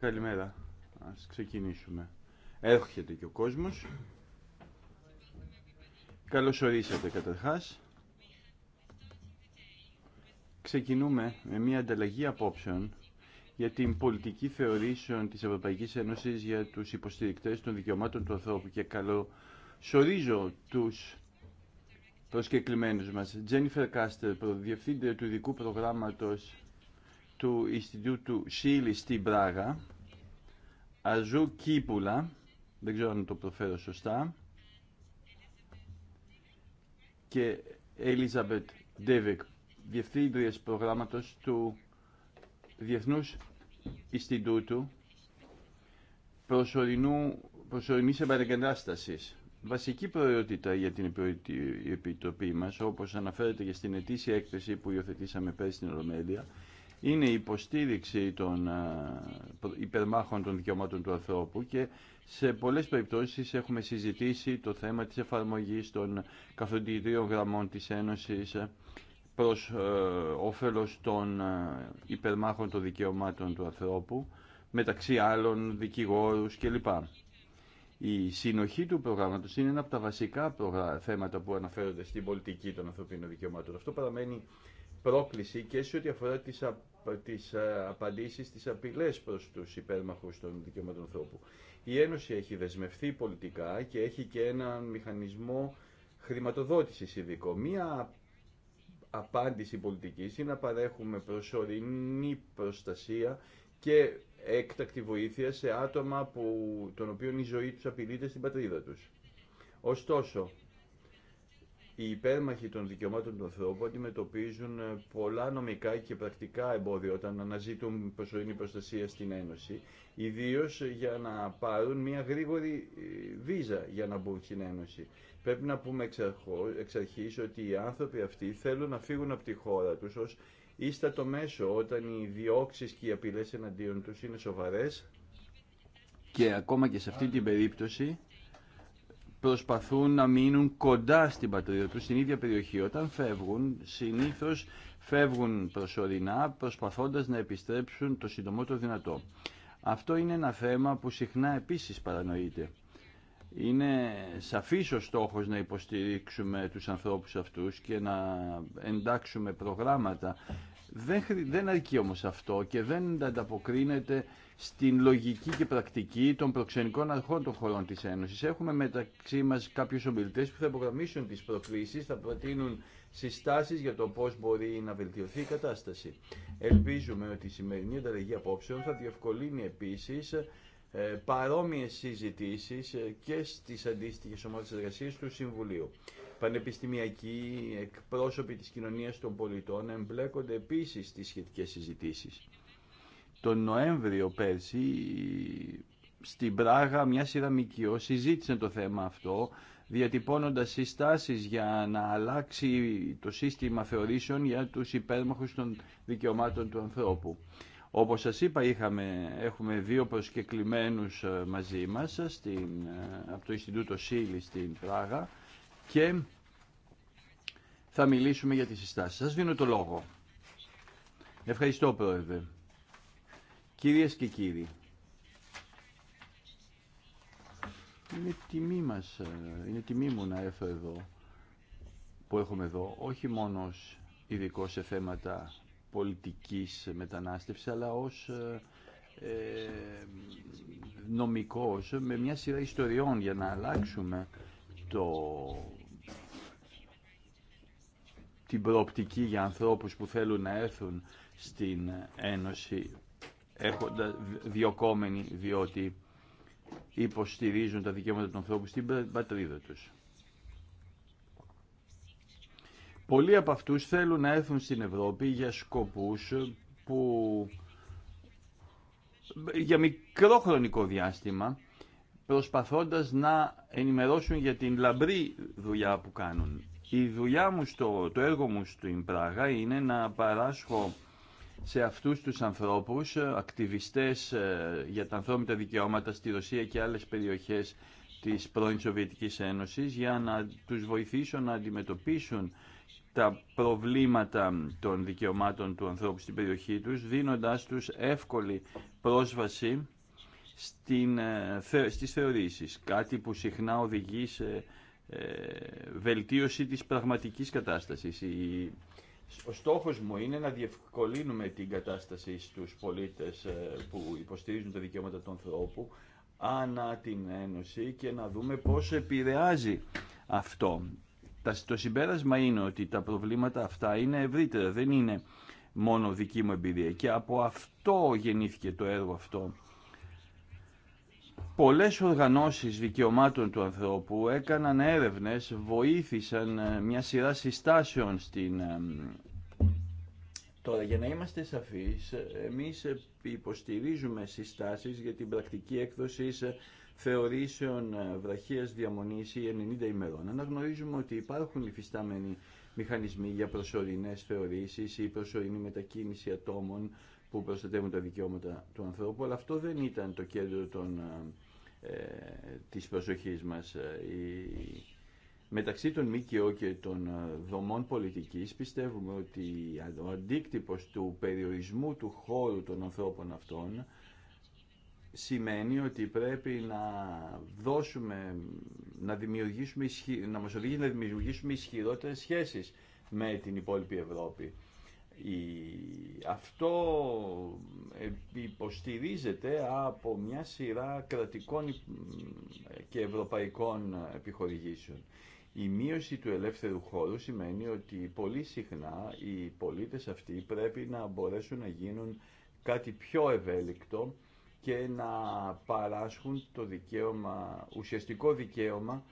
Καλημέρα. Ας ξεκινήσουμε. Έρχεται και ο κόσμος. Καλώς ορίσατε καταρχάς. Ξεκινούμε με μια ανταλλαγή απόψεων για την πολιτική θεωρήσεων της Ευρωπαϊκής Ένωσης για τους υποστηρικτές των δικαιωμάτων του ανθρώπου και σορίζω τους προσκεκλημένους μας. Τζένιφερ Κάστερ, Διευθύντρια του ειδικού προγράμματος του Ινστιτούτου Σίλη στην Πράγα, Αζού Κίπουλα, δεν ξέρω αν το προφέρω σωστά, και Ελίζαμπετ Ντέβεκ, διευθύντριες προγράμματος του Διεθνούς Ινστιτούτου προσωρινή προσωρινής Βασική προϊότητα για την Επιτροπή μας, όπως αναφέρεται και στην ετήσια έκθεση που υιοθετήσαμε πέρσι στην Ολομέλεια, είναι η υποστήριξη των ε, υπερμάχων των δικαιωμάτων του ανθρώπου και σε πολλές περιπτώσεις έχουμε συζητήσει το θέμα της εφαρμογής των καθοδητήριων γραμμών της Ένωσης προς ε, όφελος των ε, υπερμάχων των δικαιωμάτων του ανθρώπου, μεταξύ άλλων δικηγόρους κλπ. Η συνοχή του προγράμματος είναι ένα από τα βασικά θέματα που αναφέρονται στην πολιτική των ανθρωπίνων δικαιωμάτων. Αυτό παραμένει πρόκληση και σε ό,τι αφορά τις, α, τις ε, απαντήσεις στις απειλές προς τους υπέρμαχους των δικαιωμάτων ανθρώπου. Η Ένωση έχει δεσμευθεί πολιτικά και έχει και έναν μηχανισμό χρηματοδότησης ειδικό. Μία απάντηση πολιτικής είναι να παρέχουμε προσωρινή προστασία και έκτακτη βοήθεια σε άτομα που, των οποίων η ζωή τους απειλείται στην πατρίδα τους. Ωστόσο, οι υπέρμαχοι των δικαιωμάτων του ανθρώπου αντιμετωπίζουν ε, πολλά νομικά και πρακτικά εμπόδια όταν αναζητούν προσωρινή προστασία στην Ένωση, ιδίω για να πάρουν μια γρήγορη ε, βίζα για να μπουν στην Ένωση. Πρέπει να πούμε εξ αρχή ότι οι άνθρωποι αυτοί θέλουν να φύγουν από τη χώρα του ω το μέσο όταν οι διώξει και οι απειλέ εναντίον του είναι σοβαρέ και ακόμα και σε αυτή την περίπτωση προσπαθούν να μείνουν κοντά στην πατρίδα τους, στην ίδια περιοχή. Όταν φεύγουν, συνήθως φεύγουν προσωρινά, προσπαθώντας να επιστρέψουν το συντομότερο δυνατό. Αυτό είναι ένα θέμα που συχνά επίσης παρανοείται. Είναι σαφής ο στόχος να υποστηρίξουμε τους ανθρώπους αυτούς και να εντάξουμε προγράμματα δεν, δεν αρκεί όμως αυτό και δεν ανταποκρίνεται στην λογική και πρακτική των προξενικών αρχών των χωρών τη Ένωση. Έχουμε μεταξύ μας κάποιου ομιλητέ που θα υπογραμμίσουν τι προκλήσει, θα προτείνουν συστάσεις για το πώ μπορεί να βελτιωθεί η κατάσταση. Ελπίζουμε ότι η σημερινή ανταλλαγή απόψεων θα διευκολύνει επίσης ε, παρόμοιες συζητήσει ε, και στις αντίστοιχες ομάδες εργασία του Συμβουλίου πανεπιστημιακοί, εκπρόσωποι της κοινωνίας των πολιτών εμπλέκονται επίσης στις σχετικές συζητήσεις. Τον Νοέμβριο πέρσι στην Πράγα μια σειρά μικιό συζήτησε το θέμα αυτό διατυπώνοντας συστάσεις για να αλλάξει το σύστημα θεωρήσεων για τους υπέρμαχους των δικαιωμάτων του ανθρώπου. Όπως σας είπα είχαμε, έχουμε δύο προσκεκλημένους ε, μαζί μας ε, στην, ε, από το Ινστιτούτο Σίλη στην Πράγα και θα μιλήσουμε για τις συστάσεις. Σας δίνω το λόγο. Ευχαριστώ πρόεδρε. Κυρίες και κύριοι. Είναι τιμή μας, είναι τιμή μου να έρθω εδώ, που έχουμε εδώ, όχι μόνο ειδικό σε θέματα πολιτικής μετανάστευσης, αλλά ως ε, νομικός, με μια σειρά ιστοριών για να αλλάξουμε το την προοπτική για ανθρώπους που θέλουν να έρθουν στην Ένωση έχοντα διοκόμενοι διότι υποστηρίζουν τα δικαιώματα των ανθρώπων στην πατρίδα τους. Πολλοί από αυτούς θέλουν να έρθουν στην Ευρώπη για σκοπούς που για μικρό χρονικό διάστημα προσπαθώντας να ενημερώσουν για την λαμπρή δουλειά που κάνουν. Η δουλειά μου, το έργο μου στην Πράγα είναι να παράσχω σε αυτούς τους ανθρώπους, ε, ακτιβιστές ε, για τα ανθρώπινα δικαιώματα στη Ρωσία και άλλες περιοχές της πρώην Σοβιετικής Ένωσης, για να τους βοηθήσω να αντιμετωπίσουν τα προβλήματα των δικαιωμάτων του ανθρώπου στην περιοχή τους, δίνοντάς τους εύκολη πρόσβαση στην, ε, στις θεωρήσεις, κάτι που συχνά οδηγεί σε βελτίωση της πραγματικής κατάστασης. Ο στόχος μου είναι να διευκολύνουμε την κατάσταση στους πολίτες ε, που υποστηρίζουν τα δικαιώματα του ανθρώπου ανά την Ένωση και να δούμε πώς επηρεάζει αυτό. Το συμπέρασμα είναι ότι τα προβλήματα αυτά είναι ευρύτερα, δεν είναι μόνο δική μου εμπειρία και από αυτό γεννήθηκε το έργο αυτό πολλές οργανώσεις δικαιωμάτων του ανθρώπου έκαναν έρευνες, βοήθησαν ε, μια σειρά συστάσεων στην... Ε, Τώρα, για να είμαστε σαφείς, ε, εμείς υποστηρίζουμε συστάσεις για την πρακτική έκδοση θεωρήσεων βραχίας διαμονής ή 90 ημερών. Αναγνωρίζουμε ότι υπάρχουν υφιστάμενοι μηχανισμοί για προσωρινές θεωρήσεις ή προσωρινή μετακίνηση ατόμων που προστατεύουν τα δικαιώματα του ανθρώπου, αλλά αυτό δεν ήταν το κέντρο των ε, της προσοχής μας. Ε, η... Μεταξύ των ΜΚΟ και των ε, δομών πολιτικής πιστεύουμε ότι ο αντίκτυπος του περιορισμού του χώρου των ανθρώπων αυτών σημαίνει ότι πρέπει να δώσουμε, να, δημιουργήσουμε, να μας να δημιουργήσουμε ισχυρότερες σχέσεις με την υπόλοιπη Ευρώπη. Αυτό υποστηρίζεται από μια σειρά κρατικών και ευρωπαϊκών επιχορηγήσεων. Η μείωση του ελεύθερου χώρου σημαίνει ότι πολύ συχνά οι πολίτες αυτοί πρέπει να μπορέσουν να γίνουν κάτι πιο ευέλικτο και να παράσχουν το δικαίωμα, ουσιαστικό δικαίωμα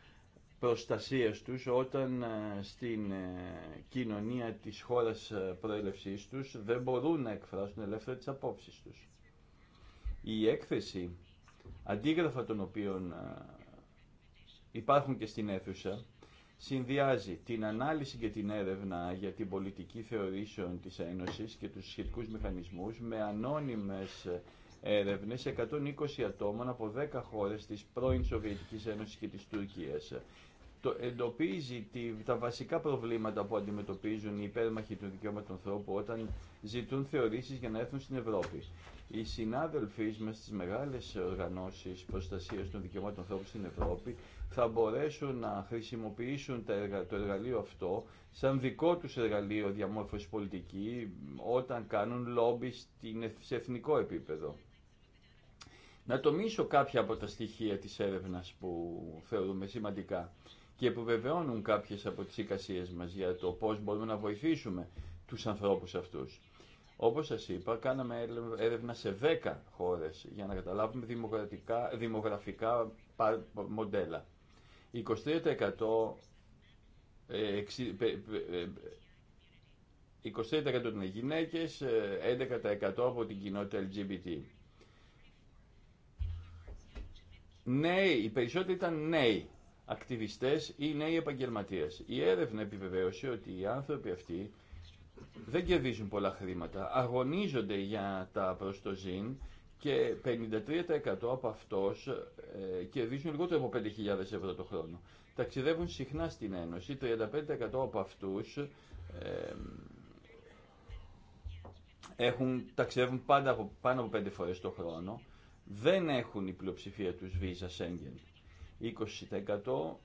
προστασίας τους όταν ε, στην ε, κοινωνία της χώρας ε, προέλευσής τους δεν μπορούν να εκφράσουν ελεύθερα τις απόψεις τους. Η έκθεση, αντίγραφα των οποίων υπάρχουν και στην αίθουσα, συνδυάζει την ανάλυση και την έρευνα για την πολιτική θεωρήσεων της Ένωσης και τους σχετικούς μηχανισμούς με ανώνυμες σε 120 ατόμων από 10 χώρε τη πρώην Σοβιετική Ένωση και τη Τουρκία. Το εντοπίζει τη, τα βασικά προβλήματα που αντιμετωπίζουν οι υπέρμαχοι των δικαιωμάτων ανθρώπου όταν ζητούν θεωρήσει για να έρθουν στην Ευρώπη. Οι συνάδελφοί μα στι μεγάλε οργανώσει προστασία των δικαιωμάτων του ανθρώπου στην Ευρώπη θα μπορέσουν να χρησιμοποιήσουν το εργαλείο αυτό σαν δικό του εργαλείο διαμόρφωση πολιτική όταν κάνουν λόμπι σε εθνικό επίπεδο. Να τομίσω κάποια από τα στοιχεία της έρευνας που θεωρούμε σημαντικά και που βεβαιώνουν κάποιες από τις εικασίες μας για το πώς μπορούμε να βοηθήσουμε τους ανθρώπους αυτούς. Όπως σας είπα, κάναμε έρευνα σε 10 χώρες για να καταλάβουμε δημογραφικά, δημογραφικά μοντέλα. 23% 23% είναι γυναίκες, 11% ε, από την κοινότητα LGBT. νέοι, οι περισσότεροι ήταν νέοι ακτιβιστές ή νέοι επαγγελματίες. Η έρευνα επιβεβαίωσε ότι οι άνθρωποι αυτοί δεν κερδίζουν πολλά χρήματα, αγωνίζονται για τα προστοζήν και 53% από αυτούς ε, κερδίζουν λιγότερο από 5.000 ευρώ το χρόνο. Ταξιδεύουν συχνά στην Ένωση, 35% από αυτούς ε, έχουν, ταξιδεύουν πάνω από 5 φορές το χρόνο δεν έχουν η πλειοψηφία τους visa Σέγγεν. 20%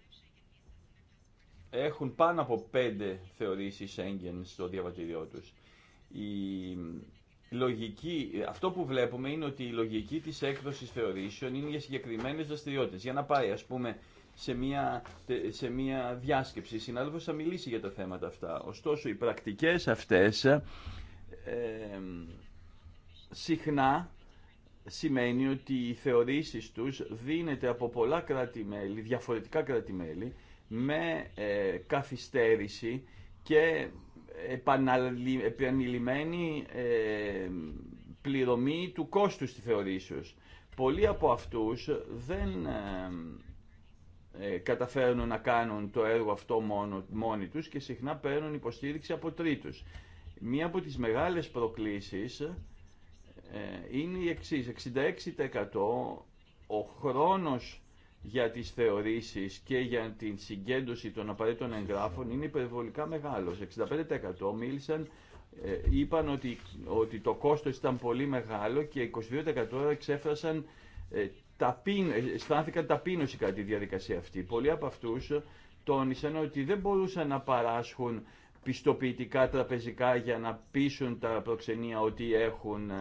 έχουν πάνω από 5 θεωρήσεις Σέγγεν στο διαβατήριό τους. Η λογική, αυτό που βλέπουμε είναι ότι η λογική της έκδοσης θεωρήσεων είναι για συγκεκριμένες δραστηριότητε. Για να πάει ας πούμε σε μια, σε μια διάσκεψη, η συνάδελφος θα μιλήσει για τα θέματα αυτά. Ωστόσο οι πρακτικές αυτές ε, ε, συχνά σημαίνει ότι οι θεωρήσεις τους δίνεται από πολλά κράτη-μέλη, διαφορετικά κράτη-μέλη, με ε, καθυστέρηση και επανειλημμένη ε, πληρωμή του κόστου στη θεωρήσεως. Πολλοί από αυτούς δεν ε, ε καταφέρνουν να κάνουν το έργο αυτό μόνο, μόνοι τους και συχνά παίρνουν υποστήριξη από τρίτους. Μία από τις μεγάλες προκλήσεις ε, είναι η εξή 66% ο χρόνος για τις θεωρήσεις και για την συγκέντρωση των απαραίτητων εγγράφων είναι υπερβολικά μεγάλος. 65% μίλησαν, ε, είπαν ότι, ότι το κόστος ήταν πολύ μεγάλο και 22% εξέφρασαν ε, ταπείν, αισθάνθηκαν ταπείνωση κατά τη διαδικασία αυτή. Πολλοί από αυτούς τόνισαν ότι δεν μπορούσαν να παράσχουν πιστοποιητικά τραπεζικά για να πείσουν τα προξενία ότι έχουν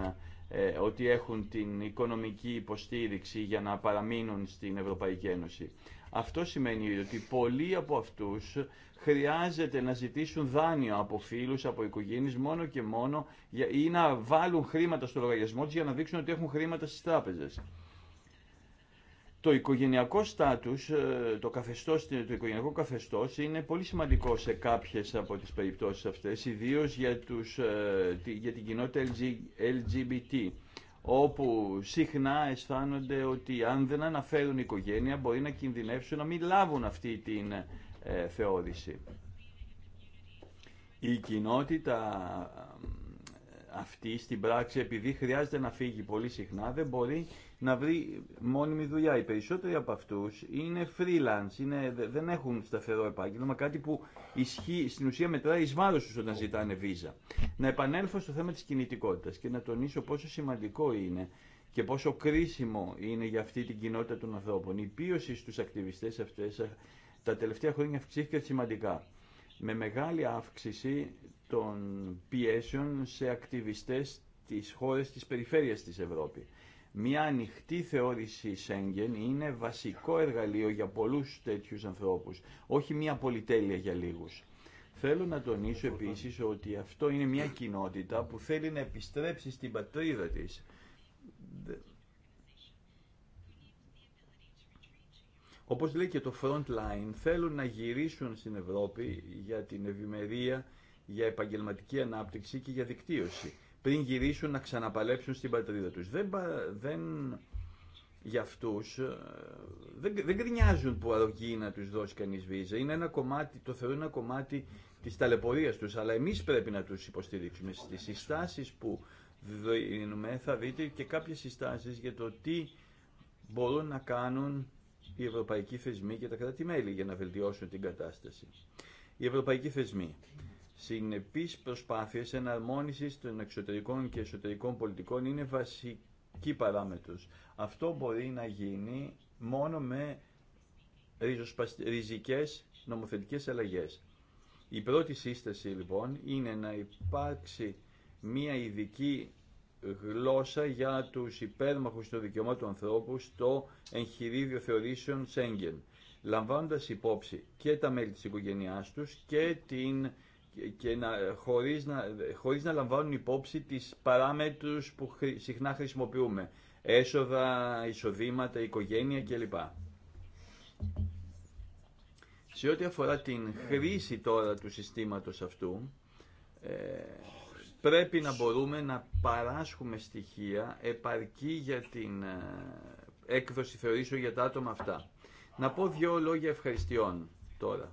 ε, ότι έχουν την οικονομική υποστήριξη για να παραμείνουν στην Ευρωπαϊκή Ένωση. Αυτό σημαίνει ότι πολλοί από αυτούς χρειάζεται να ζητήσουν δάνειο από φίλους, από οικογένειες μόνο και μόνο ή να βάλουν χρήματα στο λογαριασμό τους για να δείξουν ότι έχουν χρήματα στις τράπεζες. Το οικογενειακό στάτους, ε, το, καθεστώς, ε, το οικογενειακό καθεστώς είναι πολύ σημαντικό σε κάποιες από τις περιπτώσεις αυτές, ιδίως για, τους, ε, για την κοινότητα LGBT, όπου συχνά αισθάνονται ότι αν δεν αναφέρουν οικογένεια μπορεί να κινδυνεύσουν να μην λάβουν αυτή την θεώρηση. Η κοινότητα αυτή στην πράξη, επειδή χρειάζεται να φύγει πολύ συχνά, δεν μπορεί να βρει μόνιμη δουλειά. Οι περισσότεροι από αυτού είναι freelance, είναι, δεν έχουν σταθερό επάγγελμα, κάτι που ισχύει, στην ουσία μετράει ει βάρο του όταν ζητάνε βίζα. Να επανέλθω στο θέμα τη κινητικότητα και να τονίσω πόσο σημαντικό είναι και πόσο κρίσιμο είναι για αυτή την κοινότητα των ανθρώπων. Η πίωση στους ακτιβιστέ αυτέ τα τελευταία χρόνια αυξήθηκε σημαντικά με μεγάλη αύξηση των πιέσεων σε ακτιβιστές τις χώρες τη περιφέρειας της Ευρώπη. Μια ανοιχτή θεώρηση Σέγγεν είναι βασικό εργαλείο για πολλούς τέτοιους ανθρώπους, όχι μια πολυτέλεια για λίγους. Θέλω να τονίσω επίσης ότι αυτό είναι μια κοινότητα που θέλει να επιστρέψει στην πατρίδα της. Όπως λέει και το Frontline, θέλουν να γυρίσουν στην Ευρώπη για την ευημερία, για επαγγελματική ανάπτυξη και για δικτύωση πριν γυρίσουν να ξαναπαλέψουν στην πατρίδα τους. Δεν, δεν για αυτούς, ε, δεν, δεν που αρρωγεί να τους δώσει κανείς βίζα. Είναι ένα κομμάτι, το θεωρούν ένα κομμάτι της ταλαιπωρίας τους, αλλά εμείς πρέπει να τους υποστηρίξουμε. Στις συστάσεις που δίνουμε θα δείτε και κάποιες συστάσεις για το τι μπορούν να κάνουν οι ευρωπαϊκοί θεσμοί και τα κράτη-μέλη για να βελτιώσουν την κατάσταση. Οι ευρωπαϊκοί θεσμοί συνεπείς προσπάθειες εναρμόνισης των εξωτερικών και εσωτερικών πολιτικών είναι βασική παράμετρος. Αυτό μπορεί να γίνει μόνο με ριζικές νομοθετικές αλλαγές. Η πρώτη σύσταση λοιπόν είναι να υπάρξει μία ειδική γλώσσα για τους υπέρμαχους των δικαιωμάτων ανθρώπου στο εγχειρίδιο θεωρήσεων Σέγγεν, λαμβάνοντας υπόψη και τα μέλη της οικογένειάς τους και την και να, ε, χωρίς, να, ε, να λαμβάνουν υπόψη τις παράμετρους που συχνά χρησιμοποιούμε. Έσοδα, εισοδήματα, οικογένεια κλπ. Σε ό,τι αφορά την χρήση τώρα του συστήματος αυτού, ε, πρέπει να μπορούμε να παράσχουμε στοιχεία επαρκή για την έκδοση θεωρήσεων για τα άτομα αυτά. Να πω δύο λόγια ευχαριστειών τώρα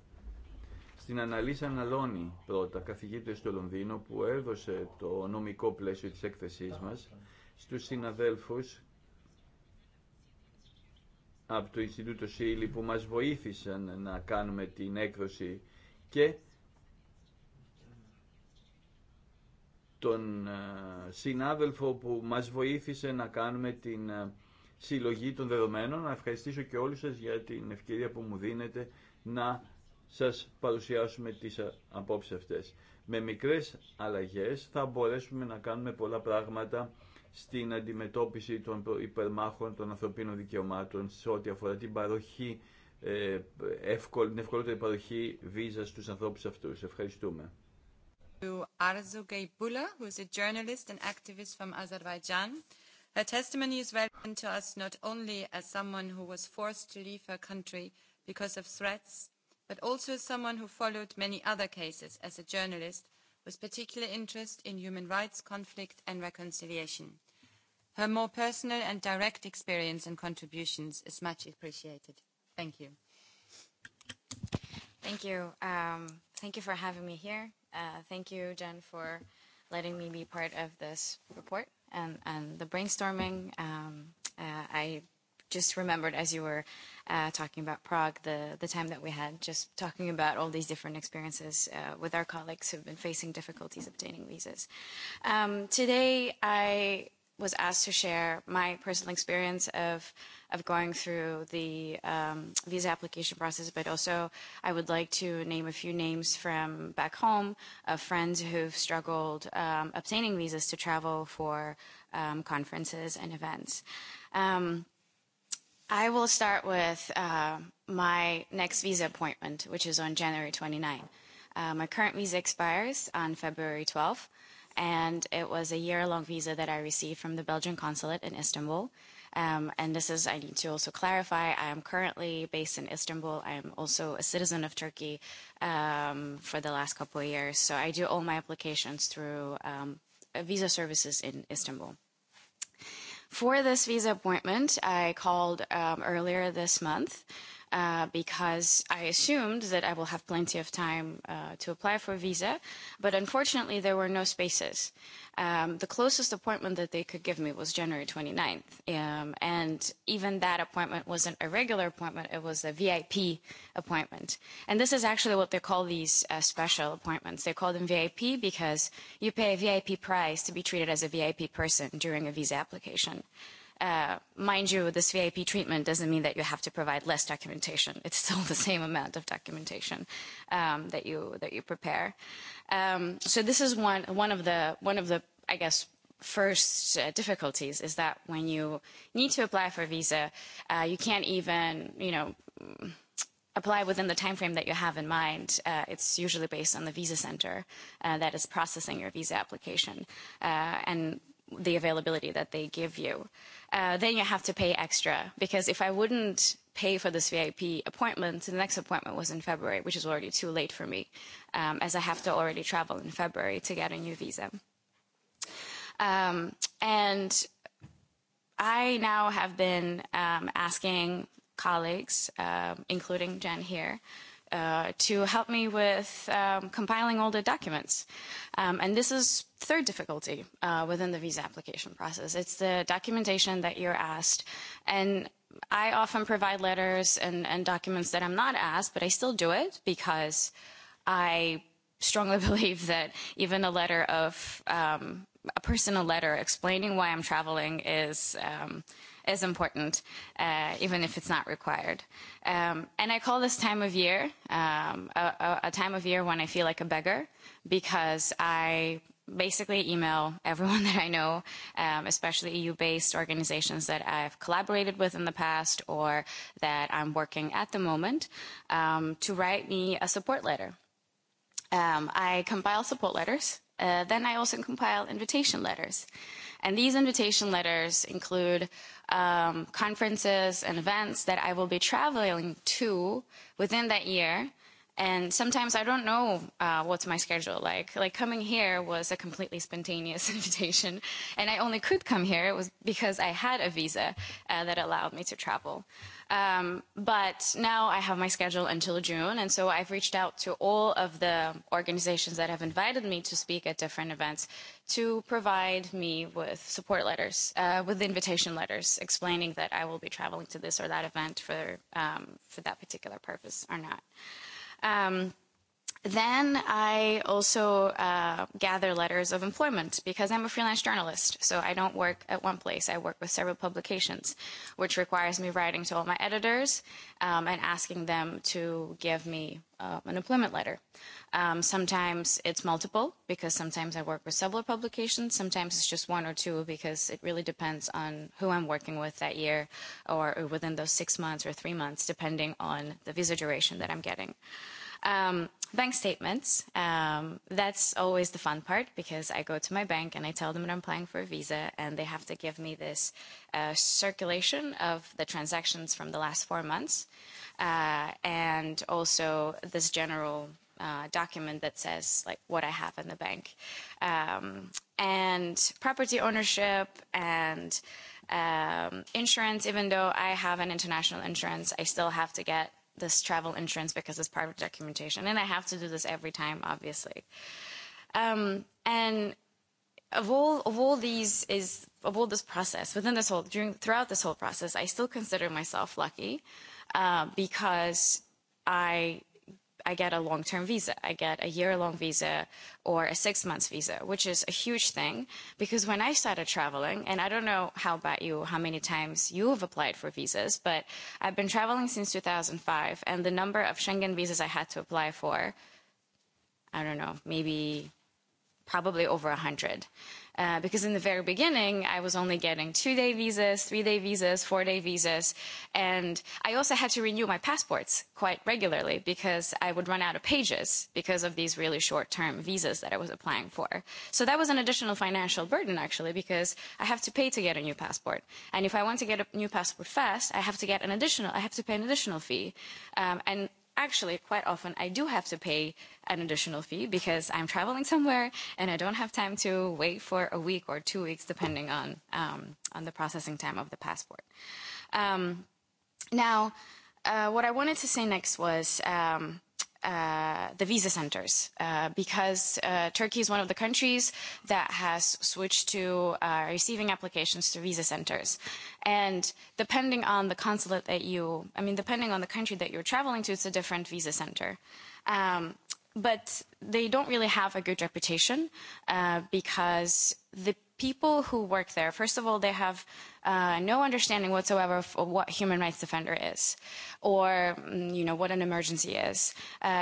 στην Αναλύσα Αναλώνη πρώτα, καθηγήτρια στο Λονδίνο, που έδωσε το νομικό πλαίσιο της έκθεσής μας στους συναδέλφους από το Ινστιτούτο Σίλη που μας βοήθησαν να κάνουμε την έκδοση και τον ε, συνάδελφο που μας βοήθησε να κάνουμε την ε, συλλογή των δεδομένων. Να ευχαριστήσω και όλους σας για την ευκαιρία που μου δίνετε να σας παρουσιάσουμε τις ε, απόψεις αυτές. Με μικρές αλλαγές θα μπορέσουμε να κάνουμε πολλά πράγματα στην αντιμετώπιση των υπερμάχων των ανθρωπίνων δικαιωμάτων σε ό,τι αφορά την παροχή, ε, εύκολη, την ευκολότερη παροχή βίζα στους ανθρώπους αυτούς. Ευχαριστούμε. To Arzu Gaybula, who is a journalist and activist from Azerbaijan. Her testimony is relevant to us not only as someone who was forced to leave her country because of threats but also someone who followed many other cases as a journalist with particular interest in human rights, conflict and reconciliation. Her more personal and direct experience and contributions is much appreciated. Thank you. Thank you. Um, thank you for having me here. Uh, thank you, Jen, for letting me be part of this report and, and the brainstorming. Um, uh, I just remembered as you were uh, talking about Prague, the, the time that we had just talking about all these different experiences uh, with our colleagues who've been facing difficulties obtaining visas. Um, today, I was asked to share my personal experience of of going through the um, visa application process, but also I would like to name a few names from back home of friends who've struggled um, obtaining visas to travel for um, conferences and events. Um, I will start with my next visa appointment, which is on January 29. My current visa expires on February 12, and it was a year-long visa that I received from the Belgian consulate in Istanbul. Um And this is, I need to also clarify, I am currently based in Istanbul. I am also a citizen of Turkey um for the last couple of years. So I do all my applications through um visa services in Istanbul. For this visa appointment, I called earlier this month because I assumed that I will have plenty of time to apply for a visa, but unfortunately there were no spaces. The closest appointment that they could give me was January 29th, and even that appointment wasn't a regular appointment, it was a VIP appointment. And this is actually what they call these special appointments. They call them VIP because you pay a VIP price to be treated as a VIP person during a visa application. Mind you, this VIP treatment doesn't mean that you have to provide less documentation. It's still the same amount of documentation that you that you prepare. So this is one one of the one of the I guess first difficulties is that when you need to apply for a visa, you can't even you know apply within the time frame that you have in mind. It's usually based on the visa center that is processing your visa application and the availability that they give you. Then you have to pay extra because if I wouldn't pay for this VIP appointment, the next appointment was in February, which is already too late for me, as I have to already travel in February to get a new visa. And I now have been um asking colleagues, including Jen here, to help me with compiling all the documents. And this is third difficulty within the visa application process. It's the documentation that you're asked. And I often provide letters and documents that I'm not asked, but I still do it because I strongly believe that even a letter of a personal letter explaining why I'm traveling is is important, even if it's not required. And I call this time of year a time of year when I feel like a beggar because I basically email everyone that I know, especially EU-based organizations that I've collaborated with in the past or that I'm working at the moment, to write me a support letter. I compile support letters. Then I also compile invitation letters. And these invitation letters include um conferences and events that I will be traveling to within that year and sometimes i don't know what's my schedule like like coming here was a completely spontaneous invitation and i only could come here it was because i had a visa that allowed me to travel but now i have my schedule until june and so i've reached out to all of the organizations that have invited me to speak at different events to provide me with support letters with invitation letters explaining that i will be traveling to this or that event for for that particular purpose or not um Then I also uh gather letters of employment because I'm a freelance journalist, so I don't work at one place. I work with several publications, which requires me writing to all my editors and asking them to give me an employment letter. Um Sometimes it's multiple because sometimes I work with several publications. Sometimes it's just one or two because it really depends on who I'm working with that year or within those six months or three months, depending on the visa duration that I'm getting. Bank statements. That's always the fun part because I go to my bank and I tell them that I'm applying for a visa and they have to give me this circulation of the transactions from the last four months and also this general document that says like what I have in the bank. And property ownership and insurance, even though I have an international insurance, I still have to get this travel insurance because it's part of documentation and i have to do this every time obviously um and of all of all these is of all this process within this whole during throughout this whole process i still consider myself lucky because i I get a long-term visa. I get a year-long visa or a six-month visa, which is a huge thing because when I started traveling, and I don't know how about you, how many times you have applied for visas, but I've been traveling since 2005, and the number of Schengen visas I had to apply for, I don't know, maybe probably over 100 because in the very beginning I was only getting two-day visas, three-day visas, four-day visas, and I also had to renew my passports quite regularly because I would run out of pages because of these really short-term visas that I was applying for. So that was an additional financial burden actually because I have to pay to get a new passport, and if I want to get a new passport fast, I have to get an additional, I have to pay an additional fee, and actually quite often I do have to pay an additional fee because I'm traveling somewhere and I don't have time to wait for a week or two weeks depending on um on the processing time of the passport. Um now uh what I wanted to say next was um the visa centers because Turkey is one of the countries that has switched to receiving applications to visa centers. And depending on the consulate that you, I mean, depending on the country that you're traveling to, it's a different visa center. But they don't really have a good reputation because the people who work there first of all they have no understanding whatsoever of what human rights defender is or you know what an emergency is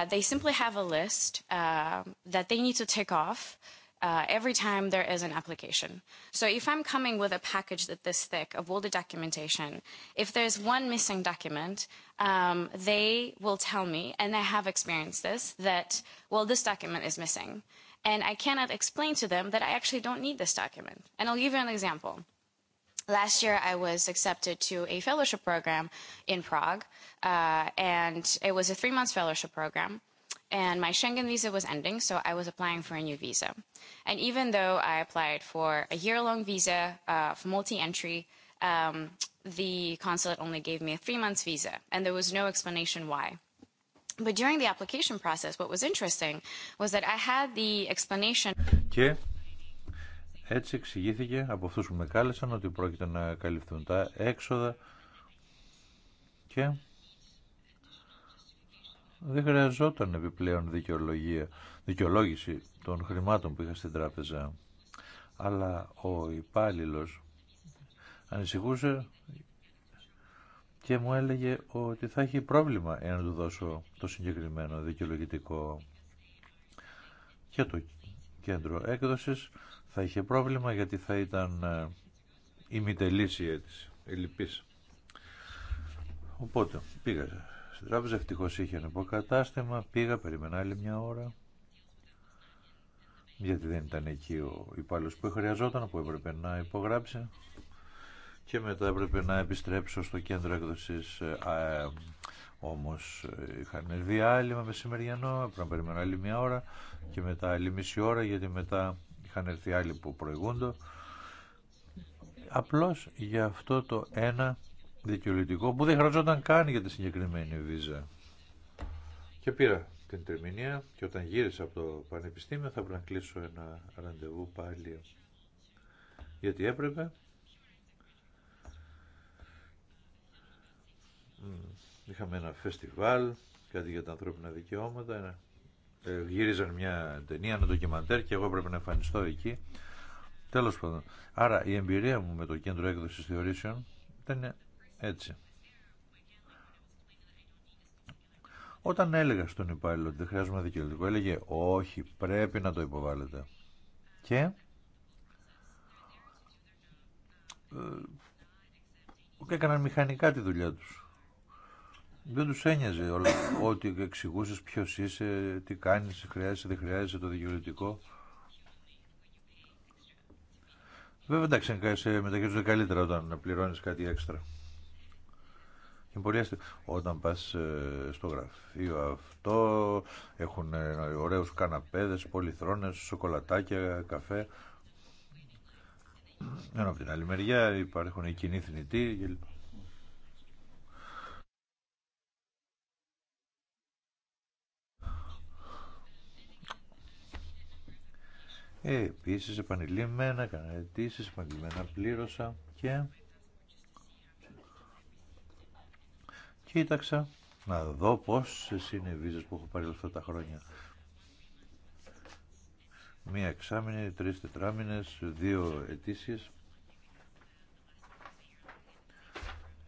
they simply have a list that they need to tick off every time there is an application so if i'm coming with a package that this thick of all the documentation if there's one missing document um they will tell me and i have experienced this that well this document is missing and I cannot explain to them that I actually don't need this document. And I'll give you an example. Last year, I was accepted to a fellowship program in Prague, and it was a three-month fellowship program. And my Schengen visa was ending, so I was applying for a new visa. And even though I applied for a year-long visa for multi-entry, the consulate only gave me a three-month visa, and there was no explanation why. Και έτσι εξηγήθηκε από αυτού που με κάλεσαν ότι πρόκειται να καλυφθούν τα έξοδα και δεν χρειαζόταν επιπλέον δικαιολογία, δικαιολόγηση των χρημάτων που είχα στην τράπεζα. Αλλά ο υπάλληλο ανησυχούσε και μου έλεγε ότι θα έχει πρόβλημα εάν του δώσω το συγκεκριμένο δικαιολογητικό και το κέντρο έκδοσης θα είχε πρόβλημα γιατί θα ήταν ημιτελής η αίτηση, ελλειπής. Οπότε πήγα στην τράπεζα, ευτυχώ είχε ένα υποκατάστημα, πήγα, περίμενα άλλη μια ώρα γιατί δεν ήταν εκεί ο υπάλληλος που χρειαζόταν, που έπρεπε να υπογράψει και μετά έπρεπε να επιστρέψω στο κέντρο έκδοσης ε, ε, όμως ε, είχαν διάλειμμα μεσημεριανό, έπρεπε να περιμένω άλλη μια ώρα και μετά άλλη μισή ώρα γιατί μετά είχαν έρθει άλλοι που προηγούντο. Απλώς για αυτό το ένα δικαιολογητικό που δεν χρειαζόταν καν για τη συγκεκριμένη βίζα. Και πήρα την τριμηνία και όταν γύρισα από το πανεπιστήμιο θα πρέπει να κλείσω ένα ραντεβού πάλι γιατί έπρεπε Είχαμε ένα φεστιβάλ, κάτι για τα ανθρώπινα δικαιώματα. Ε, γύριζαν μια ταινία, ένα ντοκιμαντέρ και εγώ έπρεπε να εμφανιστώ εκεί. Τέλος πάντων. Άρα η εμπειρία μου με το κέντρο έκδοσης θεωρήσεων ήταν έτσι. Όταν έλεγα στον υπάλληλο ότι δεν χρειάζομαι δικαιολογικό, έλεγε όχι, πρέπει να το υποβάλλετε. Και ε, έκαναν μηχανικά τη δουλειά τους δεν του ένοιαζε ό,τι εξηγούσε ποιο είσαι, τι κάνει, χρειάζεσαι, δεν χρειάζεσαι το δικαιολογητικό. Βέβαια εντάξει, σε μεταχειρίζονται καλύτερα όταν πληρώνει κάτι έξτρα. Όταν πας ε, στο γραφείο αυτό, έχουν ε, ωραίου καναπέδες, πολυθρόνε, σοκολατάκια, καφέ. Ενώ από την άλλη μεριά υπάρχουν οι κοινοί θνητοί Ε, επίσης επανειλημμένα, έκανα αιτήσει, επανειλημμένα πλήρωσα και... Κοίταξα να δω πόσε είναι οι βίζε που έχω πάρει αυτά τα χρόνια. Μία εξάμηνη, τρει τετράμινε, δύο αιτήσει.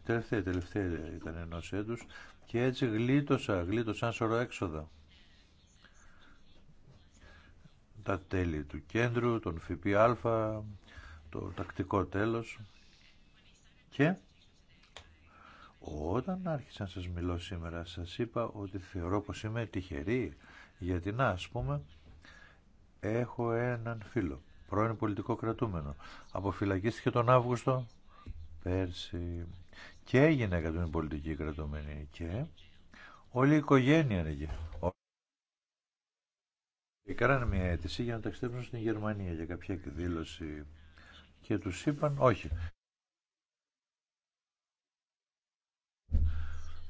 Τελευταία, τελευταία ήταν ενό έτους και έτσι γλίτωσα, γλίτωσα σωρό έξοδα τα τέλη του κέντρου, τον ΦΠΑ, το τακτικό τέλος και όταν άρχισα να σας μιλώ σήμερα σας είπα ότι θεωρώ πως είμαι τυχερή γιατί να ας πούμε έχω έναν φίλο πρώην πολιτικό κρατούμενο αποφυλακίστηκε τον Αύγουστο πέρσι και έγινε κατά την πολιτική κρατούμενη και όλη η οικογένεια είναι Κάνανε μια αίτηση για να ταξιδέψουν στην Γερμανία για κάποια εκδήλωση και τους είπαν όχι.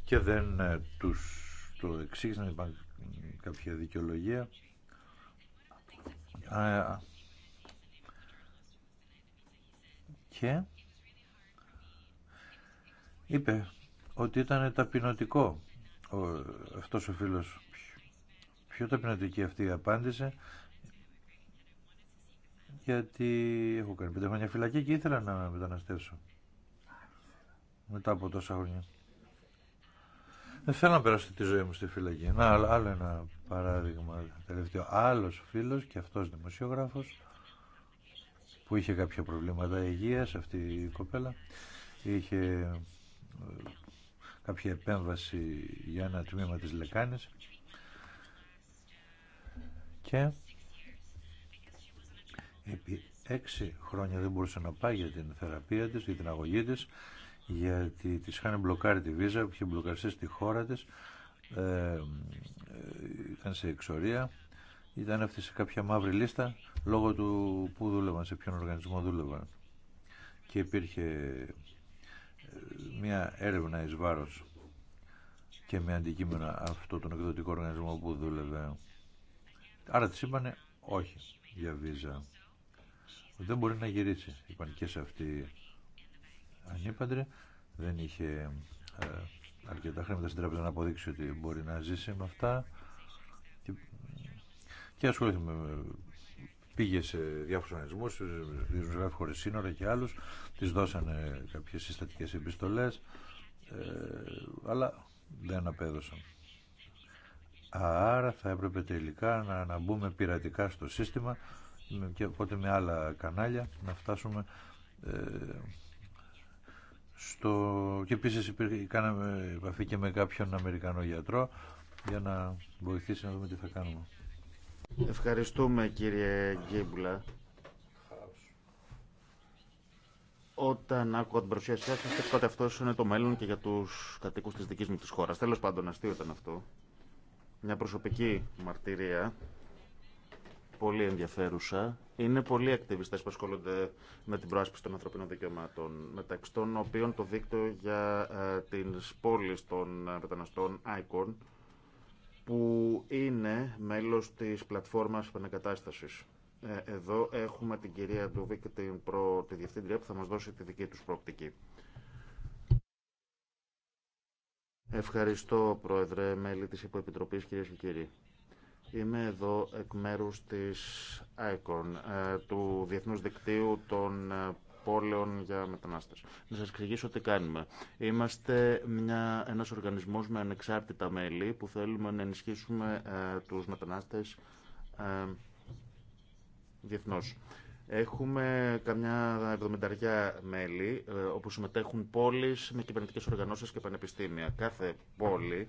Και δεν ε, τους το εξήγησαν, είπαν κάποια δικαιολογία. Και είπε ότι ήταν ταπεινωτικό ο, αυτός ο φίλος πιο ταπεινωτική αυτή η απάντηση γιατί έχω κάνει πέντε χρόνια φυλακή και ήθελα να μεταναστεύσω μετά από τόσα χρόνια. Δεν θέλω να περάσω τη ζωή μου στη φυλακή. Να, άλλο ένα παράδειγμα τελευταίο. Άλλος φίλος και αυτός δημοσιογράφος που είχε κάποια προβλήματα υγείας αυτή η κοπέλα είχε ε, κάποια επέμβαση για ένα τμήμα της λεκάνης και επί έξι χρόνια δεν μπορούσε να πάει για την θεραπεία της, για την αγωγή της, γιατί της είχαν μπλοκάρει τη βίζα, είχε μπλοκαριστεί στη χώρα της, ε, ήταν σε εξορία, ήταν αυτή σε κάποια μαύρη λίστα, λόγω του που δούλευαν, σε ποιον οργανισμό δούλευαν. Και υπήρχε ε, μια έρευνα εις βάρος και με αντικείμενα αυτό τον εκδοτικό οργανισμό που δούλευε. Άρα τη είπανε όχι για βίζα. Δεν μπορεί να γυρίσει. Είπαν και σε αυτή ανήπαντρε. Δεν είχε ε, αρκετά χρήματα στην τράπεζα να αποδείξει ότι μπορεί να ζήσει με αυτά. Και, και ασχολήθηκε με πήγε σε διάφορου οργανισμού, χωρί σύνορα και άλλου. Τη δώσανε κάποιε συστατικέ επιστολέ, ε, αλλά δεν απέδωσαν. Άρα θα έπρεπε τελικά να, να μπούμε πειρατικά στο σύστημα και οπότε με άλλα κανάλια να φτάσουμε ε, στο... και επίσης υπήρχε, κάναμε επαφή και με κάποιον Αμερικανό γιατρό για να βοηθήσει να δούμε τι θα κάνουμε. Ευχαριστούμε κύριε Γκίμπουλα. Όταν άκουγα την παρουσίασή σα, σκέφτηκα ότι αυτό είναι το μέλλον και για του κατοίκου τη δική μου τη χώρα. Τέλο πάντων, αστείο ήταν αυτό μια προσωπική μαρτυρία πολύ ενδιαφέρουσα. Είναι πολλοί ακτιβιστέ που ασχολούνται με την προάσπιση των ανθρωπίνων δικαιωμάτων, μεταξύ των οποίων το δίκτυο για ε, τι πόλει των ε, μεταναστών ICON, που είναι μέλο τη πλατφόρμα επανακατάσταση. Ε, εδώ έχουμε την κυρία και την προ... τη διευθύντρια, που θα μα δώσει τη δική του προοπτική. Ευχαριστώ, Πρόεδρε, μέλη της Υποεπιτροπής, κυρίες και κύριοι. Είμαι εδώ εκ μέρους της ICON, ε, του Διεθνούς Δικτύου των ε, Πόλεων για Μετανάστες. Να σας εξηγήσω τι κάνουμε. Είμαστε μια, ένας οργανισμός με ανεξάρτητα μέλη που θέλουμε να ενισχύσουμε ε, τους μετανάστες διεθνώς. Έχουμε καμιά εβδομενταριά μέλη, ε, όπου συμμετέχουν πόλεις με κυβερνητικές οργανώσεις και πανεπιστήμια. Κάθε πόλη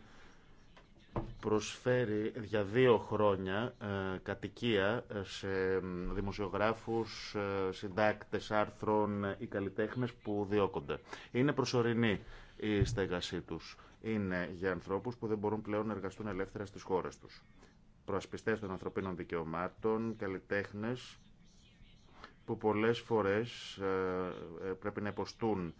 προσφέρει για δύο χρόνια ε, κατοικία ε, σε δημοσιογράφους, συντάκτες άρθρων ή καλλιτέχνες που διώκονται. Είναι προσωρινή η στέγασή τους. Είναι για ανθρώπους που δεν μπορούν πλέον να εργαστούν ελεύθερα στις χώρες τους. Προασπιστές των ανθρωπίνων δικαιωμάτων, καλλιτέχνες που πολλές φορές ε, ε, πρέπει να υποστούν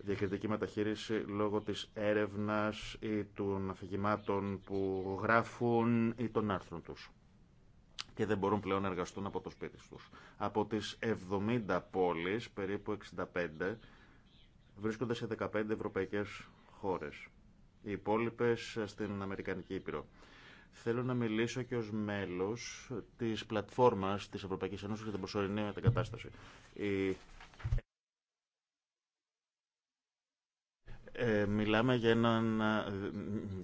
διακριτική μεταχείριση λόγω της έρευνας ή των αφηγημάτων που γράφουν ή των άρθρων τους και δεν μπορούν πλέον να εργαστούν από το σπίτι τους. Από τις 70 πόλεις, περίπου 65, βρίσκονται σε 15 ευρωπαϊκές χώρες. Οι υπόλοιπε στην Αμερικανική Ήπειρο. Θέλω να μιλήσω και ως μέλος της πλατφόρμας της Ευρωπαϊκής Ένωσης για την προσωρινή μετακατάσταση. Ε, μιλάμε για,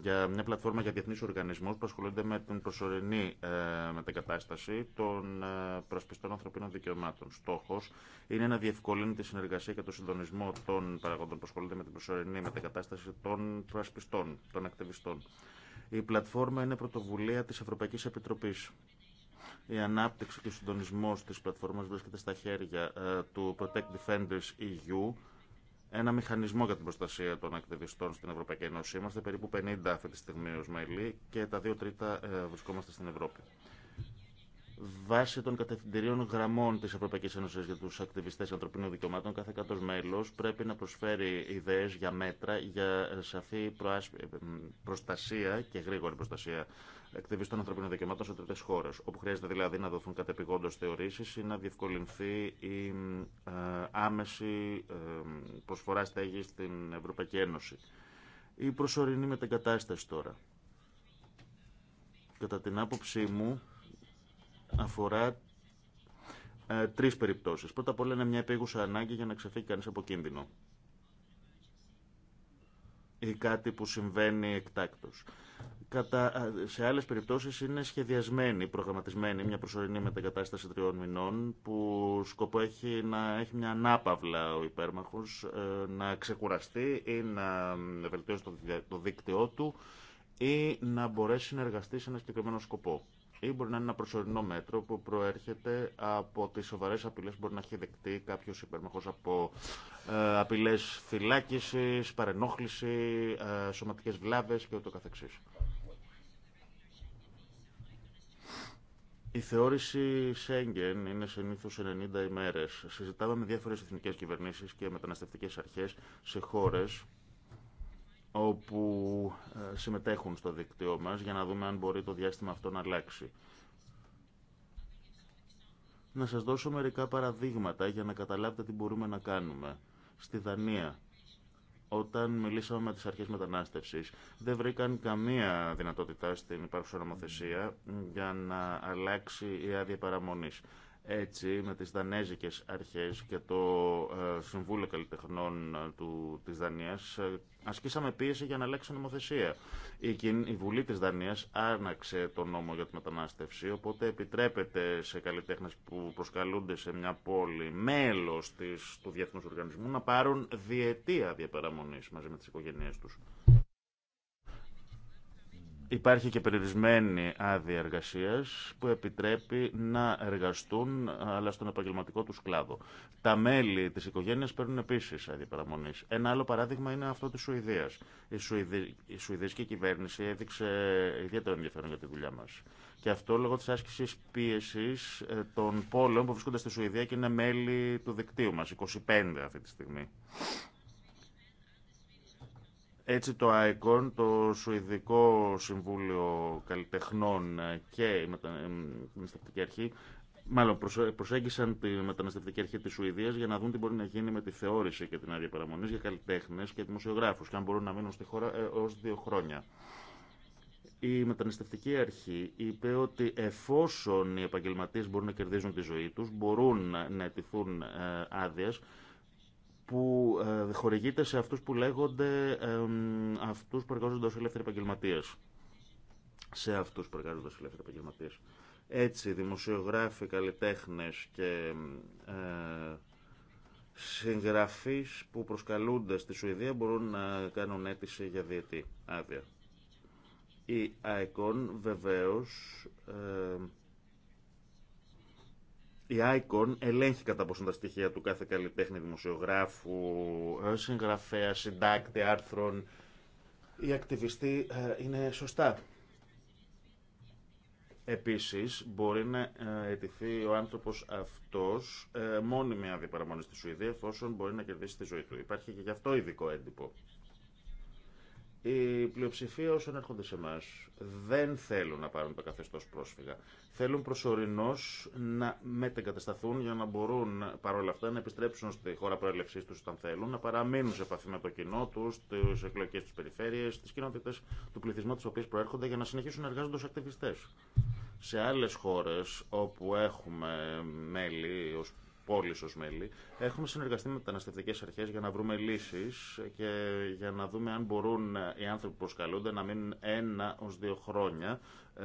για μια πλατφόρμα για διεθνείς οργανισμούς που ασχολούνται με την προσωρινή ε, μετακατάσταση των ε, προσπιστών ανθρωπίνων δικαιωμάτων. Στόχος είναι να διευκολύνει τη συνεργασία και το συντονισμό των παραγόντων που ασχολούνται με την προσωρινή μετακατάσταση των προσπιστών, των ακτιβιστών. Η πλατφόρμα είναι πρωτοβουλία της Ευρωπαϊκής Επιτροπής. Η ανάπτυξη και ο συντονισμός της πλατφόρμας βρίσκεται στα χέρια ε, του Protect Defenders EU, ένα μηχανισμό για την προστασία των ακτιβιστών στην Ευρωπαϊκή Ένωση. Είμαστε περίπου 50 αυτή τη στιγμή ως μέλη και τα δύο τρίτα ε, βρισκόμαστε στην Ευρώπη. Βάσει των κατευθυντηρίων γραμμών τη Ευρωπαϊκή Ένωση για του ακτιβιστέ ανθρωπίνων δικαιωμάτων, κάθε κάτω μέλο πρέπει να προσφέρει ιδέε για μέτρα για σαφή ε, προστασία και γρήγορη προστασία ακτιβιστών ανθρωπίνων δικαιωμάτων σε τρίτε χώρε. Όπου χρειάζεται δηλαδή να δοθούν κατεπηγόντω θεωρήσει ή να διευκολυνθεί η ε, άμεση ε, προσφορά στέγη στην Ευρωπαϊκή Ένωση. Η προσωρινή μετεγκατάσταση τώρα. Κατά την άποψή μου, αφορά ε, τρεις περιπτώσεις. Πρώτα απ' όλα είναι μια επίγουσα ανάγκη για να ξεφύγει κανείς από κίνδυνο ή κάτι που συμβαίνει εκτάκτως. σε άλλες περιπτώσεις είναι σχεδιασμένη, προγραμματισμένη μια προσωρινή μετακατάσταση τριών μηνών που σκοπό έχει να έχει μια ανάπαυλα ο υπέρμαχος ε, να ξεκουραστεί ή να βελτιώσει το δίκτυό του ή να μπορέσει να εργαστεί σε ένα συγκεκριμένο σκοπό ή μπορεί να είναι ένα προσωρινό μέτρο που προέρχεται από τις σοβαρές απειλές που μπορεί να έχει δεκτεί κάποιος υπερμαχός από ε, απειλές φυλάκισης, παρενόχληση, ε, σωματικές βλάβες και ούτω καθεξής. Η θεώρηση Σέγγεν είναι συνήθω 90 ημέρε. Συζητάμε με διάφορε εθνικέ κυβερνήσει και μεταναστευτικέ αρχέ σε χώρε όπου ε, συμμετέχουν στο δίκτυό μας για να δούμε αν μπορεί το διάστημα αυτό να αλλάξει. Να σας δώσω μερικά παραδείγματα για να καταλάβετε τι μπορούμε να κάνουμε. Στη Δανία, όταν μιλήσαμε με τις αρχές μετανάστευσης, δεν βρήκαν καμία δυνατότητα στην υπάρχουσα νομοθεσία για να αλλάξει η άδεια παραμονής. Έτσι, με τις δανέζικες αρχές και το ε, Συμβούλιο Καλλιτεχνών ε, του, της Δανίας ε, ασκήσαμε πίεση για να αλλάξει νομοθεσία. Η, Βουλή της Δανίας άρναξε τον νόμο για τη μετανάστευση, οπότε επιτρέπεται σε καλλιτέχνες που προσκαλούνται σε μια πόλη μέλος της, του Διεθνούς Οργανισμού να πάρουν διετία διαπεραμονής μαζί με τις οικογένειές τους. Υπάρχει και περιορισμένη άδεια εργασία που επιτρέπει να εργαστούν αλλά στον επαγγελματικό του κλάδο. Τα μέλη τη οικογένεια παίρνουν επίση άδεια παραμονή. Ένα άλλο παράδειγμα είναι αυτό τη Σουηδία. Η, Σουηδι... η Σουηδική κυβέρνηση έδειξε ιδιαίτερο ενδιαφέρον για τη δουλειά μα. Και αυτό λόγω τη άσκηση πίεση ε, των πόλεων που βρίσκονται στη Σουηδία και είναι μέλη του δικτύου μα. 25 αυτή τη στιγμή. Έτσι το ΑΕΚΟΝ, το Σουηδικό Συμβούλιο Καλλιτεχνών και η Μεταναστευτική Αρχή, μάλλον προσέγγισαν τη Μεταναστευτική Αρχή της Σουηδίας για να δουν τι μπορεί να γίνει με τη θεώρηση και την άδεια παραμονής για καλλιτέχνες και δημοσιογράφους και αν μπορούν να μείνουν στη χώρα ε, ως δύο χρόνια. Η μεταναστευτική αρχή είπε ότι εφόσον οι επαγγελματίες μπορούν να κερδίζουν τη ζωή τους, μπορούν να ετηθούν ε, άδειε, που ε, χορηγείται σε αυτούς που λέγονται αυτούς που εργάζονται ως ελεύθεροι επαγγελματίε. Σε αυτούς που εργάζονται ως ελεύθεροι Έτσι, δημοσιογράφοι, καλλιτέχνε και ε, συγγραφείς που προσκαλούνται στη Σουηδία μπορούν να κάνουν αίτηση για διετή άδεια. Η ΑΕΚΟΝ βεβαίως ε, η ICON ελέγχει κατά πόσο τα στοιχεία του κάθε καλλιτέχνη δημοσιογράφου, ε, συγγραφέα, συντάκτη άρθρων ή ακτιβιστή ε, είναι σωστά. Επίσης, μπορεί να ε, αιτηθεί ο άνθρωπος αυτός μόνιμη άδεια παραμονή στη Σουηδία, εφόσον μπορεί να κερδίσει τη ζωή του. Υπάρχει και γι' αυτό ειδικό έντυπο. Η πλειοψηφία όσων έρχονται σε εμά δεν θέλουν να πάρουν το καθεστώ πρόσφυγα. Θέλουν προσωρινώ να μετεγκατασταθούν για να μπορούν παρόλα αυτά να επιστρέψουν στη χώρα προέλευσή του όταν θέλουν, να παραμείνουν σε επαφή με το κοινό του, τι εκλογικέ του περιφέρειε, τι κοινότητε του πληθυσμού τι οποίε προέρχονται για να συνεχίσουν να εργάζονται ω ακτιβιστέ. Σε άλλε χώρε όπου έχουμε μέλη ω Πόλη ως μέλη, έχουμε συνεργαστεί με μεταναστευτικέ αρχέ για να βρούμε λύσει και για να δούμε αν μπορούν οι άνθρωποι που προσκαλούνται να μείνουν ένα ω δύο χρόνια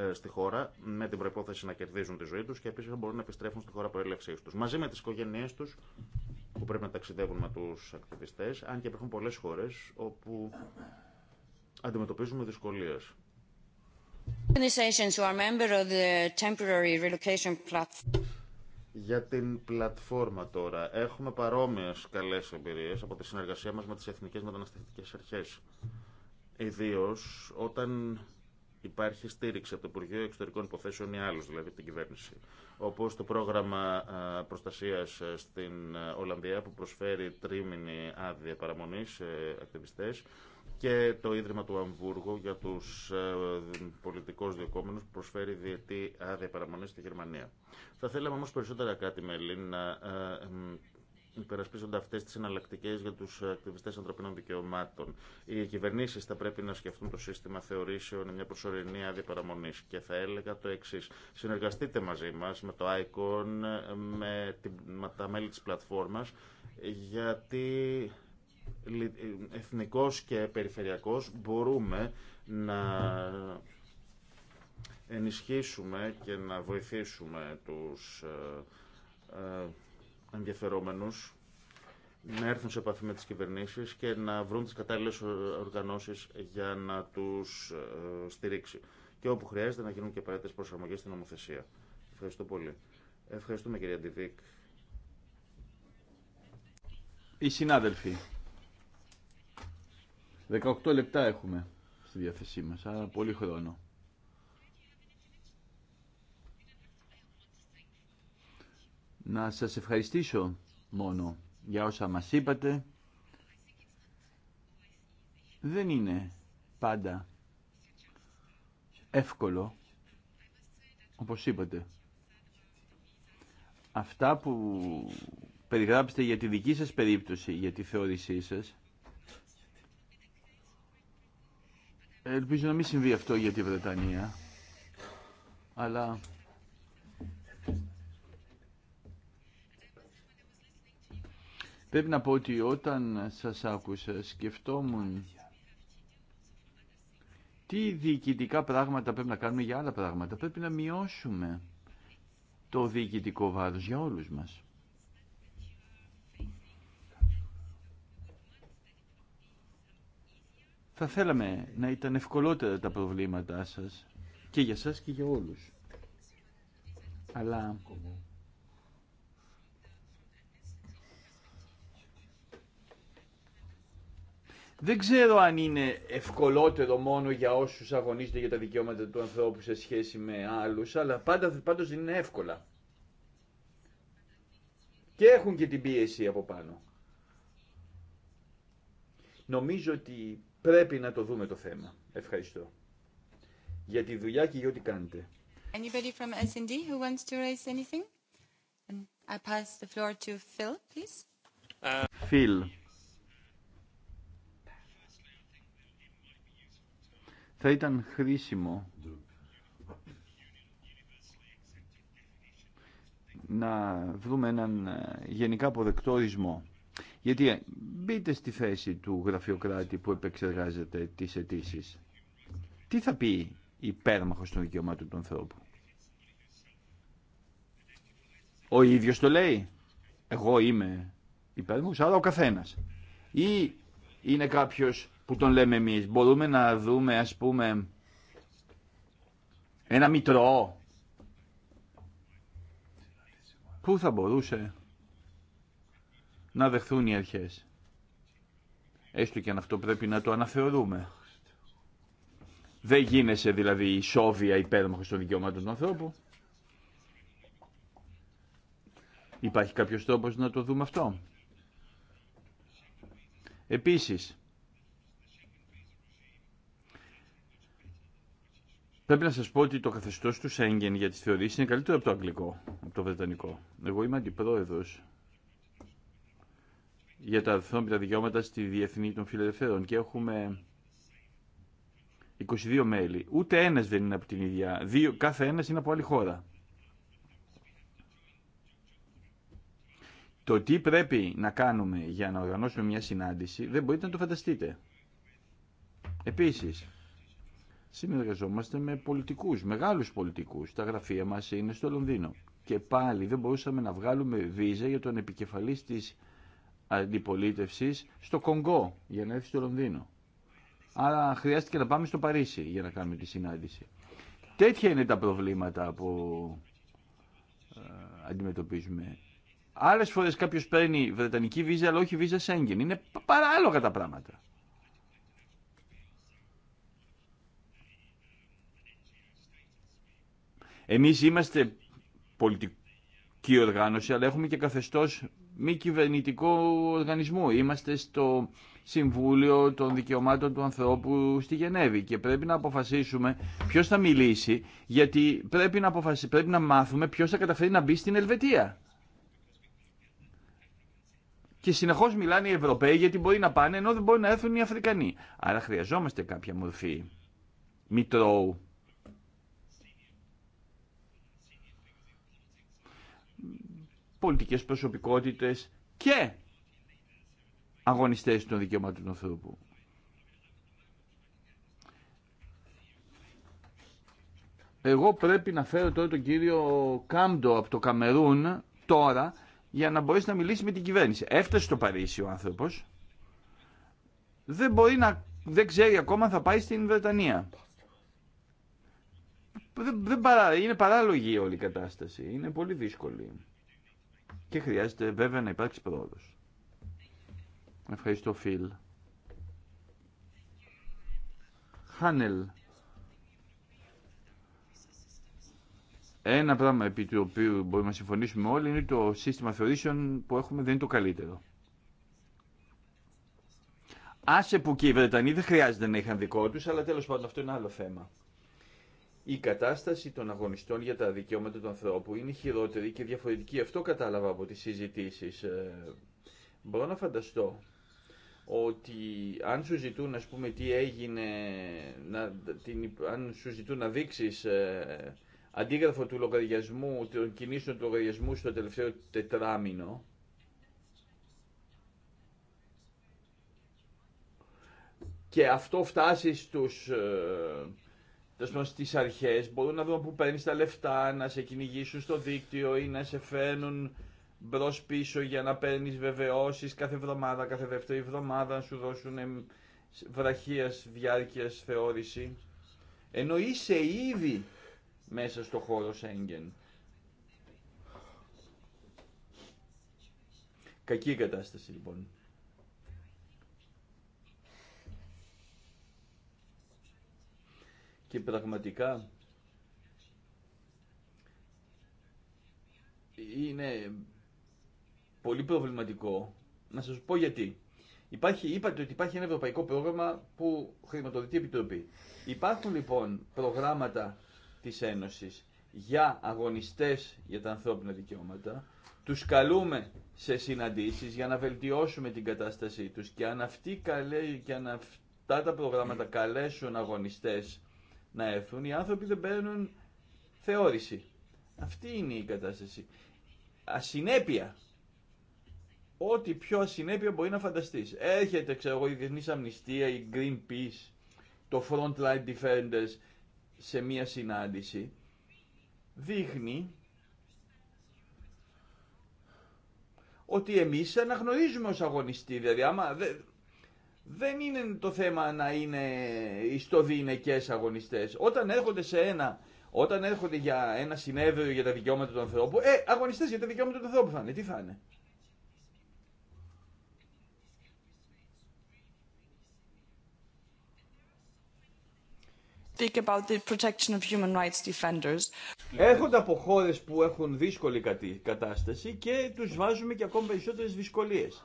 ε, στη χώρα με την προπόθεση να κερδίζουν τη ζωή του και επίση να μπορούν να επιστρέφουν στη χώρα προέλευσή του, Μαζί με τι οικογένειε του, που πρέπει να ταξιδεύουν με του ακτιβιστέ, αν και υπάρχουν πολλέ χώρε όπου αντιμετωπίζουμε δυσκολίε. Organizations who are member of the temporary relocation platform. Για την πλατφόρμα τώρα. Έχουμε παρόμοιε καλέ εμπειρίε από τη συνεργασία μα με τι εθνικέ μεταναστευτικέ αρχέ. Ιδίω όταν υπάρχει στήριξη από το Υπουργείο Εξωτερικών Υποθέσεων ή άλλου, δηλαδή την κυβέρνηση. Όπω το πρόγραμμα προστασία στην Ολλανδία που προσφέρει τρίμηνη άδεια παραμονή σε ακτιβιστέ και το Ίδρυμα του Αμβούργου για τους ε, πολιτικούς διοκόμενους που προσφέρει διετή άδεια παραμονή στη Γερμανία. Θα θέλαμε όμως περισσότερα κάτι μέλη να ε, υπερασπίζονται αυτές τις εναλλακτικέ για τους ακτιβιστές ανθρωπίνων δικαιωμάτων. Οι κυβερνήσει θα πρέπει να σκεφτούν το σύστημα θεωρήσεων μια προσωρινή άδεια παραμονή. Και θα έλεγα το εξή. Συνεργαστείτε μαζί μας με το ICON, ε, με, με τα μέλη της πλατφόρμα, γιατί εθνικός και περιφερειακός μπορούμε να ενισχύσουμε και να βοηθήσουμε τους ε, ε, ενδιαφερόμενους να έρθουν σε επαφή με τις κυβερνήσεις και να βρουν τις κατάλληλες οργανώσεις για να τους ε, στηρίξει. Και όπου χρειάζεται να γίνουν και απαραίτητες προσαρμογές στην νομοθεσία. Ευχαριστώ πολύ. Ευχαριστούμε κυρία Ντιβίκ. Οι συνάδελφοι 18 λεπτά έχουμε στη διάθεσή μας, άρα πολύ χρόνο. Να σας ευχαριστήσω μόνο για όσα μας είπατε. Δεν είναι πάντα εύκολο, όπως είπατε. Αυτά που περιγράψετε για τη δική σας περίπτωση, για τη θεώρησή σας, Ελπίζω να μην συμβεί αυτό για τη Βρετανία, αλλά πρέπει να πω ότι όταν σας άκουσα σκεφτόμουν τι διοικητικά πράγματα πρέπει να κάνουμε για άλλα πράγματα. Πρέπει να μειώσουμε το διοικητικό βάρος για όλους μας. Θα θέλαμε να ήταν ευκολότερα τα προβλήματά σας και για σας και για όλους. Αλλά Δεν ξέρω αν είναι ευκολότερο μόνο για όσους αγωνίζονται για τα δικαιώματα του ανθρώπου σε σχέση με άλλους, αλλά πάντα, πάντως δεν είναι εύκολα. Και έχουν και την πίεση από πάνω. Νομίζω ότι Πρέπει να το δούμε το θέμα. Ευχαριστώ. Για τη δουλειά και για ό,τι κάνετε. Anybody from S&D who wants to raise anything? I pass the floor to Phil, please. Phil. Θα ήταν χρήσιμο να βρούμε έναν ε, γενικά αποδεκτό ορισμό γιατί μπείτε στη θέση του γραφειοκράτη που επεξεργάζεται τις αιτήσει. Τι θα πει υπέρμαχος των δικαιωμάτων του ανθρώπου. Ο ίδιος το λέει. Εγώ είμαι υπέρμαχος, άρα ο καθένας. Ή είναι κάποιος που τον λέμε εμείς. Μπορούμε να δούμε ας πούμε ένα μητρό που θα μπορούσε να δεχθούν οι αρχές. Έστω και αν αυτό πρέπει να το αναθεωρούμε. Δεν γίνεσαι δηλαδή ισόβια υπέρμαχος των δικαιωμάτων του ανθρώπου. Υπάρχει κάποιος τρόπος να το δούμε αυτό. Επίσης, Πρέπει να σας πω ότι το καθεστώς του Σέγγεν για τις θεωρήσεις είναι καλύτερο από το αγγλικό, από το βρετανικό. Εγώ είμαι αντιπρόεδρο για τα ανθρώπινα δικαιώματα στη Διεθνή των Φιλελευθέρων και έχουμε 22 μέλη. Ούτε ένας δεν είναι από την ίδια. Δύο, κάθε ένας είναι από άλλη χώρα. Το τι πρέπει να κάνουμε για να οργανώσουμε μια συνάντηση δεν μπορείτε να το φανταστείτε. Επίσης, συνεργαζόμαστε με πολιτικούς, μεγάλους πολιτικούς. Τα γραφεία μας είναι στο Λονδίνο. Και πάλι δεν μπορούσαμε να βγάλουμε βίζα για τον επικεφαλής της αντιπολίτευσης στο Κονγκό για να έρθει στο Λονδίνο. Άρα χρειάστηκε να πάμε στο Παρίσι για να κάνουμε τη συνάντηση. Τέτοια είναι τα προβλήματα που ε, αντιμετωπίζουμε. Άλλε φορέ κάποιο παίρνει βρετανική βίζα, αλλά όχι βίζα Σέγγεν. Είναι παράλογα τα πράγματα. Εμεί είμαστε πολιτική οργάνωση, αλλά έχουμε και καθεστώ μη κυβερνητικό οργανισμού. Είμαστε στο Συμβούλιο των Δικαιωμάτων του Ανθρώπου στη Γενέβη και πρέπει να αποφασίσουμε ποιο θα μιλήσει, γιατί πρέπει να, αποφασι... πρέπει να μάθουμε ποιο θα καταφέρει να μπει στην Ελβετία. Και συνεχώ μιλάνε οι Ευρωπαίοι γιατί μπορεί να πάνε, ενώ δεν μπορεί να έρθουν οι Αφρικανοί. Άρα χρειαζόμαστε κάποια μορφή μητρώου πολιτικές προσωπικότητες και αγωνιστές των δικαιωμάτων του ανθρώπου. Εγώ πρέπει να φέρω τώρα τον κύριο Κάμπτο από το Καμερούν τώρα για να μπορέσει να μιλήσει με την κυβέρνηση. Έφτασε στο Παρίσι ο άνθρωπος. Δεν μπορεί να... Δεν ξέρει ακόμα αν θα πάει στην Βρετανία. Δεν, δεν παρά, είναι παράλογη όλη η κατάσταση. Είναι πολύ δύσκολη και χρειάζεται βέβαια να υπάρξει πρόοδος. Ευχαριστώ Φιλ. Χάνελ. Ένα πράγμα επί του οποίου μπορούμε να συμφωνήσουμε όλοι είναι το σύστημα θεωρήσεων που έχουμε δεν είναι το καλύτερο. Άσε που και οι Βρετανοί δεν χρειάζεται να είχαν δικό τους, αλλά τέλος πάντων αυτό είναι άλλο θέμα. Η κατάσταση των αγωνιστών για τα δικαιώματα του ανθρώπου είναι χειρότερη και διαφορετική. Αυτό κατάλαβα από τις συζητήσεις. Ε, μπορώ να φανταστώ ότι αν σου ζητούν, ας πούμε, τι έγινε, να, την, αν σου ζητούν να δείξεις ε, αντίγραφο του λογαριασμού, των κινήσεων του λογαριασμού στο τελευταίο τετράμινο, και αυτό φτάσει στους... Ε, τέλο πάντων στι αρχέ, μπορούν να δουν πού παίρνει τα λεφτά, να σε κυνηγήσουν στο δίκτυο ή να σε φέρνουν μπρο πίσω για να παίρνει βεβαιώσει κάθε εβδομάδα, κάθε δεύτερη εβδομάδα, να σου δώσουν βραχία διάρκεια θεώρηση. Ενώ είσαι ήδη μέσα στο χώρο Σέγγεν. Κακή κατάσταση λοιπόν. και πραγματικά είναι πολύ προβληματικό. Να σας πω γιατί. Υπάρχει, είπατε ότι υπάρχει ένα ευρωπαϊκό πρόγραμμα που χρηματοδοτεί η Επιτροπή. Υπάρχουν λοιπόν προγράμματα της Ένωσης για αγωνιστές για τα ανθρώπινα δικαιώματα. Τους καλούμε σε συναντήσεις για να βελτιώσουμε την κατάστασή τους και αν, αυτοί καλέ, και αν αυτά τα προγράμματα καλέσουν αγωνιστές να έρθουν, οι άνθρωποι δεν παίρνουν θεώρηση. Αυτή είναι η κατάσταση. Ασυνέπεια. Ό,τι πιο ασυνέπεια μπορεί να φανταστεί. Έρχεται, ξέρω εγώ, η Διεθνή Αμνηστία, η Greenpeace, το Frontline Defenders σε μία συνάντηση. Δείχνει ότι εμείς αναγνωρίζουμε ως αγωνιστή. Δηλαδή, άμα δεν είναι το θέμα να είναι ιστοδυναικές αγωνιστές. Όταν έρχονται σε ένα, όταν έρχονται για ένα συνέδριο για τα δικαιώματα του ανθρώπου, ε, αγωνιστές για τα δικαιώματα του ανθρώπου θα είναι. Τι θα είναι. about the protection of human rights defenders. Έρχονται από χώρε που έχουν δύσκολη κατάσταση και τους βάζουμε και ακόμη περισσότερες δυσκολίες.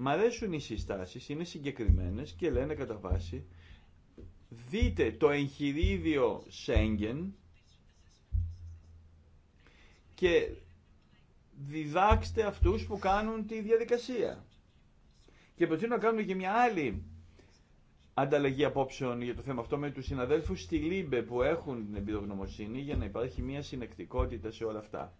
Μ' αρέσουν οι συστάσεις, είναι συγκεκριμένες και λένε κατά βάση δείτε το εγχειρίδιο Σέγγεν και διδάξτε αυτούς που κάνουν τη διαδικασία. Και προτείνω να κάνουμε και μια άλλη ανταλλαγή απόψεων για το θέμα αυτό με τους συναδέλφους στη ΛΥΜΠΕ που έχουν την εμπειρογνωμοσύνη για να υπάρχει μια συνεκτικότητα σε όλα αυτά.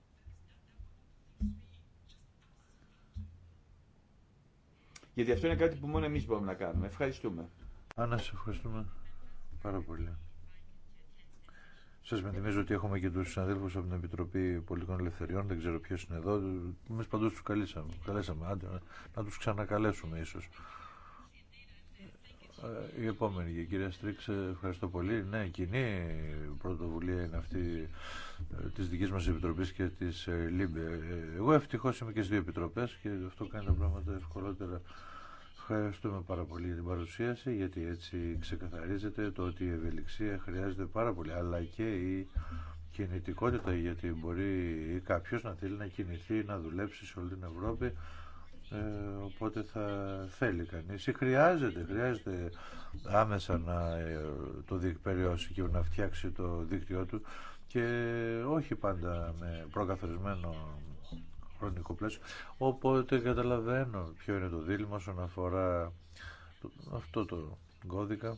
Γιατί αυτό είναι κάτι που μόνο εμείς μπορούμε να κάνουμε. Ευχαριστούμε. Άννα, σε ευχαριστούμε πάρα πολύ. Σα μεθυμίζω ότι έχουμε και τους συναδέλφους από την Επιτροπή Πολιτικών Ελευθεριών. Δεν ξέρω ποιος είναι εδώ. Εμείς παντού τους καλήσαμε. καλέσαμε. Άντε, να τους ξανακαλέσουμε, ίσως. Ε, η επόμενη, η κυρία Στρίξ, ε, ευχαριστώ πολύ. Ναι, κοινή πρωτοβουλία είναι αυτή ε, τη δική μα Επιτροπή και τη ΛΥΜΠΕ. Εγώ ευτυχώ είμαι και στι δύο επιτροπέ και αυτό κάνει τα πράγματα ευκολότερα. Ευχαριστούμε πάρα πολύ για την παρουσίαση, γιατί έτσι ξεκαθαρίζεται το ότι η ευελιξία χρειάζεται πάρα πολύ, αλλά και η κινητικότητα, γιατί μπορεί κάποιος να θέλει να κινηθεί, να δουλέψει σε όλη την Ευρώπη, ε, οπότε θα θέλει κανείς ή χρειάζεται, χρειάζεται άμεσα να ε, το διεκπεριώσει και να φτιάξει το δίκτυό του και όχι πάντα με προκαθορισμένο χρονικό πλαίσιο. Οπότε καταλαβαίνω ποιο είναι το δίλημα όσον αφορά αυτό το κώδικα.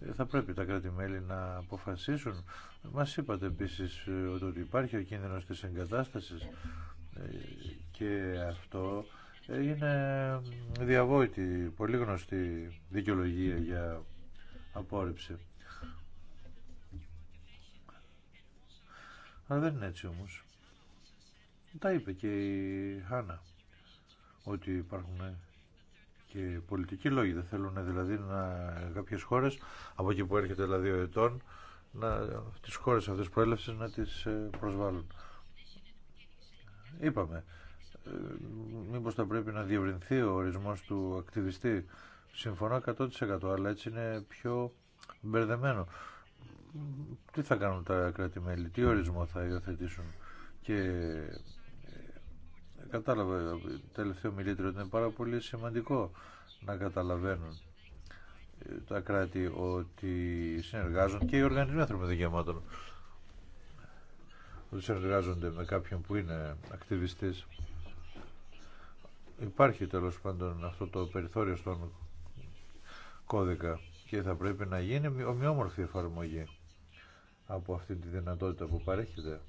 Ε, θα πρέπει τα κράτη-μέλη να αποφασίσουν. Μας είπατε επίσης ε, ότι υπάρχει ο κίνδυνος της εγκατάστασης ε, και αυτό είναι διαβόητη, πολύ γνωστή δικαιολογία για απόρριψη. Αλλά δεν είναι έτσι όμως. Τα είπε και η Χάνα ότι υπάρχουν ε, και πολιτικοί λόγοι. Δεν θέλουν δηλαδή να κάποιες χώρες, από εκεί που έρχεται δηλαδή ο ετών, να, τις χώρες αυτές προέλευσης να τις ε, προσβάλλουν. Είπαμε, ε, μήπως θα πρέπει να διευρυνθεί ο ορισμό του ακτιβιστή. Συμφωνώ 100% αλλά έτσι είναι πιο μπερδεμένο. Τι θα κάνουν τα κράτη-μέλη, τι ορισμό θα υιοθετήσουν και κατάλαβα τελευταίο μιλήτριο ότι είναι πάρα πολύ σημαντικό να καταλαβαίνουν ε, τα κράτη ότι συνεργάζονται και οι οργανισμοί ανθρώποι δικαιωμάτων ότι συνεργάζονται με κάποιον που είναι ακτιβιστής. Υπάρχει τέλος πάντων αυτό το περιθώριο στον κώδικα και θα πρέπει να γίνει ομοιόμορφη εφαρμογή από αυτή τη δυνατότητα που παρέχεται.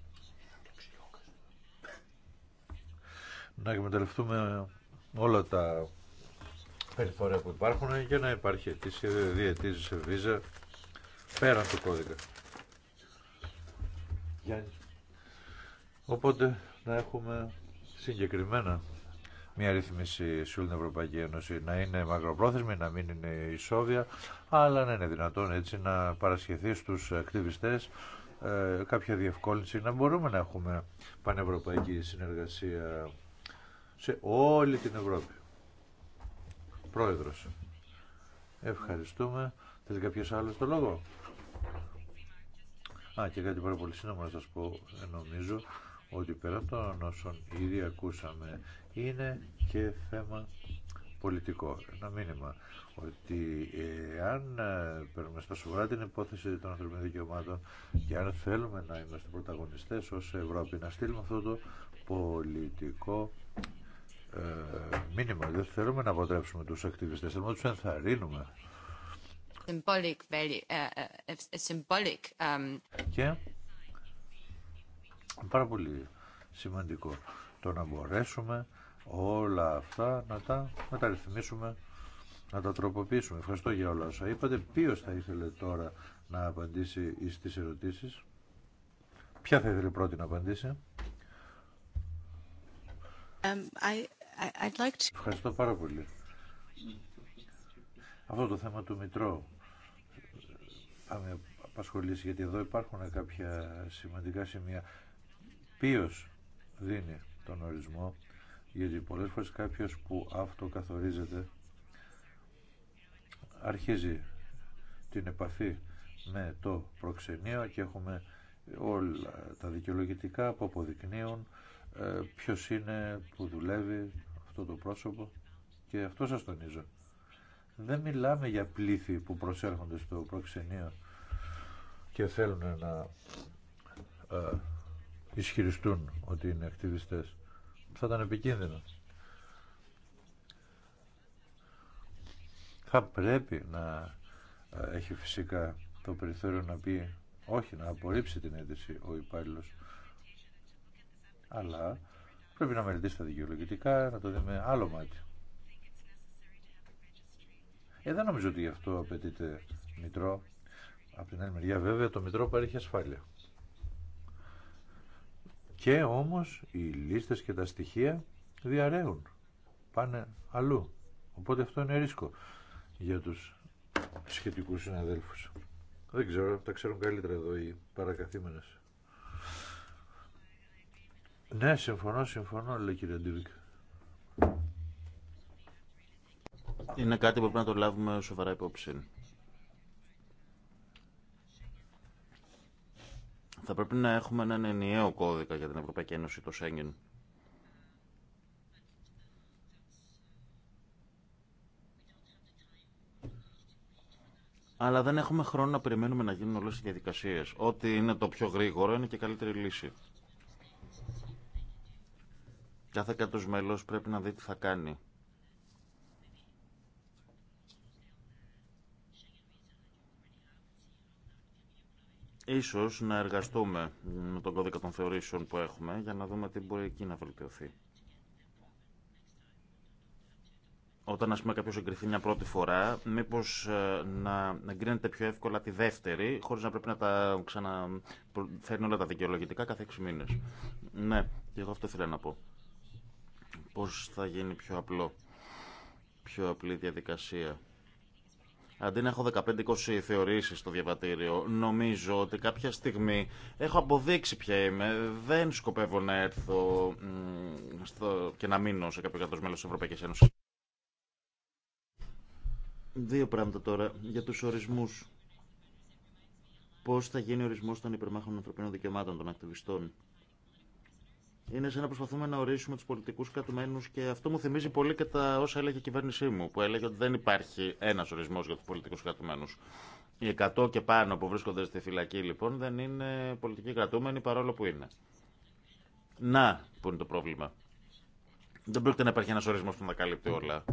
να εκμεταλλευτούμε όλα τα περιθώρια που υπάρχουν για να υπάρχει αιτήσια διαιτήση σε βίζα πέραν του κώδικα. Οπότε να έχουμε συγκεκριμένα μια ρύθμιση σε όλη την Ευρωπαϊκή Ένωση να είναι μακροπρόθεσμη, να μην είναι ισόβια, αλλά να είναι δυνατόν έτσι να παρασχεθεί στους ακτιβιστές ε, κάποια διευκόλυνση, να μπορούμε να έχουμε πανευρωπαϊκή συνεργασία σε όλη την Ευρώπη. Πρόεδρος. Ευχαριστούμε. Θέλει κάποιος άλλος το λόγο. Α, και κάτι πάρα πολύ σύντομα να σας πω. Νομίζω ότι πέραν των όσων ήδη ακούσαμε είναι και θέμα πολιτικό. Ένα μήνυμα ότι ε, αν ε, παίρνουμε στα σοβαρά την υπόθεση των ανθρωπίνων δικαιωμάτων και αν θέλουμε να είμαστε πρωταγωνιστές ως Ευρώπη να στείλουμε αυτό το πολιτικό ε, μήνυμα. Δεν θέλουμε να αποτρέψουμε τους ακτιβιστές, θέλουμε να τους ενθαρρύνουμε. Symbolic, very, ε, ε, um, Και πάρα πολύ σημαντικό το να μπορέσουμε όλα αυτά να τα μεταρρυθμίσουμε, να τα τροποποιήσουμε. Ευχαριστώ για όλα όσα είπατε. Ποιος θα ήθελε τώρα να απαντήσει στις ερωτήσεις. Ποια θα ήθελε πρώτη να απαντήσει. Um, I'd like Ευχαριστώ πάρα πολύ. Αυτό το θέμα του Μητρώου θα με απασχολήσει γιατί εδώ υπάρχουν κάποια σημαντικά σημεία. Ποιος δίνει τον ορισμό γιατί πολλές φορές κάποιος που αυτοκαθορίζεται αρχίζει την επαφή με το προξενείο και έχουμε όλα τα δικαιολογητικά που αποδεικνύουν ε, ποιος είναι που δουλεύει αυτό το πρόσωπο και αυτό σας τονίζω. Δεν μιλάμε για πλήθη που προσέρχονται στο προξενείο και θέλουν να ε, ισχυριστούν ότι είναι ακτιβιστές. Θα ήταν επικίνδυνο. Θα πρέπει να ε, έχει φυσικά το περιθώριο να πει όχι, να απορρίψει την αίτηση ο υπάλληλος αλλά πρέπει να μελετήσει τα δικαιολογητικά, να το δει με άλλο μάτι. Ε, δεν νομίζω ότι γι' αυτό απαιτείται μητρό. Από την άλλη μεριά βέβαια το μητρό παρέχει ασφάλεια. Και όμως οι λίστες και τα στοιχεία διαραίουν. Πάνε αλλού. Οπότε αυτό είναι ρίσκο για τους σχετικούς συναδέλφους. Δεν ξέρω, τα ξέρουν καλύτερα εδώ οι παρακαθήμενες. Ναι, συμφωνώ, συμφωνώ, λέει κύριε Αντιβίκ. Είναι κάτι που πρέπει να το λάβουμε σοβαρά υπόψη. Θα πρέπει να έχουμε έναν ενιαίο κώδικα για την Ευρωπαϊκή Ένωση, το Σέγγεν. Αλλά δεν έχουμε χρόνο να περιμένουμε να γίνουν όλες οι διαδικασίες. Ό,τι είναι το πιο γρήγορο είναι και καλύτερη λύση. Κάθε κάτω μέλος πρέπει να δει τι θα κάνει. Ίσως να εργαστούμε με τον κώδικα των θεωρήσεων που έχουμε για να δούμε τι μπορεί εκεί να βελτιωθεί. Όταν ας πούμε κάποιος εγκριθεί μια πρώτη φορά, μήπως ε, να εγκρίνεται πιο εύκολα τη δεύτερη, χωρίς να πρέπει να τα ξαναφέρνει όλα τα δικαιολογητικά κάθε 6 μήνες. Ναι, και εγώ αυτό ήθελα να πω πώς θα γίνει πιο απλό, πιο απλή διαδικασία. Αντί να έχω 15-20 θεωρήσεις στο διαβατήριο, νομίζω ότι κάποια στιγμή έχω αποδείξει ποια είμαι. Δεν σκοπεύω να έρθω και να μείνω σε κάποιο κράτος μέλος της Ευρωπαϊκής Ένωσης. Δύο πράγματα τώρα για τους ορισμούς. Πώς θα γίνει ο ορισμός των υπερμάχων ανθρωπίνων δικαιωμάτων των ακτιβιστών. Είναι σαν να προσπαθούμε να ορίσουμε του πολιτικού κρατουμένου και αυτό μου θυμίζει πολύ και τα όσα έλεγε η κυβέρνησή μου, που έλεγε ότι δεν υπάρχει ένα ορισμό για του πολιτικού κρατουμένου. Οι 100 και πάνω που βρίσκονται στη φυλακή λοιπόν δεν είναι πολιτικοί κρατούμενοι παρόλο που είναι. Να, που είναι το πρόβλημα. Δεν πρόκειται να υπάρχει ένα ορισμό που να καλύπτει όλα.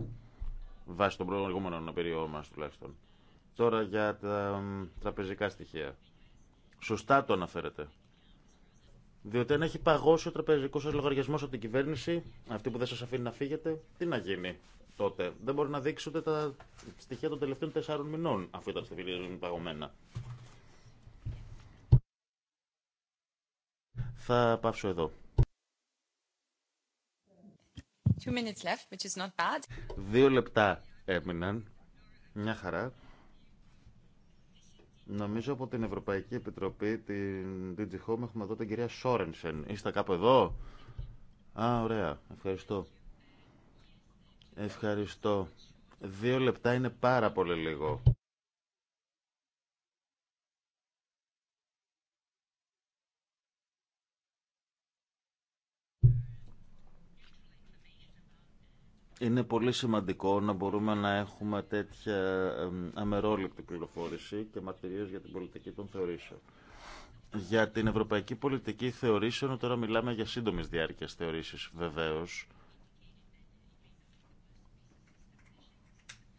Βάσει των προηγούμενων αναπηρίο μα τουλάχιστον. Τώρα για τα τραπεζικά στοιχεία. Σωστά το αναφέρετε. Διότι αν έχει παγώσει ο τραπεζικό σα λογαριασμό από την κυβέρνηση, αυτή που δεν σα αφήνει να φύγετε, τι να γίνει τότε. Δεν μπορεί να δείξει ούτε τα στοιχεία των τελευταίων τεσσάρων μηνών, αφού ήταν στοιχεία παγωμένα. Θα πάψω εδώ. Δύο λεπτά έμειναν. Μια χαρά. Νομίζω από την Ευρωπαϊκή Επιτροπή, την DG Home, έχουμε εδώ την κυρία Σόρενσεν. Είστε κάπου εδώ. Α, ωραία. Ευχαριστώ. Ευχαριστώ. Δύο λεπτά είναι πάρα πολύ λίγο. Είναι πολύ σημαντικό να μπορούμε να έχουμε τέτοια αμερόληπτη πληροφόρηση και μαρτυρίες για την πολιτική των θεωρήσεων. Για την ευρωπαϊκή πολιτική θεωρήσεων, τώρα μιλάμε για σύντομης διάρκειας θεωρήσεις βεβαίως.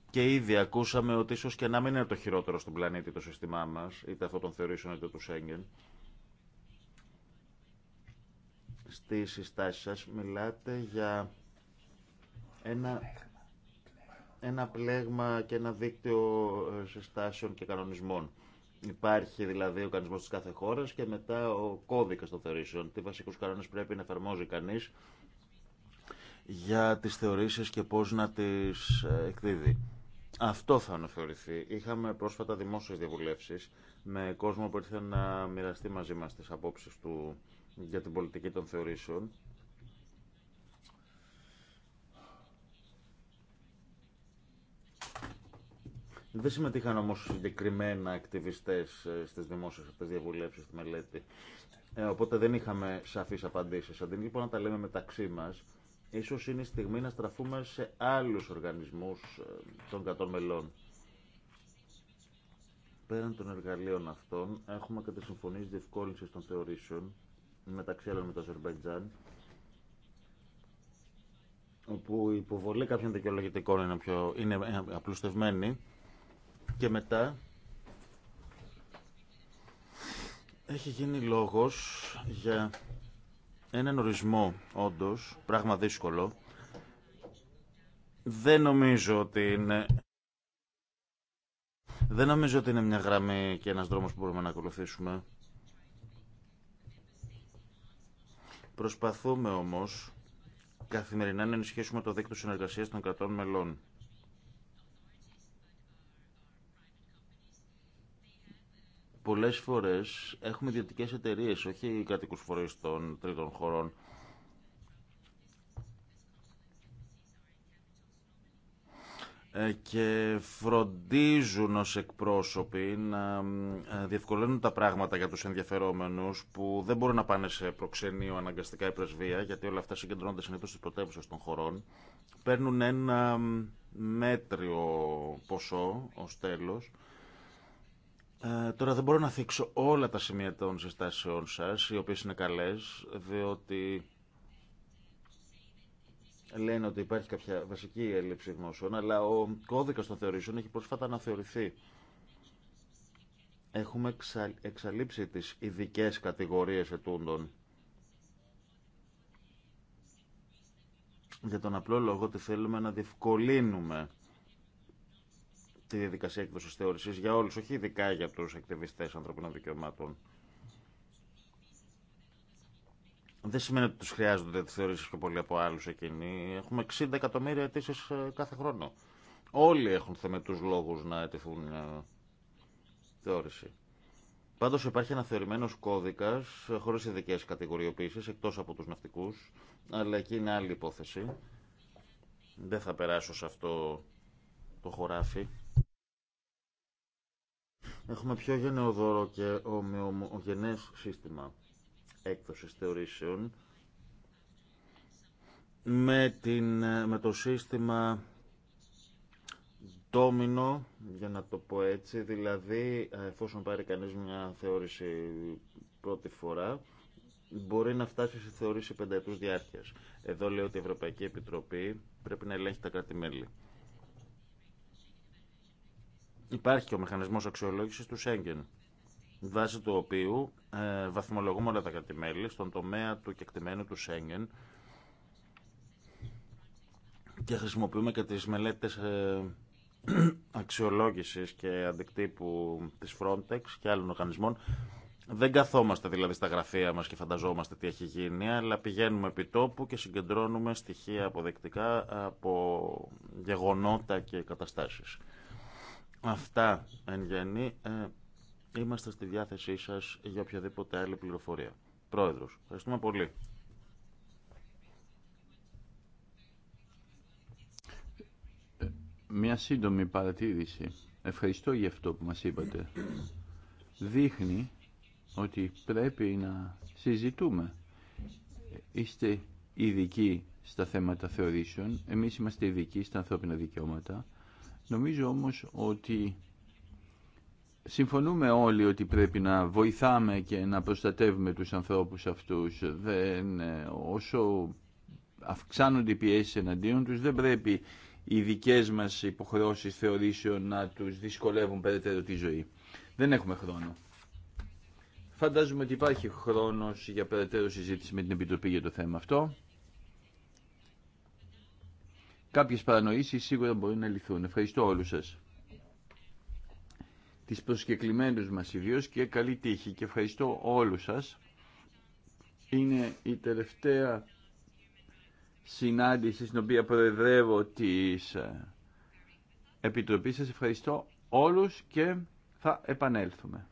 Και ήδη ακούσαμε ότι ίσως και να μην είναι το χειρότερο στον πλανήτη το σύστημά μας, είτε αυτό των θεωρήσεων είτε του Σέγγεν. Στις συστάσεις σας μιλάτε για ένα, ένα πλέγμα και ένα δίκτυο ε, συστάσεων και κανονισμών. Υπάρχει δηλαδή ο κανονισμό τη κάθε χώρα και μετά ο κώδικα των θεωρήσεων. Τι βασικού κανόνε πρέπει να εφαρμόζει κανεί για τι θεωρήσει και πώ να τι ε, εκδίδει. Αυτό θα αναθεωρηθεί. Είχαμε πρόσφατα δημόσιε διαβουλεύσει με κόσμο που ήρθε να μοιραστεί μαζί μα τι απόψει του για την πολιτική των θεωρήσεων Δεν συμμετείχαν όμως συγκεκριμένα ακτιβιστές ε, στις δημόσιες αυτέ διαβουλεύσεις στη μελέτη. Ε, οπότε δεν είχαμε σαφείς απαντήσεις. Αντί λοιπόν να τα λέμε μεταξύ μας, ίσως είναι η στιγμή να στραφούμε σε άλλους οργανισμούς ε, των κατών μελών. Πέραν των εργαλείων αυτών, έχουμε και τις συμφωνίες διευκόλυνσης των θεωρήσεων, μεταξύ άλλων με το Αζερμπαϊτζάν, όπου η υποβολή κάποιων δικαιολογητικών είναι, πιο, είναι ε, απλουστευμένη και μετά έχει γίνει λόγος για έναν ορισμό, όντως, πράγμα δύσκολο. Δεν νομίζω ότι είναι... Δεν νομίζω ότι είναι μια γραμμή και ένας δρόμος που μπορούμε να ακολουθήσουμε. Προσπαθούμε όμως καθημερινά να ενισχύσουμε το δίκτυο συνεργασίας των κρατών μελών. Πολλέ φορέ έχουμε ιδιωτικέ εταιρείε, όχι οι κατοίκου φορεί των τρίτων χωρών. Ε, και φροντίζουν ως εκπρόσωποι να ε, διευκολύνουν τα πράγματα για τους ενδιαφερόμενους που δεν μπορούν να πάνε σε προξενείο αναγκαστικά ή πρεσβεία γιατί όλα αυτά συγκεντρώνονται συνήθως στις πρωτεύουσες των χωρών παίρνουν ένα μέτριο ποσό ως τέλος ε, τώρα δεν μπορώ να θίξω όλα τα σημεία των συστάσεών σας, οι οποίες είναι καλές, διότι λένε ότι υπάρχει κάποια βασική έλλειψη γνώσεων, αλλά ο κώδικας των θεωρήσεων έχει πρόσφατα αναθεωρηθεί. Έχουμε εξαλείψει τις ειδικέ κατηγορίες ετούντων. Για τον απλό λόγο ότι θέλουμε να διευκολύνουμε τη διαδικασία έκδοση θεώρηση για όλου, όχι ειδικά για του ακτιβιστέ ανθρωπίνων δικαιωμάτων. Δεν σημαίνει ότι του χρειάζονται τι θεωρήσει πιο πολύ από άλλου εκείνοι. Έχουμε 60 εκατομμύρια αιτήσει ε, κάθε χρόνο. Όλοι έχουν θεμετού λόγου να αιτηθούν ε, θεώρηση. Πάντω υπάρχει ένα θεωρημένο κώδικα, ε, χωρί ειδικέ κατηγοριοποίησει, εκτό από του ναυτικού, αλλά εκεί είναι άλλη υπόθεση. Δεν θα περάσω σε αυτό το χωράφι έχουμε πιο γενναιοδόρο και ομοιογενές σύστημα έκδοσης θεωρήσεων με, την, με το σύστημα ντόμινο, για να το πω έτσι, δηλαδή εφόσον πάρει κανείς μια θεώρηση πρώτη φορά, μπορεί να φτάσει σε θεωρήση πενταετούς διάρκειας. Εδώ λέω ότι η Ευρωπαϊκή Επιτροπή πρέπει να ελέγχει τα κράτη-μέλη. Υπάρχει και ο μηχανισμός αξιολόγησης του Σέγγεν, βάσει του οποίου ε, βαθμολογούμε όλα τα κατημέλη στον τομέα του κεκτημένου του Σέγγεν και χρησιμοποιούμε και τις μελέτες ε, αξιολόγησης και αντικτύπου της Frontex και άλλων οργανισμών. Δεν καθόμαστε δηλαδή στα γραφεία μας και φανταζόμαστε τι έχει γίνει, αλλά πηγαίνουμε επί τόπου και συγκεντρώνουμε στοιχεία αποδεκτικά από γεγονότα και καταστάσεις. Αυτά εν γέννη. Ε, είμαστε στη διάθεσή σας για οποιαδήποτε άλλη πληροφορία. Πρόεδρος, ευχαριστούμε πολύ. Μια σύντομη παρατήρηση. Ευχαριστώ για αυτό που μας είπατε. Δείχνει ότι πρέπει να συζητούμε. Είστε ειδικοί στα θέματα θεωρήσεων, εμείς είμαστε ειδικοί στα ανθρώπινα δικαιώματα Νομίζω όμως ότι συμφωνούμε όλοι ότι πρέπει να βοηθάμε και να προστατεύουμε τους ανθρώπους αυτούς. Δεν, ε, όσο αυξάνονται οι πιέσεις εναντίον τους, δεν πρέπει οι δικές μας υποχρεώσεις θεωρήσεων να τους δυσκολεύουν περαιτέρω τη ζωή. Δεν έχουμε χρόνο. Φαντάζομαι ότι υπάρχει χρόνος για περαιτέρω συζήτηση με την Επιτροπή για το θέμα αυτό. Κάποιε παρανοήσεις σίγουρα μπορεί να λυθούν. Ευχαριστώ όλους σα τι προσκεκλημένου μα ιδίω και καλή τύχη και ευχαριστώ όλου σας. Είναι η τελευταία συνάντηση στην οποία προεδρεύω της ε, Επιτροπής σας. Ευχαριστώ όλους και θα επανέλθουμε.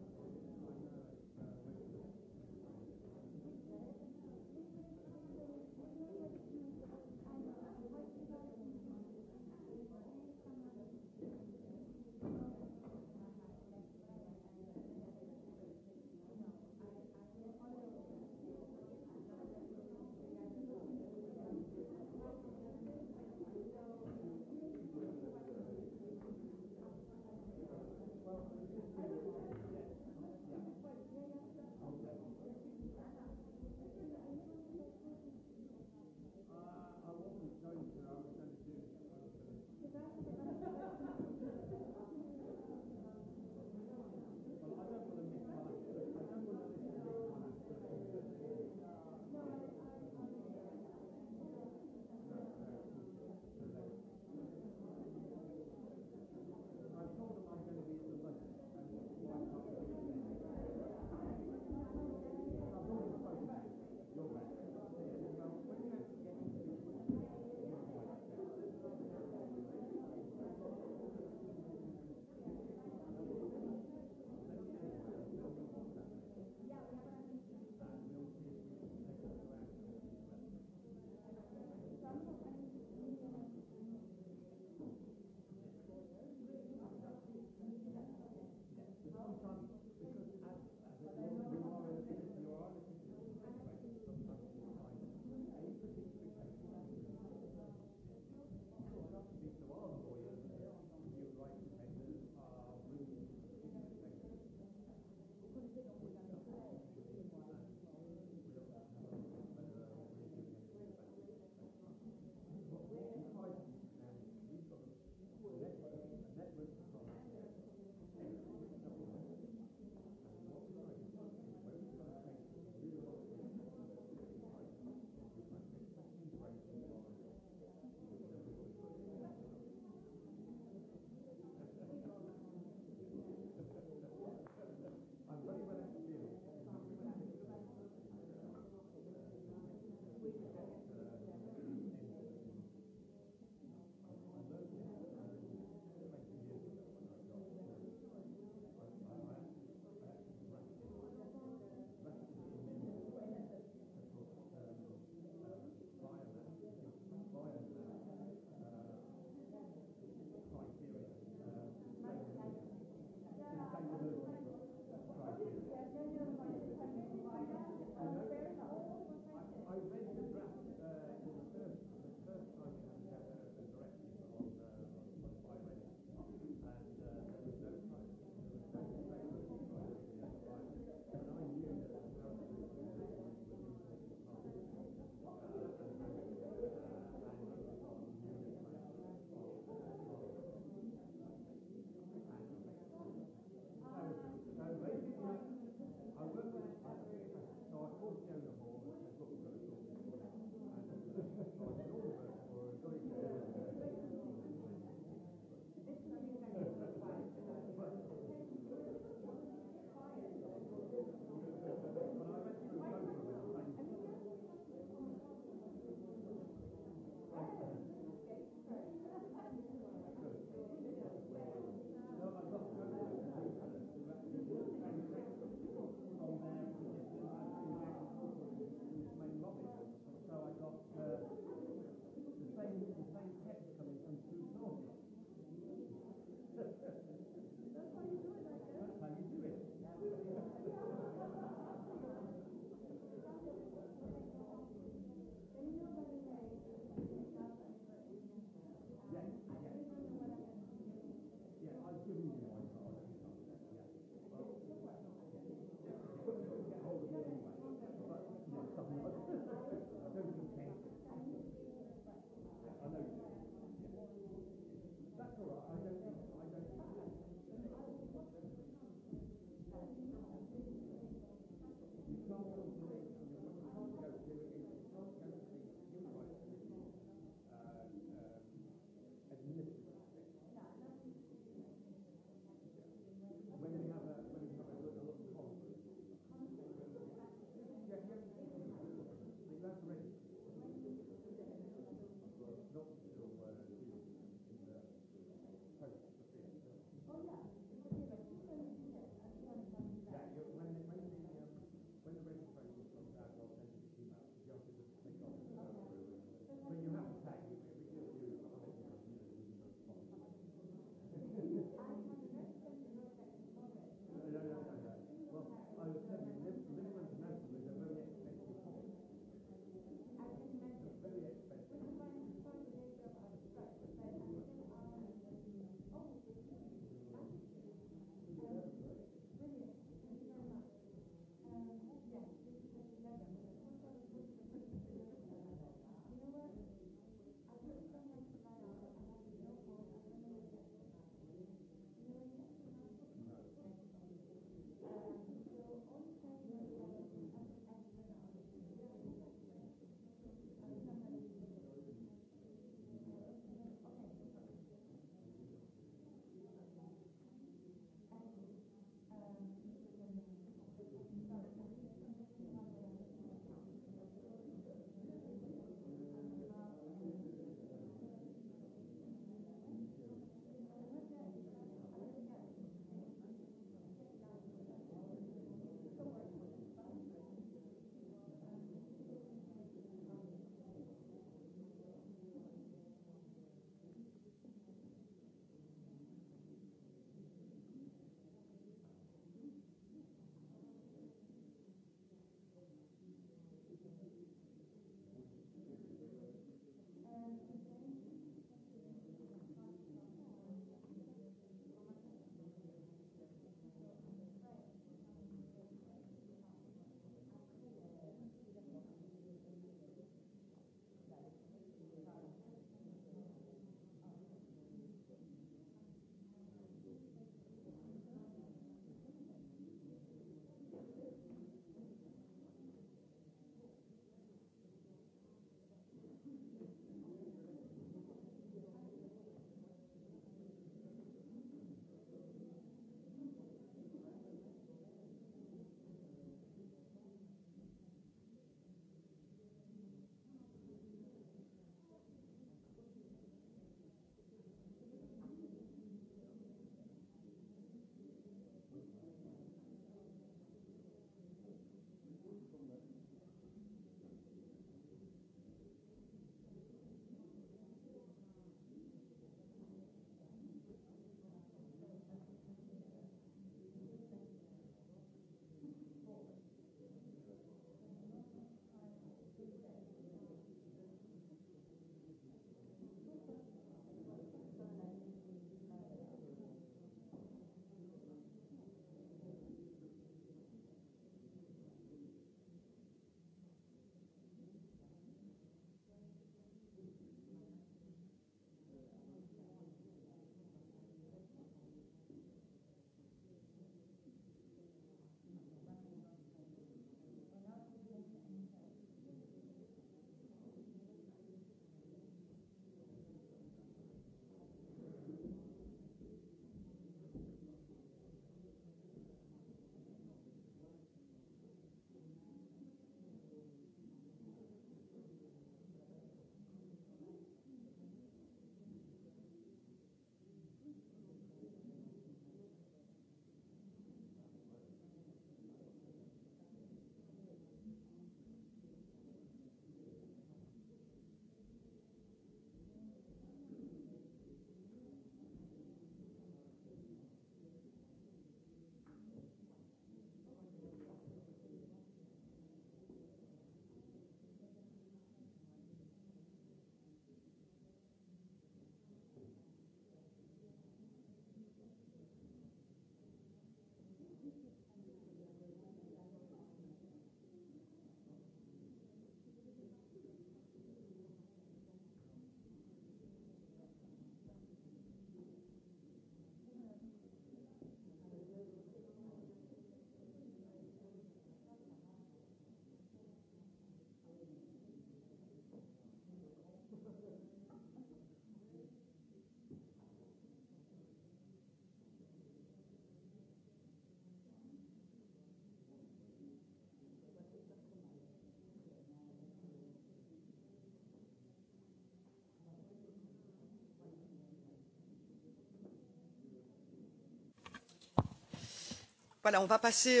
13.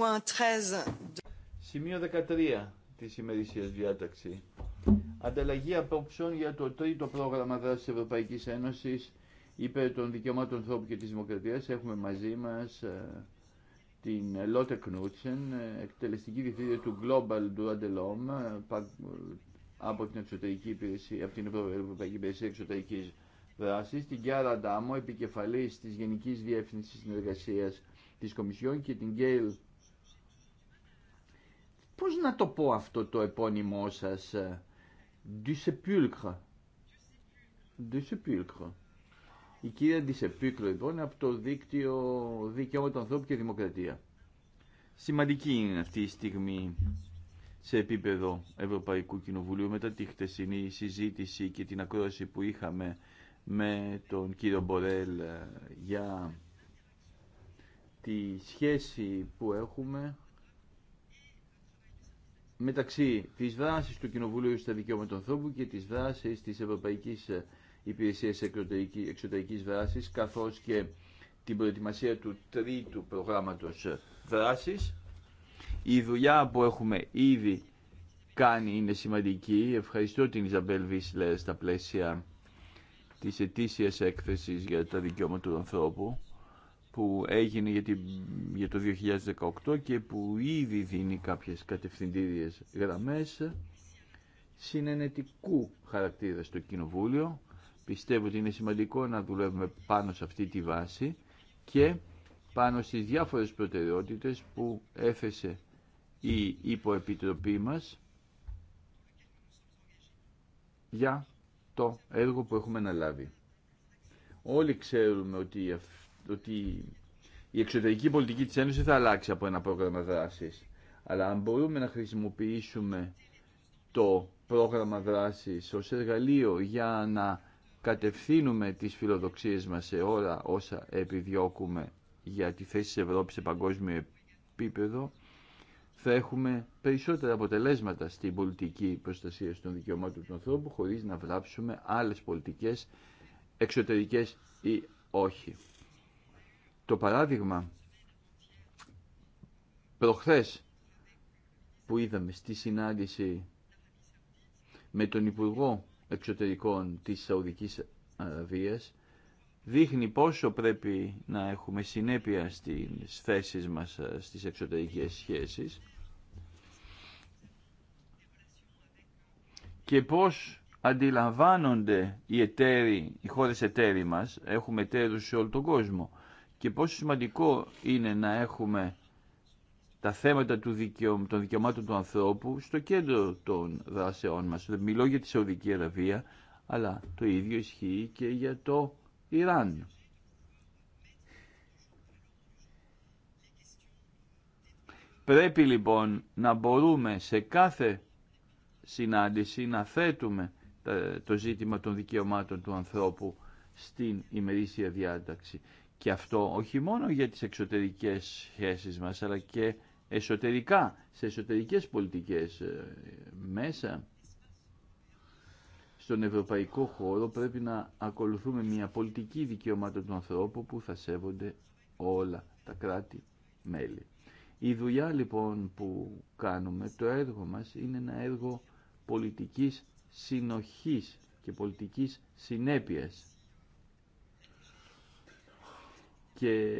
Euh, Σημείο 13 της ημερησίας διάταξη. Ανταλλαγή απόψεων για το τρίτο πρόγραμμα δράσης Ευρωπαϊκής Ένωσης υπέρ των δικαιωμάτων ανθρώπου και της δημοκρατίας. Έχουμε μαζί μας ε, την Λότε Κνούτσεν, ε, εκτελεστική διευθύντρια του Global Duandelom ε, από την, εξωτερική υπηρεσία, από την Ευρωπαϊκή Υπηρεσία Εξωτερικής Δράσης, την Κιάρα Ντάμο, επικεφαλής της Γενικής Διεύθυνσης Συνεργασίας της Κομισιόν και την Γκέιλ. Πώς να το πω αυτό το επώνυμό σας, ε, du sepulcre. Du sepulcre. Η κυρία Ντισεπίκλο λοιπόν από το δίκτυο Δικαιώματα Ανθρώπου και Δημοκρατία. Σημαντική είναι αυτή η στιγμή σε επίπεδο Ευρωπαϊκού Κοινοβουλίου μετά τη χτεσινή συζήτηση και την ακρόαση που είχαμε με τον κύριο Μπορέλ ε, για τη σχέση που έχουμε μεταξύ της δράσης του Κοινοβουλίου στα δικαιώματα του ανθρώπου και της δράσης της Ευρωπαϊκής Υπηρεσίας Εξωτερικής Δράσης καθώς και την προετοιμασία του τρίτου προγράμματος δράσης. Η δουλειά που έχουμε ήδη κάνει είναι σημαντική. Ευχαριστώ την Ιζαμπέλ Βίσλερ στα πλαίσια της ετήσιας έκθεσης για τα δικαιώματα του ανθρώπου που έγινε για, το 2018 και που ήδη δίνει κάποιες κατευθυντήριες γραμμές συνενετικού χαρακτήρα στο Κοινοβούλιο. Πιστεύω ότι είναι σημαντικό να δουλεύουμε πάνω σε αυτή τη βάση και πάνω στις διάφορες προτεραιότητες που έφεσε η υποεπιτροπή μας για το έργο που έχουμε αναλάβει. Όλοι ξέρουμε ότι ότι η εξωτερική πολιτική της Ένωσης θα αλλάξει από ένα πρόγραμμα δράσης. Αλλά αν μπορούμε να χρησιμοποιήσουμε το πρόγραμμα δράσης ως εργαλείο για να κατευθύνουμε τις φιλοδοξίες μας σε όλα όσα επιδιώκουμε για τη θέση της Ευρώπης σε παγκόσμιο επίπεδο, θα έχουμε περισσότερα αποτελέσματα στην πολιτική προστασία των δικαιωμάτων του ανθρώπου χωρίς να βλάψουμε άλλες πολιτικές εξωτερικές ή όχι. Το παράδειγμα προχθές που είδαμε στη συνάντηση με τον Υπουργό Εξωτερικών της Σαουδικής Αραβίας δείχνει πόσο πρέπει να έχουμε συνέπεια στις θέσεις μας ε, στις εξωτερικές σχέσεις και πώς αντιλαμβάνονται οι εταίροι, οι χώρες εταίροι μας, έχουμε εταίρους σε όλο τον κόσμο, και πόσο σημαντικό είναι να έχουμε τα θέματα του δικαιω... των δικαιωμάτων του ανθρώπου στο κέντρο των δράσεών μας. Δεν μιλώ για τη Σαουδική Αραβία, αλλά το ίδιο ισχύει και για το Ιράν. Πρέπει λοιπόν να μπορούμε σε κάθε συνάντηση να θέτουμε το ζήτημα των δικαιωμάτων του ανθρώπου στην ημερήσια διάταξη. Και αυτό όχι μόνο για τις εξωτερικές σχέσεις μας, αλλά και εσωτερικά, σε εσωτερικές πολιτικές ε, μέσα. Στον ευρωπαϊκό χώρο πρέπει να ακολουθούμε μια πολιτική δικαιωμάτων του ανθρώπου που θα σέβονται όλα τα κράτη-μέλη. Η δουλειά λοιπόν που κάνουμε, το έργο μας είναι ένα έργο πολιτικής συνοχής και πολιτικής συνέπειας. Και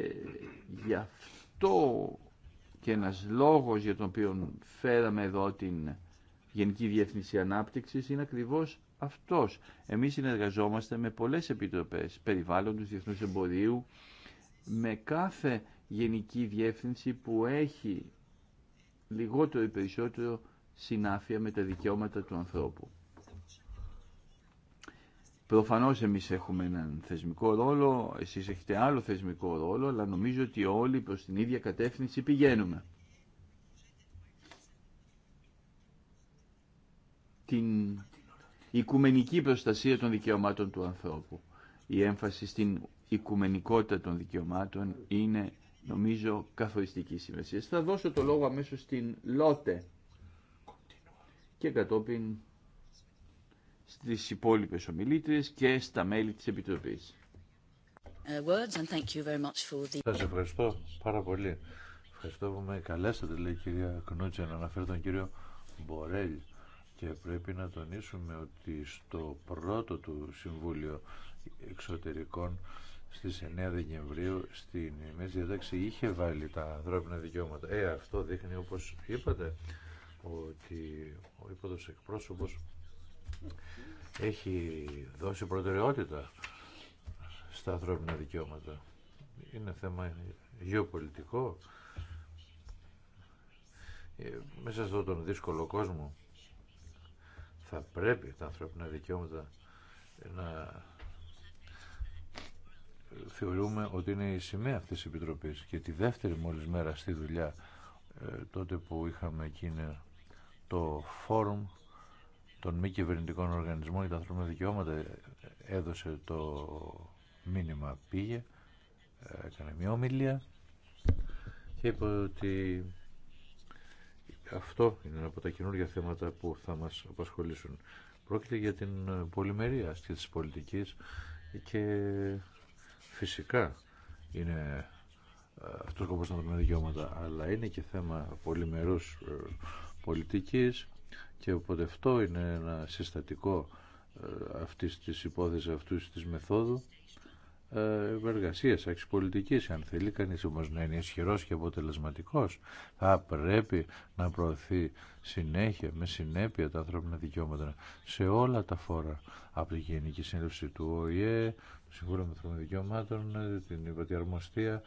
γι' αυτό και ένας λόγος για τον οποίο φέραμε εδώ την Γενική Διεύθυνση Ανάπτυξης είναι ακριβώς αυτός. Εμείς συνεργαζόμαστε με πολλές επιτροπές περιβάλλοντος, διεθνούς εμπορίου, με κάθε γενική διεύθυνση που έχει λιγότερο ή περισσότερο συνάφεια με τα δικαιώματα του ανθρώπου. Προφανώς εμείς έχουμε έναν θεσμικό ρόλο, εσείς έχετε άλλο θεσμικό ρόλο, αλλά νομίζω ότι όλοι προς την ίδια κατεύθυνση πηγαίνουμε. Την οικουμενική προστασία των δικαιωμάτων του ανθρώπου. Η έμφαση στην οικουμενικότητα των δικαιωμάτων είναι νομίζω καθοριστική σημασία. Θα δώσω το λόγο αμέσως στην Λότε και κατόπιν στις υπόλοιπες ομιλήτρες και στα μέλη της Επιτροπής. Uh, Σας ευχαριστώ πάρα πολύ. Ευχαριστώ που με καλέσατε, λέει η κυρία Κνούτσια να αναφέρει τον κύριο Μπορέλ. Και πρέπει να τονίσουμε ότι στο πρώτο του Συμβούλιο Εξωτερικών στις 9 Δεκεμβρίου στην Μέση Διατάξη είχε βάλει τα ανθρώπινα δικαιώματα. Ε, αυτό δείχνει όπως είπατε ότι ο ύποδος εκπρόσωπος έχει δώσει προτεραιότητα στα ανθρώπινα δικαιώματα. Είναι θέμα γεωπολιτικό. Ε, μέσα σε αυτόν τον δύσκολο κόσμο θα πρέπει τα ανθρώπινα δικαιώματα να θεωρούμε ότι είναι η σημαία αυτής της Επιτροπής και τη δεύτερη μόλις μέρα στη δουλειά ε, τότε που είχαμε εκείνο το φόρουμ των μη κυβερνητικών οργανισμών για τα ανθρώπινα δικαιώματα ε, έδωσε το μήνυμα πήγε ε, έκανε μια ομιλία και είπε ότι αυτό είναι από τα καινούργια θέματα που θα μας απασχολήσουν. Πρόκειται για την ε, πολυμερία της πολιτικής και φυσικά είναι αυτό ο σκοπός των δικαιώματα, αλλά είναι και θέμα πολυμερούς πολιτικής και οπότε αυτό είναι ένα συστατικό ε, αυτής της υπόθεσης, αυτούς της μεθόδου ε, εργασίας, αξιπολιτικής. Αν θέλει κανείς όμως να είναι ισχυρό και αποτελεσματικός, θα πρέπει να προωθεί συνέχεια, με συνέπεια τα ανθρώπινα δικαιώματα σε όλα τα φόρα. Από τη Γενική Σύνδευση του ΟΗΕ, του Συμβούλου Ανθρώπινων Δικαιωμάτων, ε, την Υπατιαρμοστία,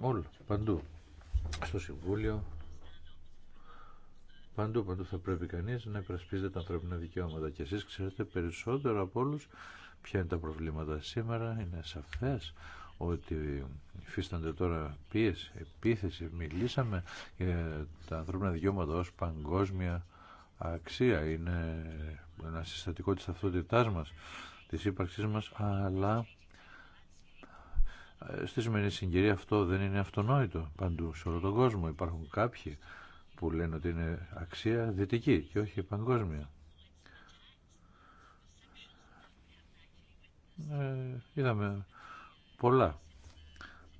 όλα, παντού. Στο Συμβούλιο, Παντού, παντού θα πρέπει κανεί να υπερασπίζεται τα ανθρώπινα δικαιώματα και εσεί ξέρετε περισσότερο από όλου ποια είναι τα προβλήματα σήμερα. Είναι σαφέ ότι υφίστανται τώρα πίεση, επίθεση. Μιλήσαμε για τα ανθρώπινα δικαιώματα ω παγκόσμια αξία. Είναι ένα συστατικό τη ταυτότητά μα, τη ύπαρξή μα. αλλά ε, στη σημερινή συγκυρία αυτό δεν είναι αυτονόητο παντού σε όλο τον κόσμο. Υπάρχουν κάποιοι που λένε ότι είναι αξία δυτική και όχι παγκόσμια. Ε, είδαμε πολλά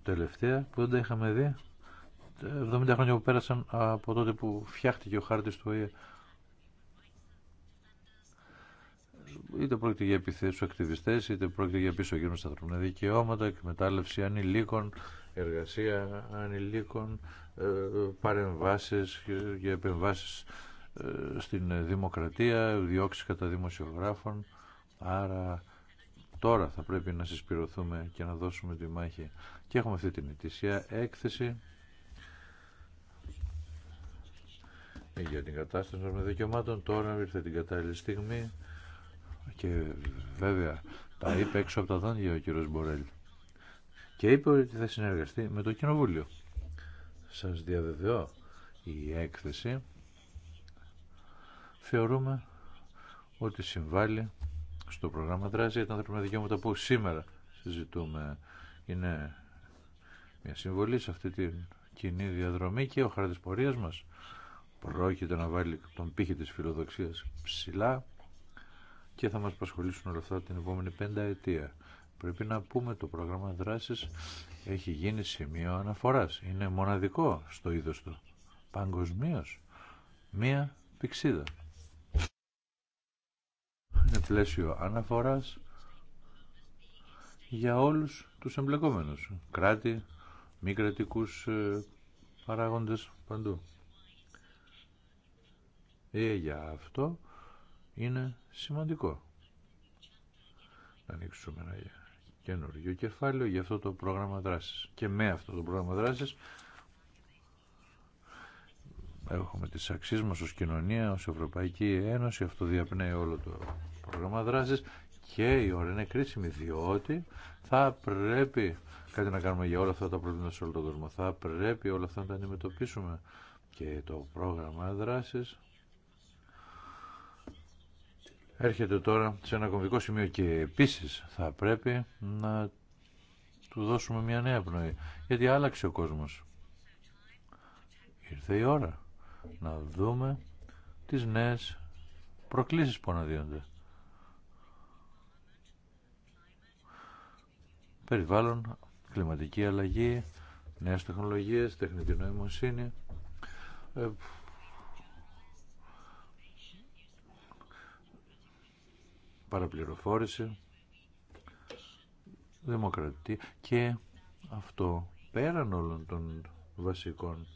τελευταία που δεν τα είχαμε δει 70 χρόνια που πέρασαν από τότε που φτιάχτηκε ο χάρτης του ΟΗΕ. Είτε πρόκειται για επιθέσεις ακτιβιστές, είτε πρόκειται για πίσω γύρω στα δικαιώματα, εκμετάλλευση ανηλίκων, εργασία ανηλίκων, ε, παρεμβάσεις και επεμβάσεις ε, στην δημοκρατία, διώξεις κατά δημοσιογράφων. Άρα τώρα θα πρέπει να συσπηρωθούμε και να δώσουμε τη μάχη. Και έχουμε αυτή την ετησία έκθεση για την κατάσταση των δικαιωμάτων. Τώρα ήρθε την κατάλληλη στιγμή και βέβαια τα είπε έξω από τα δόντια ο κύριος Μπορέλη και είπε ότι θα συνεργαστεί με το Κοινοβούλιο. Σας διαβεβαιώ η έκθεση θεωρούμε ότι συμβάλλει στο πρόγραμμα δράση για τα ανθρώπινα δικαιώματα που σήμερα συζητούμε. Είναι μια συμβολή σε αυτή την κοινή διαδρομή και ο χάρτης πορείας μας πρόκειται να βάλει τον πύχη της φιλοδοξίας ψηλά και θα μας απασχολήσουν όλα αυτά την επόμενη πέντα αιτία. Πρέπει να πούμε το πρόγραμμα δράσης έχει γίνει σημείο αναφοράς. Είναι μοναδικό στο είδος του. Παγκοσμίω. Μία πηξίδα. Είναι πλαίσιο αναφοράς για όλους τους εμπλεκόμενους. Κράτη, μη κρατικούς ε, παράγοντες παντού. Ε, για αυτό είναι σημαντικό να ανοίξουμε ένα καινούργιο κεφάλαιο για αυτό το πρόγραμμα δράσης. Και με αυτό το πρόγραμμα δράσης έχουμε τις αξίες μας ως κοινωνία, ως Ευρωπαϊκή Ένωση, αυτό διαπνέει όλο το πρόγραμμα δράσης και η ώρα είναι κρίσιμη διότι θα πρέπει κάτι να κάνουμε για όλα αυτά τα προβλήματα σε όλο τον κόσμο. Θα πρέπει όλα αυτά να τα αντιμετωπίσουμε και το πρόγραμμα δράσης έρχεται τώρα σε ένα κομβικό σημείο και επίσης θα πρέπει να του δώσουμε μια νέα πνοή. Γιατί άλλαξε ο κόσμος. Ήρθε η ώρα να δούμε τις νέες προκλήσεις που αναδύονται. Περιβάλλον, κλιματική αλλαγή, νέες τεχνολογίες, τεχνητή νοημοσύνη, ε, παραπληροφόρηση, δημοκρατία και αυτό πέραν όλων των βασικών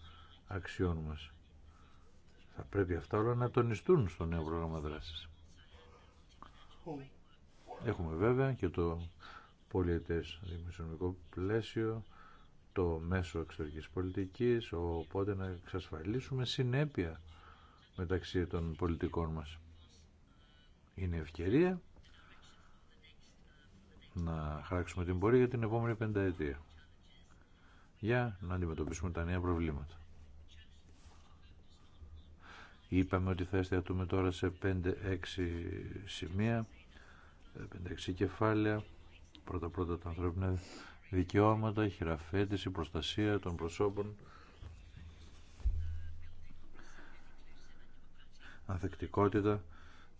αξιών μας. Θα πρέπει αυτά όλα να τονιστούν στο νέο πρόγραμμα δράσης. Έχουμε βέβαια και το πολιετές δημοσιονομικό πλαίσιο, το μέσο εξωτερικής πολιτικής, οπότε να εξασφαλίσουμε συνέπεια μεταξύ των πολιτικών μας είναι ευκαιρία να χαράξουμε την πορεία για την επόμενη πενταετία για να αντιμετωπίσουμε τα νέα προβλήματα. Είπαμε ότι θα εστιατούμε τώρα σε 5-6 σημεία, 5-6 κεφάλαια, πρώτα-πρώτα τα ανθρώπινα δικαιώματα, χειραφέτηση, προστασία των προσώπων, ανθεκτικότητα,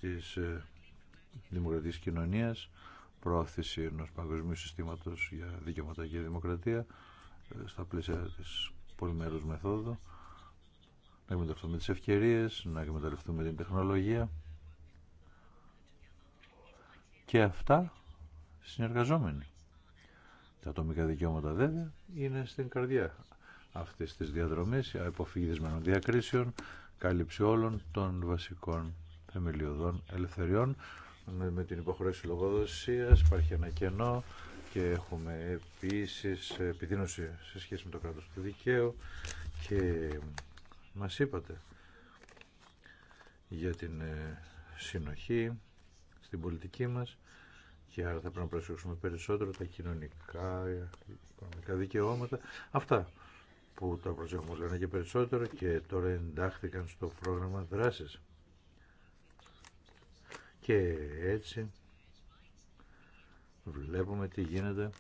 της ε, δημοκρατικής κοινωνίας, προώθηση ενός παγκοσμίου συστήματος για δικαιώματα και δημοκρατία ε, στα πλαίσια της πολυμερούς μεθόδου, να εκμεταλλευτούμε τις ευκαιρίες, να εκμεταλλευτούμε την τεχνολογία και αυτά συνεργαζόμενοι. Τα ατομικά δικαιώματα βέβαια είναι στην καρδιά αυτής της διαδρομής, αποφύγη διακρίσεων, κάλυψη όλων των βασικών θεμελιωδών ελευθεριών με την υποχρέωση λογοδοσίας υπάρχει ένα κενό και έχουμε επίσης επιδείνωση σε σχέση με το κράτος του δικαίου και μας είπατε για την ε, συνοχή στην πολιτική μας και άρα θα πρέπει να προσέξουμε περισσότερο τα κοινωνικά, δικαιώματα. Αυτά που τα προσέχουμε λένε και περισσότερο και τώρα εντάχθηκαν στο πρόγραμμα δράσης. Και έτσι βλέπουμε τι γίνεται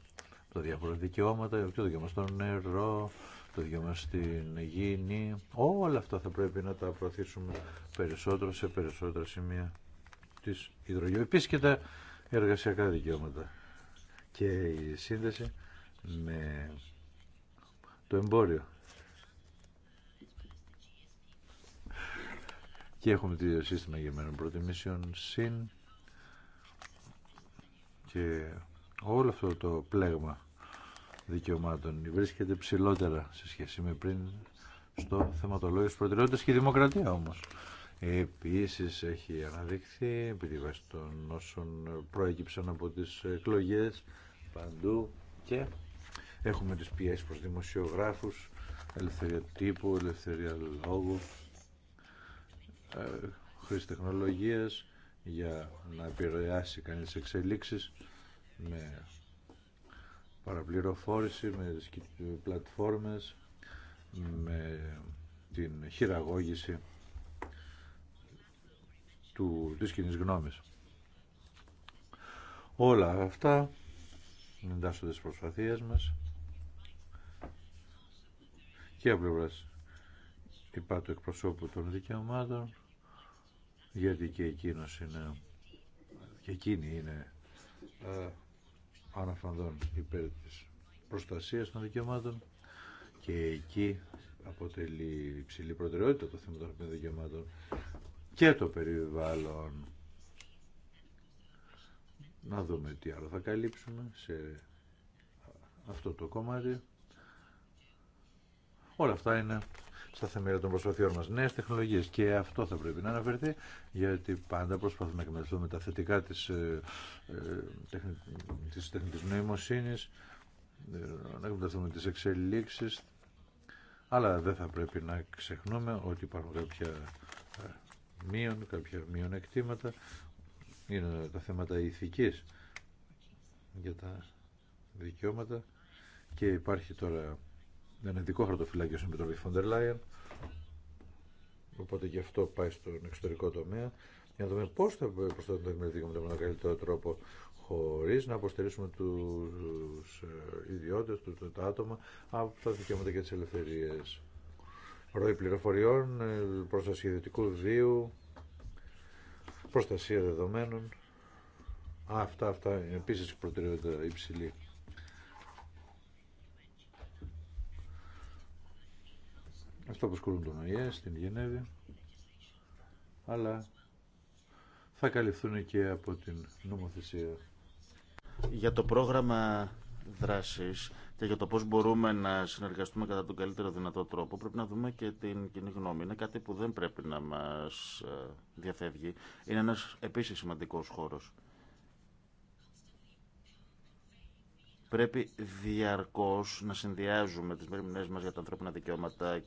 τα διάφορα δικαιώματα, το δικαίωμα στο νερό, το δικαίωμα στην γη, όλα αυτά θα πρέπει να τα προωθήσουμε περισσότερο σε περισσότερα σημεία της υδρογείου. Επίσης και τα εργασιακά δικαιώματα και η σύνδεση με το εμπόριο και έχουμε το σύστημα γεμμένων προτιμήσεων συν και όλο αυτό το πλέγμα δικαιωμάτων βρίσκεται ψηλότερα σε σχέση με πριν στο θεματολόγιο της προτεραιότητας και η δημοκρατία όμως. Επίσης έχει αναδειχθεί επειδή βάσει των όσων προέκυψαν από τις εκλογέ παντού και έχουμε τις πιέσεις προς δημοσιογράφους, ελευθερία τύπου, ελευθερία λόγου ε, χρήση τεχνολογίας για να επηρεάσει κανείς εξελίξεις με παραπληροφόρηση, με πλατφόρμες, με την χειραγώγηση του, της κοινής γνώμης. Όλα αυτά εντάσσονται στις προσπαθίες μας και από πλευράς υπά του εκπροσώπου των δικαιωμάτων γιατί και εκείνος είναι και εκείνη είναι ε, αναφανδόν υπέρ της προστασίας των δικαιωμάτων και εκεί αποτελεί υψηλή προτεραιότητα το θέμα των δικαιωμάτων και το περιβάλλον. Να δούμε τι άλλο θα καλύψουμε σε αυτό το κομμάτι. Όλα αυτά είναι στα θεμέλια των προσπαθειών μας. Νέες τεχνολογίες και αυτό θα πρέπει να αναφερθεί γιατί πάντα προσπαθούμε να εκμεταλλευτούμε τα θετικά της, ε, ε τεχνη, τεχνητής νοημοσύνης, ε, να εκμεταλλευτούμε τις εξελίξεις, αλλά δεν θα πρέπει να ξεχνούμε ότι υπάρχουν κάποια ε, μείον, κάποια εκτήματα, είναι τα θέματα ηθικής για τα δικαιώματα και υπάρχει τώρα δανειτικό χαρτοφυλάκιο στην Επιτροπή Φοντερ Λάιεν. Οπότε γι' αυτό πάει στον εξωτερικό τομέα για να δούμε πώ θα προστατεύουμε το εκμεταλλευτικό με τον καλύτερο τρόπο χωρί να αποστερήσουμε του ε, ιδιώτε, τα άτομα από τα δικαιώματα και τι ελευθερίε. Ροή πληροφοριών, ε, προστασία ιδιωτικού βίου, προστασία δεδομένων. Αυτά, αυτά είναι επίση προτεραιότητα υψηλή. Αυτό απασχολούν τον ΟΗΕ στην Γενέβη, αλλά θα καλυφθούν και από την νομοθεσία. Για το πρόγραμμα δράσης και για το πώς μπορούμε να συνεργαστούμε κατά τον καλύτερο δυνατό τρόπο πρέπει να δούμε και την κοινή γνώμη. Είναι κάτι που δεν πρέπει να μας ε, διαφεύγει. Είναι ένας επίσης σημαντικός χώρος. Πρέπει διαρκώς να συνδυάζουμε τις μερμηνέ μας για τα ανθρώπινα δικαιώματα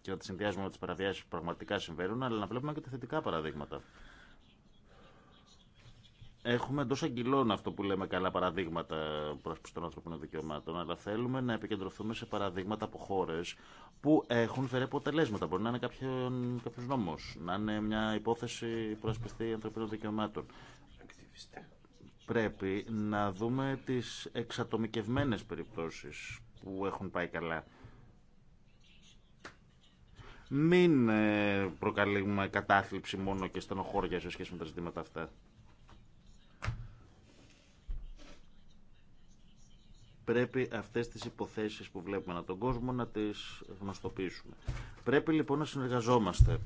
και να τις συνδυάζουμε με τις παραβιάσεις που πραγματικά συμβαίνουν, αλλά να βλέπουμε και τα θετικά παραδείγματα. Έχουμε εντό αγγυλών αυτό που λέμε καλά παραδείγματα προ των ανθρωπίνων δικαιωμάτων, αλλά θέλουμε να επικεντρωθούμε σε παραδείγματα από χώρε που έχουν φέρει αποτελέσματα. Μπορεί να είναι κάποιο νόμο, να είναι μια υπόθεση πρόσπιση ανθρωπίνων δικαιωμάτων. Ακτιβιστέ πρέπει να δούμε τις εξατομικευμένες περιπτώσεις που έχουν πάει καλά. Μην ε, προκαλούμε κατάθλιψη μόνο και στενοχώρια σε σχέση με τα ζητήματα αυτά. Πρέπει αυτές τις υποθέσεις που βλέπουμε να τον κόσμο να τις γνωστοποιήσουμε. Πρέπει λοιπόν να συνεργαζόμαστε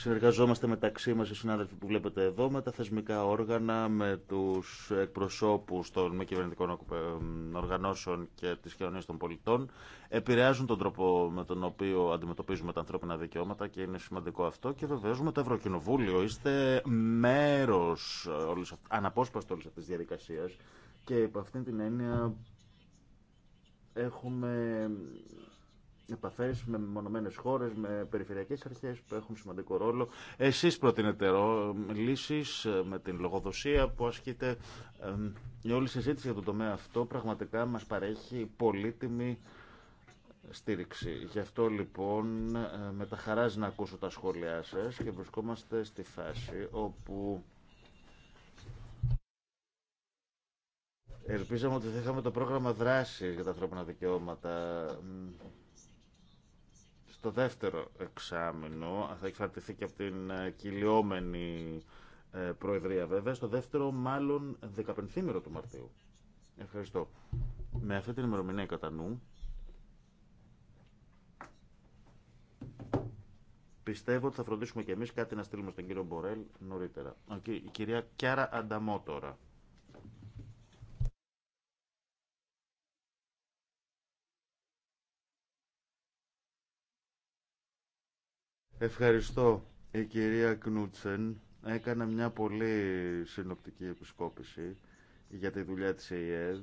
Συνεργαζόμαστε μεταξύ μας οι συνάδελφοι που βλέπετε εδώ με τα θεσμικά όργανα, με τους εκπροσώπους των μη κυβερνητικών οργανώσεων και της κοινωνία των πολιτών. Επηρεάζουν τον τρόπο με τον οποίο αντιμετωπίζουμε τα ανθρώπινα δικαιώματα και είναι σημαντικό αυτό και βεβαίως με το Ευρωκοινοβούλιο. Είστε μέρος όλης, αναπόσπαστο όλης αυτής της διαδικασίας και υπό αυτήν την έννοια έχουμε επαφέ με μονομένε χώρε, με περιφερειακέ αρχέ που έχουν σημαντικό ρόλο. Εσεί προτείνετε λύσει ε, με την λογοδοσία που ασκείται. Η όλη συζήτηση για το τομέα αυτό πραγματικά μα παρέχει πολύτιμη στήριξη. Γι' αυτό λοιπόν ε, με τα χαράζει να ακούσω τα σχόλιά σας και βρισκόμαστε στη φάση όπου ελπίζαμε ότι θα είχαμε το πρόγραμμα δράσης για τα ανθρώπινα δικαιώματα στο δεύτερο εξάμεινο, θα εξαρτηθεί και από την ε, κυλιόμενη ε, Προεδρία βέβαια, στο δεύτερο μάλλον 15 του Μαρτίου. Ευχαριστώ. Με αυτή την ημερομηνία κατά νου, πιστεύω ότι θα φροντίσουμε και εμείς κάτι να στείλουμε στον κύριο Μπορέλ νωρίτερα. Η κυρία Κιάρα Ανταμό τώρα. Ευχαριστώ. Η κυρία Κνούτσεν έκανε μια πολύ συνοπτική επισκόπηση για τη δουλειά της ΕΕΒ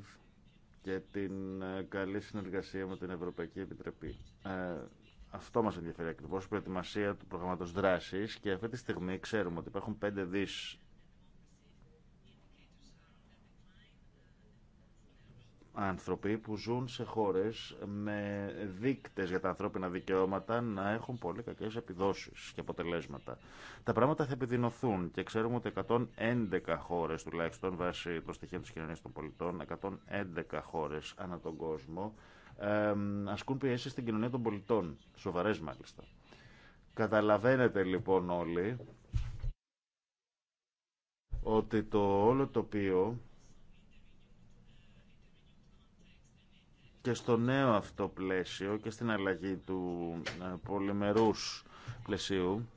και την ε, καλή συνεργασία με την Ευρωπαϊκή Επιτροπή. Ε, αυτό μας ενδιαφέρει ακριβώς, η προετοιμασία του προγραμματος δράσης και αυτή τη στιγμή ξέρουμε ότι υπάρχουν πέντε δις άνθρωποι που ζουν σε χώρες με δείκτες για τα ανθρώπινα δικαιώματα να έχουν πολύ κακές επιδόσεις και αποτελέσματα. Τα πράγματα θα επιδεινωθούν και ξέρουμε ότι 111 χώρες τουλάχιστον βάσει των στοιχείων της κοινωνίας των πολιτών, 111 χώρες ανά τον κόσμο ασκούν πιέσεις στην κοινωνία των πολιτών, σοβαρές μάλιστα. Καταλαβαίνετε λοιπόν όλοι ότι το όλο τοπίο και στο νέο αυτό πλαίσιο και στην αλλαγή του ε, πολυμερούς πλαισίου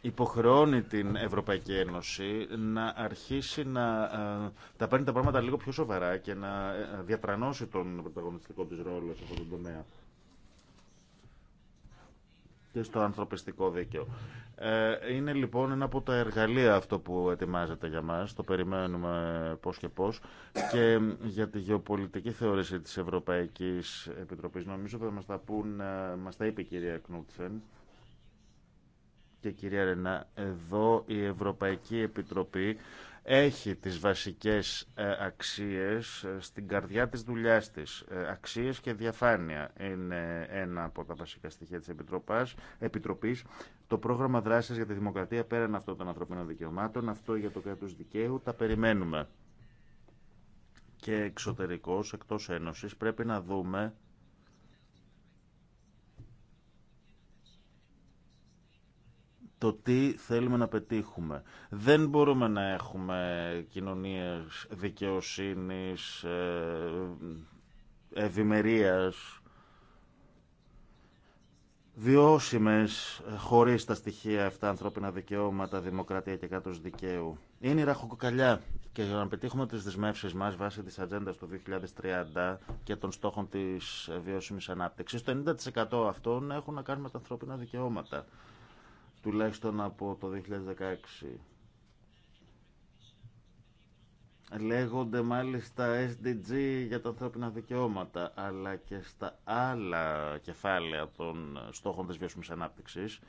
υποχρεώνει την Ευρωπαϊκή Ένωση να αρχίσει να ε, τα παίρνει τα πράγματα λίγο πιο σοβαρά και να ε, διατρανώσει τον πρωταγωνιστικό της ρόλο σε αυτό το τομέα και στο ανθρωπιστικό δίκαιο. Ε, είναι λοιπόν ένα από τα εργαλεία αυτό που ετοιμάζεται για μας, το περιμένουμε πώς και πώς και για τη γεωπολιτική θεώρηση της Ευρωπαϊκής Επιτροπής νομίζω θα μας τα, πούν, ε, μας τα είπε η κυρία Κνούτσεν και κυρία Ρενά, εδώ η Ευρωπαϊκή Επιτροπή έχει τις βασικές ε, αξίες ε, στην καρδιά της δουλειάς της. Ε, αξίες και διαφάνεια είναι ένα από τα βασικά στοιχεία της Επιτροπής. Το πρόγραμμα δράσης για τη δημοκρατία πέραν αυτό των ανθρωπίνων δικαιωμάτων, αυτό για το κράτος δικαίου, τα περιμένουμε. Και εξωτερικός, εκτός Ένωσης, πρέπει να δούμε το τι θέλουμε να πετύχουμε. Δεν μπορούμε να έχουμε κοινωνίες δικαιοσύνης, ε, ευημερίας, βιώσιμες ε, χωρίς τα στοιχεία αυτά ανθρώπινα δικαιώματα, δημοκρατία και κάτω δικαίου. Είναι η ραχοκοκαλιά και για να πετύχουμε τις δεσμεύσεις μας βάσει της ατζέντα του 2030 και των στόχων της ε, βιώσιμης ανάπτυξης, το 90% αυτών έχουν να κάνουν με τα ανθρώπινα δικαιώματα τουλάχιστον από το 2016. Λέγονται μάλιστα SDG για τα ανθρώπινα δικαιώματα, αλλά και στα άλλα κεφάλαια των στόχων της βιώσιμης ανάπτυξης,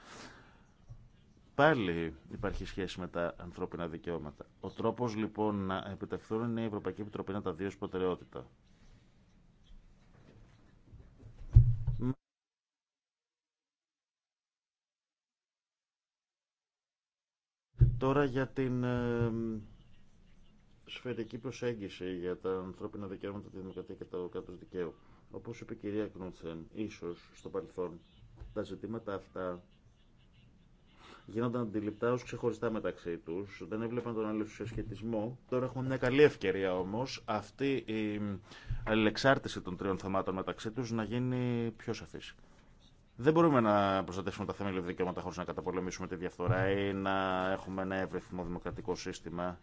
πάλι υπάρχει σχέση με τα ανθρώπινα δικαιώματα. Ο τρόπος λοιπόν να επιτευχθούν είναι η Ευρωπαϊκή Επιτροπή να τα δύο προτεραιότητα. Τώρα για την ε, σφαιρική προσέγγιση για τα ανθρώπινα δικαιώματα, τη δημοκρατία και το κράτο δικαίου. Όπω είπε η κυρία Κνούτσεν, ίσω στο παρελθόν τα ζητήματα αυτά γίνονταν αντιληπτά ω ξεχωριστά μεταξύ του, δεν έβλεπαν τον άλλο σε σχετισμό. Τώρα έχουμε μια καλή ευκαιρία όμω αυτή η αλληλεξάρτηση ε, των τριών θεμάτων μεταξύ του να γίνει πιο σαφή. Δεν μπορούμε να προστατεύσουμε τα θεμελιώδη δικαιώματα χωρί να καταπολεμήσουμε τη διαφθορά ή να έχουμε ένα εύρυθμο δημοκρατικό σύστημα.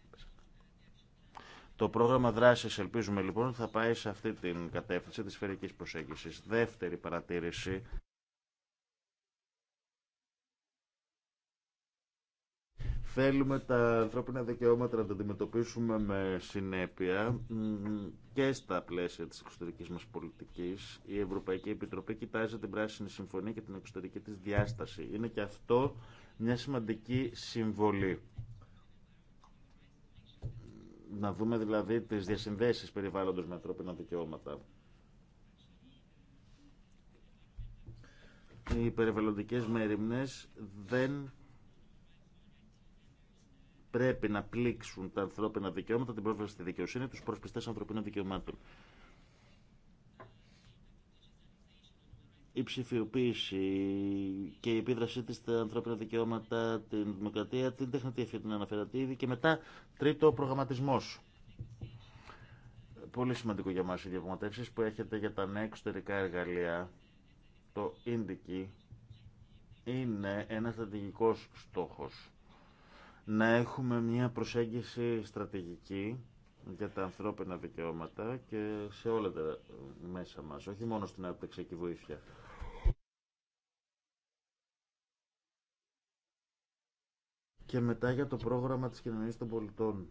Το πρόγραμμα δράση, ελπίζουμε λοιπόν, θα πάει σε αυτή την κατεύθυνση τη σφαιρική προσέγγιση. Δεύτερη παρατήρηση Θέλουμε τα ανθρώπινα δικαιώματα να τα αντιμετωπίσουμε με συνέπεια και στα πλαίσια της εξωτερικής μας πολιτικής. Η Ευρωπαϊκή Επιτροπή κοιτάζει την Πράσινη Συμφωνία και την εξωτερική της διάσταση. Είναι και αυτό μια σημαντική συμβολή. Να δούμε δηλαδή τις διασυνδέσεις περιβάλλοντος με ανθρώπινα δικαιώματα. Οι περιβαλλοντικές μέρημνες δεν πρέπει να πλήξουν τα ανθρώπινα δικαιώματα, την πρόσβαση στη δικαιοσύνη, του προσπιστέ ανθρωπίνων δικαιωμάτων. η ψηφιοποίηση και η επίδρασή της στα ανθρώπινα δικαιώματα, την δημοκρατία, την τεχνητή αυτή την αναφέρατε ήδη και μετά τρίτο ο προγραμματισμός. Πολύ σημαντικό για μα οι διαπραγματεύσει που έχετε για τα νέα εξωτερικά εργαλεία, το Ίνδικη, είναι ένα στρατηγικό στόχο να έχουμε μια προσέγγιση στρατηγική για τα ανθρώπινα δικαιώματα και σε όλα τα μέσα μας, όχι μόνο στην αναπτυξιακή βοήθεια. Και μετά για το πρόγραμμα της κοινωνίας των πολιτών.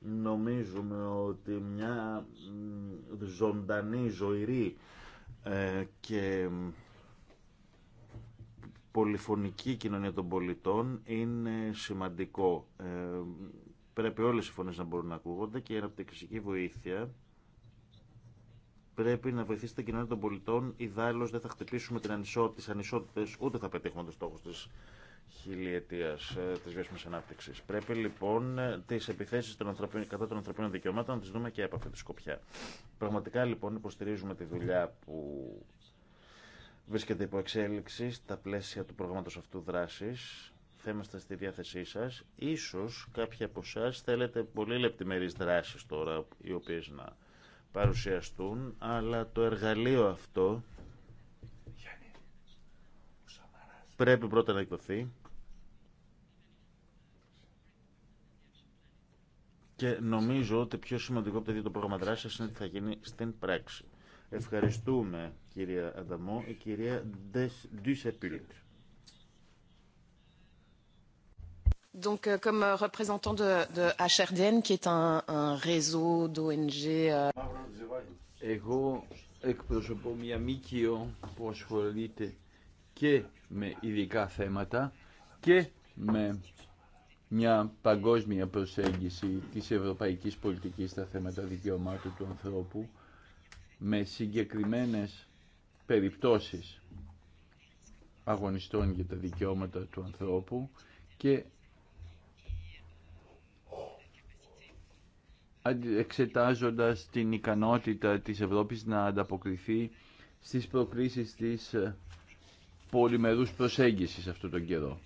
Νομίζουμε ότι μια ζωντανή, ζωηρή ε, και πολυφωνική κοινωνία των πολιτών είναι σημαντικό. Ε, πρέπει όλες οι φωνές να μπορούν να ακούγονται και η αναπτυξική βοήθεια πρέπει να βοηθήσει την κοινωνία των πολιτών. Ιδάλω δεν θα χτυπήσουμε την ανισό, τις ανισότητες, ούτε θα πετύχουμε το στόχο της χιλιετίας ε, της βιώσιμης ανάπτυξης. Πρέπει λοιπόν τις επιθέσεις των κατά των ανθρωπίνων δικαιωμάτων να τις δούμε και από αυτή τη σκοπιά. Πραγματικά λοιπόν υποστηρίζουμε τη δουλειά που βρίσκεται υπό εξέλιξη στα πλαίσια του προγράμματος αυτού δράσης. Θα είμαστε στη διάθεσή σας. Ίσως κάποιοι από εσά θέλετε πολύ λεπτημερείς δράσεις τώρα, οι οποίες να παρουσιαστούν, αλλά το εργαλείο αυτό πρέπει πρώτα να εκδοθεί και νομίζω ότι πιο σημαντικό από το το πρόγραμμα δράσης είναι ότι θα γίνει στην πράξη. Ευχαριστούμε κυρία Αδαμό. Η κυρία Ντουσεπίλ. Donc, Εγώ εκπροσωπώ μια μήκυο που ασχολείται και με ειδικά θέματα και με μια παγκόσμια προσέγγιση της ευρωπαϊκής πολιτικής στα θέματα δικαιωμάτων του ανθρώπου με συγκεκριμένες περιπτώσεις αγωνιστών για τα δικαιώματα του ανθρώπου και εξετάζοντας την ικανότητα της Ευρώπης να ανταποκριθεί στις προκλήσεις της ε, πολυμερούς προσέγγισης αυτόν τον καιρό.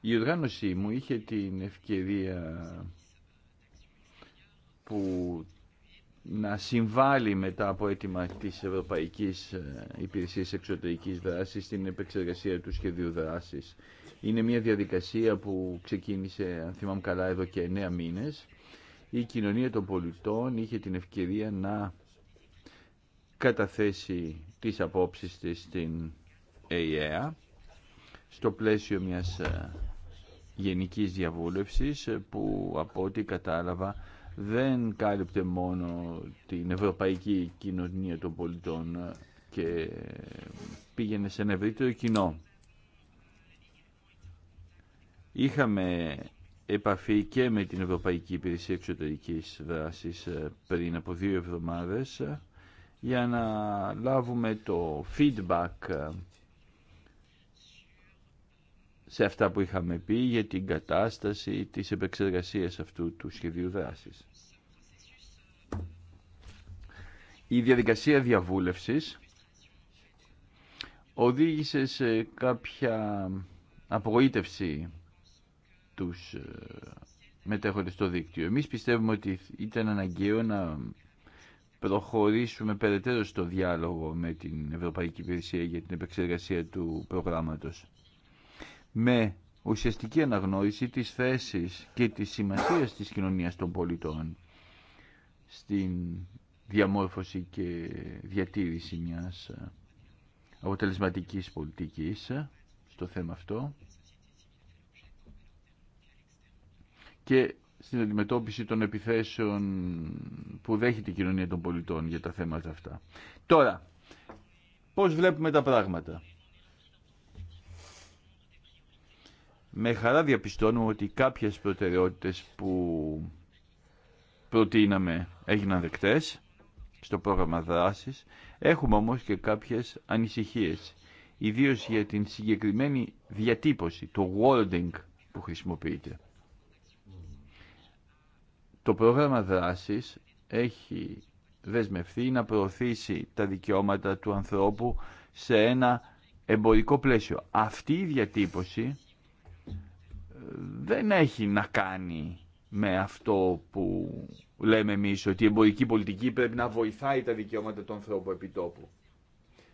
Η οργάνωσή μου είχε την ευκαιρία που να συμβάλλει μετά από αίτημα της Ευρωπαϊκής ε, Υπηρεσίας Εξωτερικής Δράσης στην επεξεργασία του σχεδίου δράσης. Είναι μια διαδικασία που ξεκίνησε, αν θυμάμαι καλά, εδώ και εννέα μήνες. Η κοινωνία των πολιτών είχε την ευκαιρία να καταθέσει τις απόψεις της στην ΑΕΑ στο πλαίσιο μιας ε, γενικής διαβούλευσης που από ό,τι κατάλαβα δεν κάλυπτε μόνο την ευρωπαϊκή κοινωνία των πολιτών και πήγαινε σε ένα ευρύτερο κοινό. Είχαμε επαφή και με την Ευρωπαϊκή Υπηρεσία Εξωτερικής Δράσης ε, πριν από δύο εβδομάδες για να λάβουμε το feedback ε, σε αυτά που είχαμε πει για την κατάσταση της επεξεργασίας αυτού του σχεδίου δράσης. Η διαδικασία διαβούλευσης οδήγησε σε κάποια απογοήτευση τους ε, μετέχοντες στο δίκτυο. Εμείς πιστεύουμε ότι ήταν αναγκαίο να προχωρήσουμε περαιτέρω στο διάλογο με την Ευρωπαϊκή Υπηρεσία για την επεξεργασία του προγράμματος με ουσιαστική αναγνώριση της θέσης και της σημασίας της κοινωνίας των πολιτών στην διαμόρφωση και διατήρηση μιας αποτελεσματικής πολιτικής στο θέμα αυτό και στην αντιμετώπιση των επιθέσεων που δέχεται η κοινωνία των πολιτών για τα θέματα αυτά. Τώρα, πώς βλέπουμε τα πράγματα. με χαρά διαπιστώνουμε ότι κάποιες προτεραιότητες που προτείναμε έγιναν δεκτές στο πρόγραμμα δράσης. Έχουμε όμως και κάποιες ανησυχίες, ιδίως για την συγκεκριμένη διατύπωση, το wording που χρησιμοποιείται. Το πρόγραμμα δράσης έχει δεσμευθεί να προωθήσει τα δικαιώματα του ανθρώπου σε ένα εμπορικό πλαίσιο. Αυτή η διατύπωση δεν έχει να κάνει με αυτό που λέμε εμείς, ότι η εμπορική πολιτική πρέπει να βοηθάει τα δικαιώματα των ανθρώπων επιτόπου.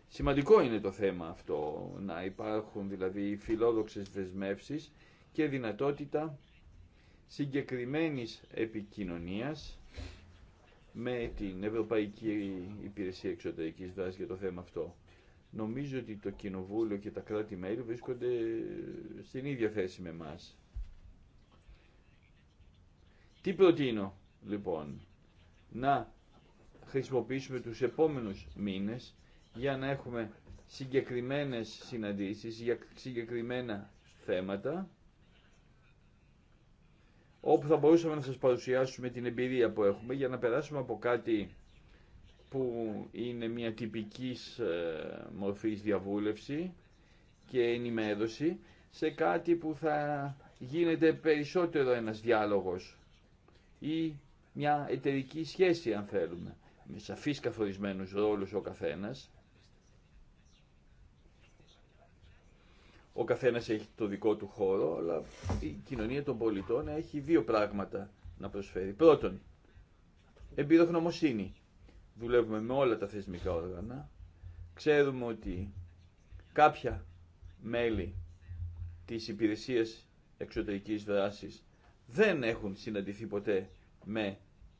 Σημαντικό είναι το θέμα αυτό, να υπάρχουν δηλαδή φιλόδοξες δεσμεύσεις και δυνατότητα συγκεκριμένης επικοινωνίας με την Ευρωπαϊκή Υπηρεσία Εξωτερικής Δράσης για το θέμα αυτό. Νομίζω ότι το Κοινοβούλιο και τα κράτη-μέλη βρίσκονται στην ίδια θέση με εμάς. Τι προτείνω λοιπόν, να χρησιμοποιήσουμε τους επόμενους μήνες για να έχουμε συγκεκριμένες συναντήσεις για συγκεκριμένα θέματα όπου θα μπορούσαμε να σας παρουσιάσουμε την εμπειρία που έχουμε για να περάσουμε από κάτι που είναι μια τυπικής ε, μορφής διαβούλευση και ενημέρωση σε κάτι που θα γίνεται περισσότερο ένας διάλογος ή μια εταιρική σχέση αν θέλουμε, με σαφείς καθορισμένους ρόλους ο καθένας. Ο καθένας έχει το δικό του χώρο, αλλά η κοινωνία των πολιτών έχει δύο πράγματα να προσφέρει. Πρώτον, εμπειρογνωμοσύνη. Δουλεύουμε με όλα τα θεσμικά όργανα. Ξέρουμε ότι κάποια μέλη της υπηρεσίας εξωτερικής δράσης δεν έχουν συναντηθεί ποτέ με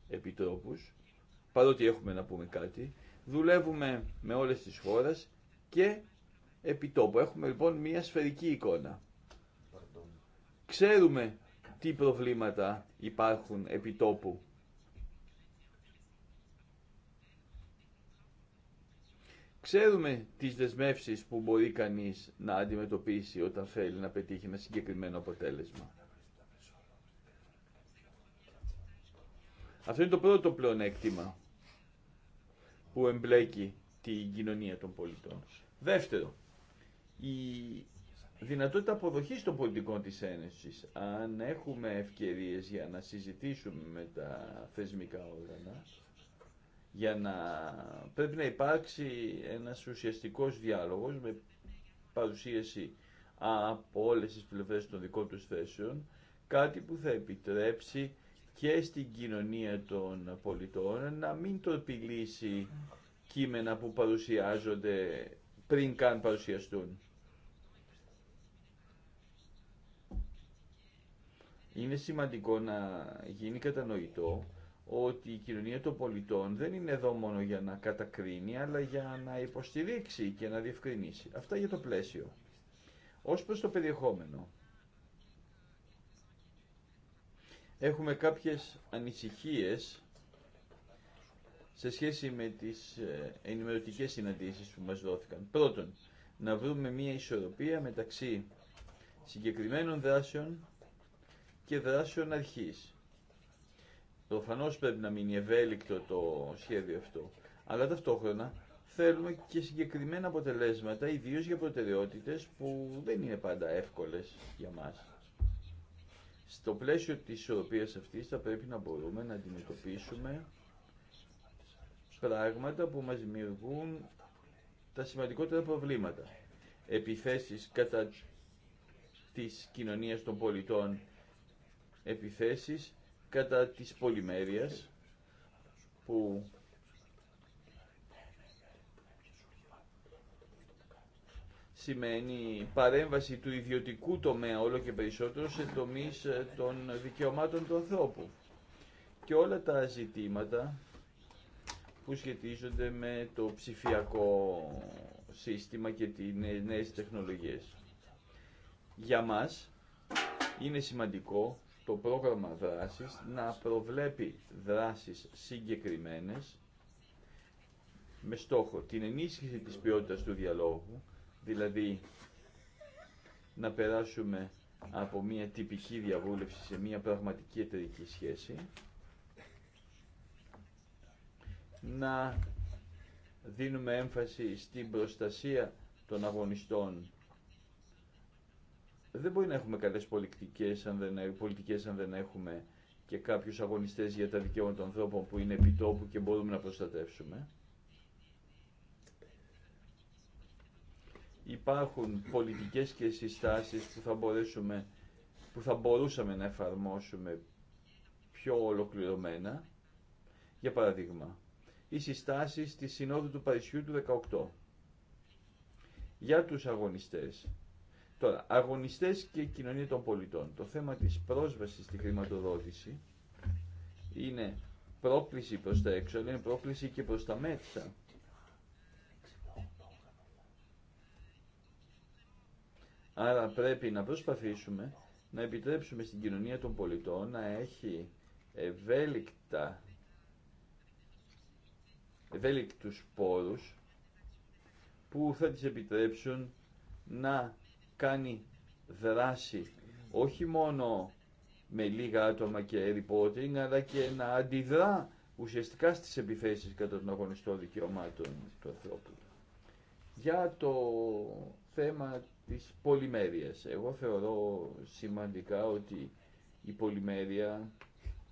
επιτρόπους, παρότι έχουμε να πούμε κάτι. Δουλεύουμε με όλες τις χώρες και επιτόπου. Έχουμε λοιπόν μια σφαιρική εικόνα. Ξέρουμε τι προβλήματα υπάρχουν επιτόπου. Ξέρουμε τις δεσμεύσεις που μπορεί κανείς να αντιμετωπίσει όταν θέλει να πετύχει ένα συγκεκριμένο αποτέλεσμα. Αυτό είναι το πρώτο πλεονέκτημα που εμπλέκει την κοινωνία των πολιτών. Δεύτερο, η δυνατότητα αποδοχής των πολιτικών της Ένωσης. Αν έχουμε ευκαιρίες για να συζητήσουμε με τα θεσμικά όργανα, για να πρέπει να υπάρξει ένας ουσιαστικός διάλογος με παρουσίαση από όλες τις πλευρές των δικών τους θέσεων, κάτι που θα επιτρέψει και στην κοινωνία των πολιτών να μην το τορπιλήσει κείμενα που παρουσιάζονται πριν καν παρουσιαστούν. Είναι σημαντικό να γίνει κατανοητό ότι η κοινωνία των πολιτών δεν είναι εδώ μόνο για να κατακρίνει, αλλά για να υποστηρίξει και να διευκρινίσει. Αυτά για το πλαίσιο. Ως προς το περιεχόμενο. έχουμε κάποιες ανησυχίες σε σχέση με τις ε, ενημερωτικές συναντήσεις που μας δόθηκαν. Πρώτον, να βρούμε μία ισορροπία μεταξύ συγκεκριμένων δράσεων και δράσεων αρχής. Προφανώς πρέπει να μείνει ευέλικτο το σχέδιο αυτό, αλλά ταυτόχρονα θέλουμε και συγκεκριμένα αποτελέσματα, ιδίως για προτεραιότητες που δεν είναι πάντα εύκολες για μας. Στο πλαίσιο της ισορροπίας αυτής θα πρέπει να μπορούμε να αντιμετωπίσουμε πράγματα που μας δημιουργούν τα σημαντικότερα προβλήματα. Επιθέσεις κατά της κοινωνίας των πολιτών, επιθέσεις κατά της πολυμέρειας που σημαίνει παρέμβαση του ιδιωτικού τομέα όλο και περισσότερο σε τομείς ε, των δικαιωμάτων του ανθρώπου. Και όλα τα ζητήματα που σχετίζονται με το ψηφιακό σύστημα και τις νέες τεχνολογίες. Για μας είναι σημαντικό το πρόγραμμα δράσης να προβλέπει δράσεις συγκεκριμένες με στόχο την ενίσχυση της ποιότητας του διαλόγου, Δηλαδή, να περάσουμε από μια τυπική διαβούλευση σε μια πραγματική εταιρική σχέση, να δίνουμε έμφαση στην προστασία των αγωνιστών. Δεν μπορεί να έχουμε καλές πολιτικές αν δεν, πολιτικές αν δεν έχουμε και κάποιους αγωνιστές για τα δικαιώματα των ανθρώπων που είναι επιτόπου και μπορούμε να προστατεύσουμε. υπάρχουν πολιτικές και συστάσεις που θα, μπορέσουμε, που θα μπορούσαμε να εφαρμόσουμε πιο ολοκληρωμένα. Για παράδειγμα, οι συστάσεις της Συνόδου του Παρισιού του 18 για τους αγωνιστές. Τώρα, αγωνιστές και κοινωνία των πολιτών. Το θέμα της πρόσβασης στη χρηματοδότηση είναι πρόκληση προς τα έξω, αλλά είναι πρόκληση και προς τα μέσα. Άρα πρέπει να προσπαθήσουμε να επιτρέψουμε στην κοινωνία των πολιτών να έχει ευέλικτα ευέλικτους πόρους που θα της επιτρέψουν να κάνει δράση όχι μόνο με λίγα άτομα και reporting αλλά και να αντιδρά ουσιαστικά στις επιθέσεις κατά των αγωνιστών δικαιωμάτων του ανθρώπου. Για το θέμα της πολυμέρειας. Εγώ θεωρώ σημαντικά ότι η πολυμέρεια,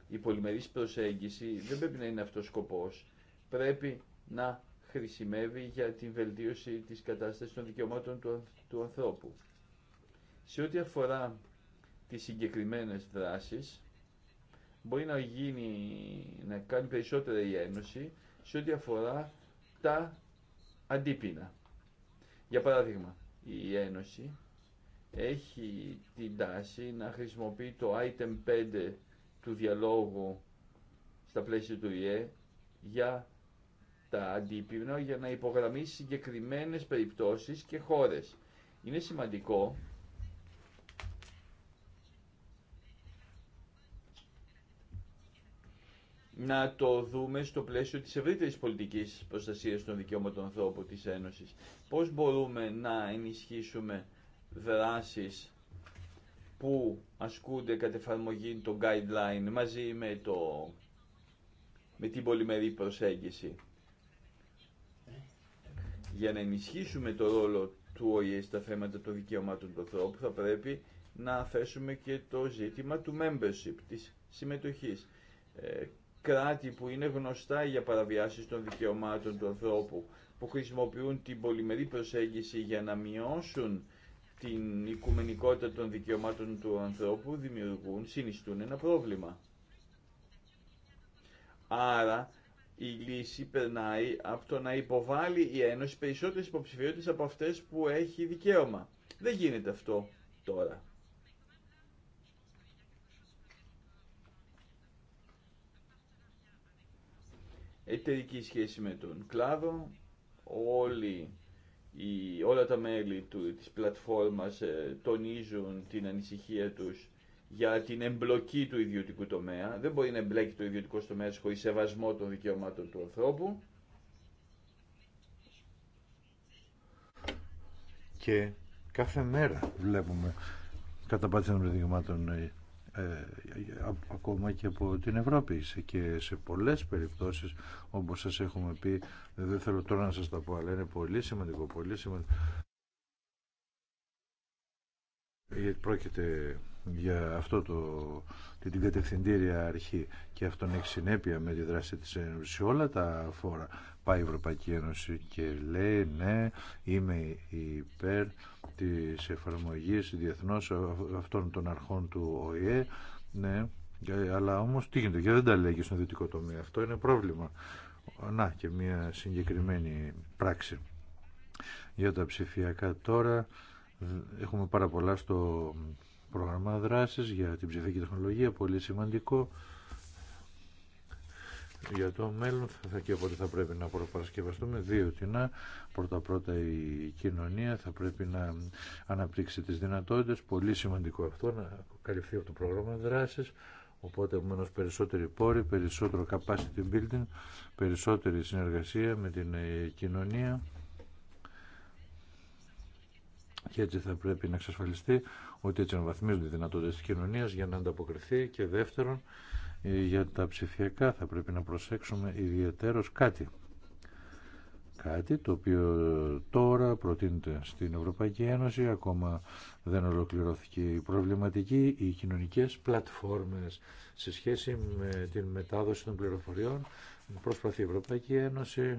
η πολυμερής προσέγγιση δεν πρέπει να είναι αυτός ο σκοπός. Πρέπει να χρησιμεύει για την βελτίωση της κατάστασης των δικαιωμάτων του, του ανθρώπου. Σε ό,τι αφορά τις συγκεκριμένες δράσεις, μπορεί να γίνει, να κάνει περισσότερα η Ένωση σε ό,τι αφορά τα αντίπεινα. Για παράδειγμα, η Ένωση έχει την τάση να χρησιμοποιεί το item 5 του διαλόγου στα πλαίσια του ΙΕ για τα αντίπεινα για να υπογραμμίσει συγκεκριμένες περιπτώσεις και χώρες. Είναι σημαντικό να το δούμε στο πλαίσιο της ευρύτερης πολιτικής προστασίας των δικαιώματων ανθρώπου της Ένωσης. Πώς μπορούμε να ενισχύσουμε δράσεις που ασκούνται κατ' εφαρμογή των guideline μαζί με, το, με την πολυμερή προσέγγιση για να ενισχύσουμε το ρόλο του ΟΗΕ στα θέματα των δικαιωμάτων του ανθρώπου θα πρέπει να θέσουμε και το ζήτημα του membership, της συμμετοχής. Ε, κράτη που είναι γνωστά για παραβιάσεις των δικαιωμάτων του ανθρώπου, που χρησιμοποιούν την πολυμερή προσέγγιση για να μειώσουν την οικουμενικότητα των δικαιωμάτων του ανθρώπου, δημιουργούν, συνιστούν ένα πρόβλημα. Άρα, η λύση περνάει από το να υποβάλει η Ένωση περισσότερες υποψηφιότητες από αυτές που έχει δικαίωμα. Δεν γίνεται αυτό τώρα. εταιρική σχέση με τον κλάδο, όλοι οι, όλα τα μέλη του, της πλατφόρμας ε, τονίζουν την ανησυχία τους για την εμπλοκή του ιδιωτικού τομέα. Δεν μπορεί να εμπλέκει το ιδιωτικό τομέα χωρίς σεβασμό των δικαιωμάτων του ανθρώπου. Και κάθε μέρα βλέπουμε καταπάτηση των δικαιωμάτων ε, ε, ακόμα και από την Ευρώπη και σε πολλές περιπτώσεις όπως σας έχουμε πει δεν θέλω τώρα να σας τα πω αλλά είναι πολύ σημαντικό πολύ σημαντικό ε, πρόκειται για αυτό το, την κατευθυντήρια αρχή και αυτόν έχει συνέπεια με τη δράση της Ένωσης σε όλα τα φόρα πάει η Ευρωπαϊκή Ένωση και λέει ναι είμαι υπέρ της εφαρμογής διεθνώς αυτών των αρχών του ΟΗΕ ναι, αλλά όμως τι γίνεται, γιατί δεν τα λέγει στον δυτικό τομέα αυτό είναι πρόβλημα να και μια συγκεκριμένη πράξη για τα ψηφιακά τώρα ε, έχουμε πάρα πολλά στο πρόγραμμα δράσης για την ψηφιακή τεχνολογία πολύ σημαντικό για το μέλλον θα, και οπότε θα πρέπει να προπαρασκευαστούμε δύο τινά. Πρώτα πρώτα η κοινωνία θα πρέπει να αναπτύξει τις δυνατότητες. Πολύ σημαντικό αυτό να καλυφθεί από το πρόγραμμα δράσης. Οπότε επομένω περισσότερη πόρη περισσότερο capacity building, περισσότερη συνεργασία με την ε, κοινωνία. Και έτσι θα πρέπει να εξασφαλιστεί ότι έτσι αναβαθμίζονται οι δυνατότητες της κοινωνίας για να ανταποκριθεί και δεύτερον ε, για τα ψηφιακά θα πρέπει να προσέξουμε ιδιαίτερος κάτι. Κάτι το οποίο τώρα προτείνεται στην Ευρωπαϊκή Ένωση, ακόμα δεν ολοκληρώθηκε η προβληματική, οι κοινωνικές πλατφόρμες σε σχέση με την μετάδοση των πληροφοριών προσπαθεί η Ευρωπαϊκή Ένωση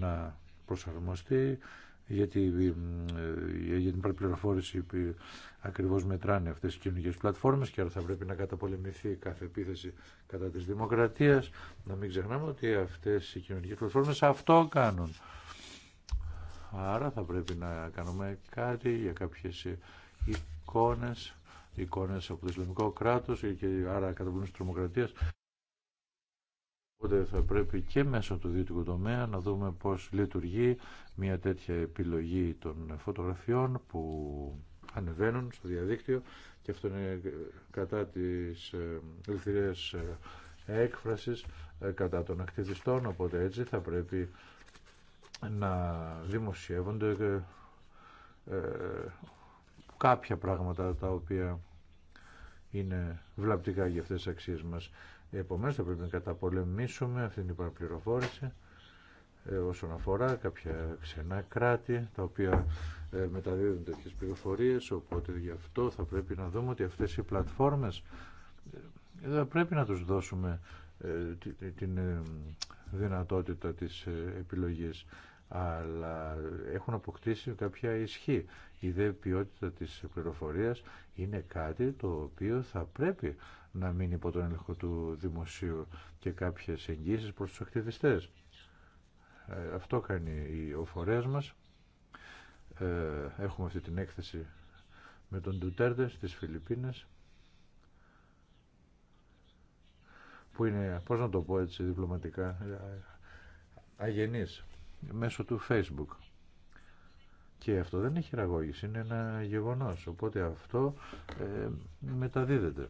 να προσαρμοστεί γιατί ε, για την παραπληροφόρηση ακριβώς μετράνε αυτές οι κοινωνικές πλατφόρμες και άρα θα πρέπει να καταπολεμηθεί κάθε επίθεση κατά της δημοκρατίας. Να μην ξεχνάμε ότι αυτές οι κοινωνικές πλατφόρμες αυτό κάνουν. Άρα θα πρέπει να κάνουμε κάτι για κάποιες εικόνες, εικόνες από το Ισλαμικό κράτος και άρα καταπολέμηση της τρομοκρατίας. Οπότε θα πρέπει και μέσω του ιδιωτικού τομέα να δούμε πώς λειτουργεί μια τέτοια επιλογή των φωτογραφιών που ανεβαίνουν στο διαδίκτυο και αυτό είναι κατά της ε, ελευθερίας ε, έκφρασης, ε, κατά των ακτιβιστών, οπότε έτσι θα πρέπει να δημοσιεύονται κάποια πράγματα τα οποία είναι βλαπτικά για αυτές τις αξίες μας. Επομένως θα πρέπει να καταπολεμήσουμε αυτή την υπεραπληροφόρηση ε, όσον αφορά κάποια ξενά κράτη τα οποία ε, μεταδίδουν τέτοιε πληροφορίες οπότε γι' αυτό θα πρέπει να δούμε ότι αυτές οι πλατφόρμες ε, θα πρέπει να τους δώσουμε την δυνατότητα της επιλογής αλλά έχουν αποκτήσει κάποια ισχύ. Η δε ποιότητα της πληροφορίας είναι κάτι το οποίο θα πρέπει να μείνει υπό τον έλεγχο του δημοσίου και κάποιες εγγύσεις προς τους ακτιβιστές. Ε, αυτό κάνει ο φορέας μας. Ε, έχουμε αυτή την έκθεση με τον Ντουτέρντε στις Φιλιππίνες που είναι, πώς να το πω έτσι διπλωματικά, ε, αγενής μέσω του Facebook. Και αυτό δεν έχει χειραγώγηση, είναι ένα γεγονός. Οπότε αυτό ε, μεταδίδεται.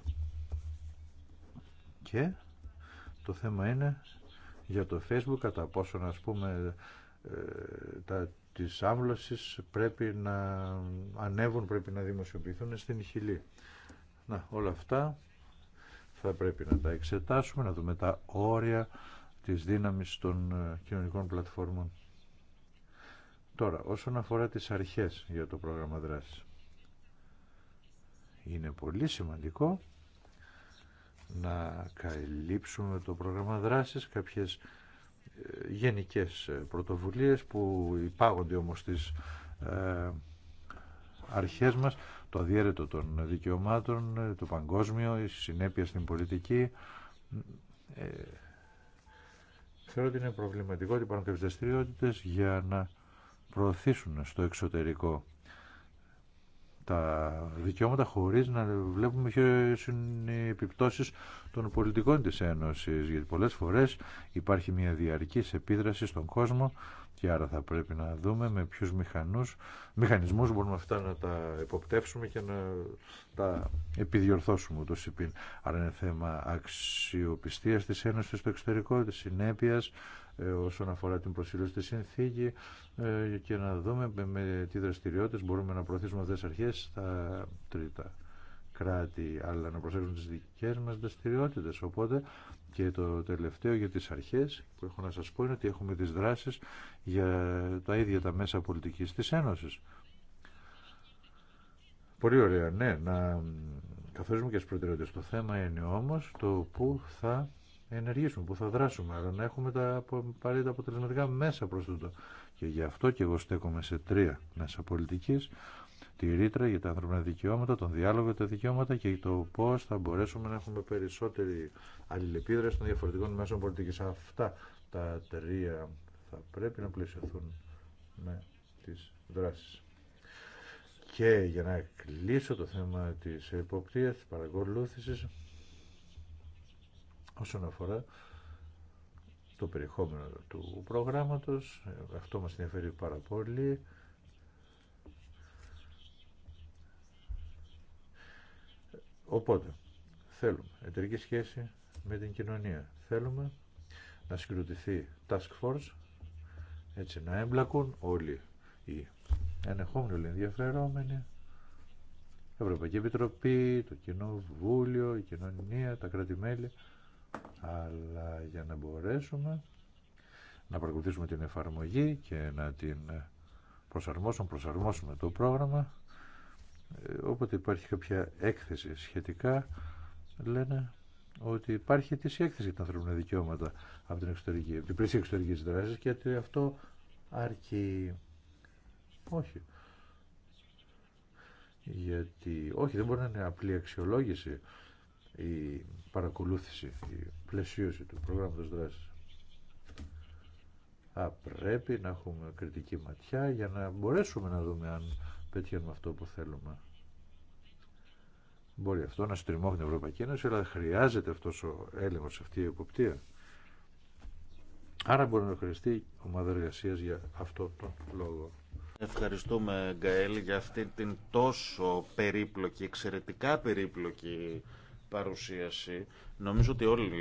Και το θέμα είναι για το Facebook κατά πόσο να πούμε ε, τα πρέπει να ανέβουν, πρέπει να δημοσιοποιηθούν στην χιλή. Να, όλα αυτά θα πρέπει να τα εξετάσουμε, να δούμε τα όρια της δύναμης των ε, κοινωνικών πλατφόρμων. Τώρα, όσον αφορά τις αρχές για το πρόγραμμα δράσης, είναι πολύ σημαντικό να καλύψουμε το πρόγραμμα δράσης κάποιες ε, γενικές ε, πρωτοβουλίες που υπάγονται όμως στις ε, αρχές μας, το αδιέρετο των δικαιωμάτων, το παγκόσμιο, η συνέπεια στην πολιτική. Θεωρώ ότι είναι προβληματικό ότι υπάρχουν κάποιες δραστηριότητε για να προωθήσουν στο εξωτερικό τα δικαιώματα χωρίς να βλέπουμε ποιες είναι οι επιπτώσεις των πολιτικών της Ένωσης γιατί πολλές φορές υπάρχει μια διαρκής επίδραση στον κόσμο και άρα θα πρέπει να δούμε με ποιους μηχανούς, μηχανισμούς μπορούμε αυτά να τα εποπτεύσουμε και να τα επιδιορθώσουμε το ΣΥΠΗΝ. Άρα είναι θέμα αξιοπιστίας της Ένωσης στο εξωτερικό, της συνέπειας ε, όσον αφορά την προσήλωση στη συνθήκη ε, και να δούμε με τι δραστηριότητες μπορούμε να προωθήσουμε αυτές τις αρχές στα τρίτα κράτη, αλλά να προσέξουμε τις δικές μας δραστηριότητες. Οπότε και το τελευταίο για τις αρχές που έχω να σας πω είναι ότι έχουμε τις δράσεις για τα ίδια τα μέσα πολιτικής της Ένωσης. Πολύ ωραία, ναι, να καθορίζουμε και τις προτεραιότητες. Το θέμα είναι όμως το πού θα ενεργήσουμε, που θα δράσουμε, αλλά να έχουμε τα απαραίτητα αποτελεσματικά μέσα προς τούτο. Και γι' αυτό και εγώ στέκομαι σε τρία μέσα πολιτική. τη ρήτρα για τα ανθρώπινα δικαιώματα, τον διάλογο για τα δικαιώματα και το πώ θα μπορέσουμε να έχουμε περισσότερη αλληλεπίδραση των διαφορετικών μέσων πολιτικής. Αυτά τα τρία θα πρέπει να πλησιωθούν με τι δράσει. Και για να κλείσω το θέμα της εποπτείας, της παρακολούθησης, όσον αφορά το περιεχόμενο του προγράμματος. Αυτό μας ενδιαφέρει πάρα πολύ. Οπότε, θέλουμε εταιρική σχέση με την κοινωνία. Θέλουμε να συγκροτηθεί task force, έτσι να έμπλακουν όλοι οι ενεχόμενοι, όλοι οι ενδιαφερόμενοι, Ευρωπαϊκή Επιτροπή, το βούλιο, η κοινωνία, τα κρατη αλλά για να μπορέσουμε να παρακολουθήσουμε την εφαρμογή και να την προσαρμόσουμε, προσαρμόσουμε το πρόγραμμα ε, όποτε υπάρχει κάποια έκθεση σχετικά λένε ότι υπάρχει αιτήσια έκθεση για τα ανθρώπινα δικαιώματα από την εξωτερική, από την εξωτερικής δράσης και ότι αυτό αρκεί όχι γιατί όχι δεν μπορεί να είναι απλή αξιολόγηση η παρακολούθηση, η πλαισίωση του προγράμματος δράσης. Α, πρέπει να έχουμε κριτική ματιά για να μπορέσουμε να δούμε αν πετύχουμε αυτό που θέλουμε. Μπορεί αυτό να στριμώχνει την Ευρωπαϊκή Ένωση, αλλά χρειάζεται αυτός ο έλεγχο αυτή η εποπτεία. Άρα μπορεί να χρειαστεί ομάδα εργασία για αυτό το λόγο. Ευχαριστούμε Γκαέλ για αυτή την τόσο περίπλοκη, εξαιρετικά περίπλοκη παρουσίαση. Νομίζω ότι όλοι,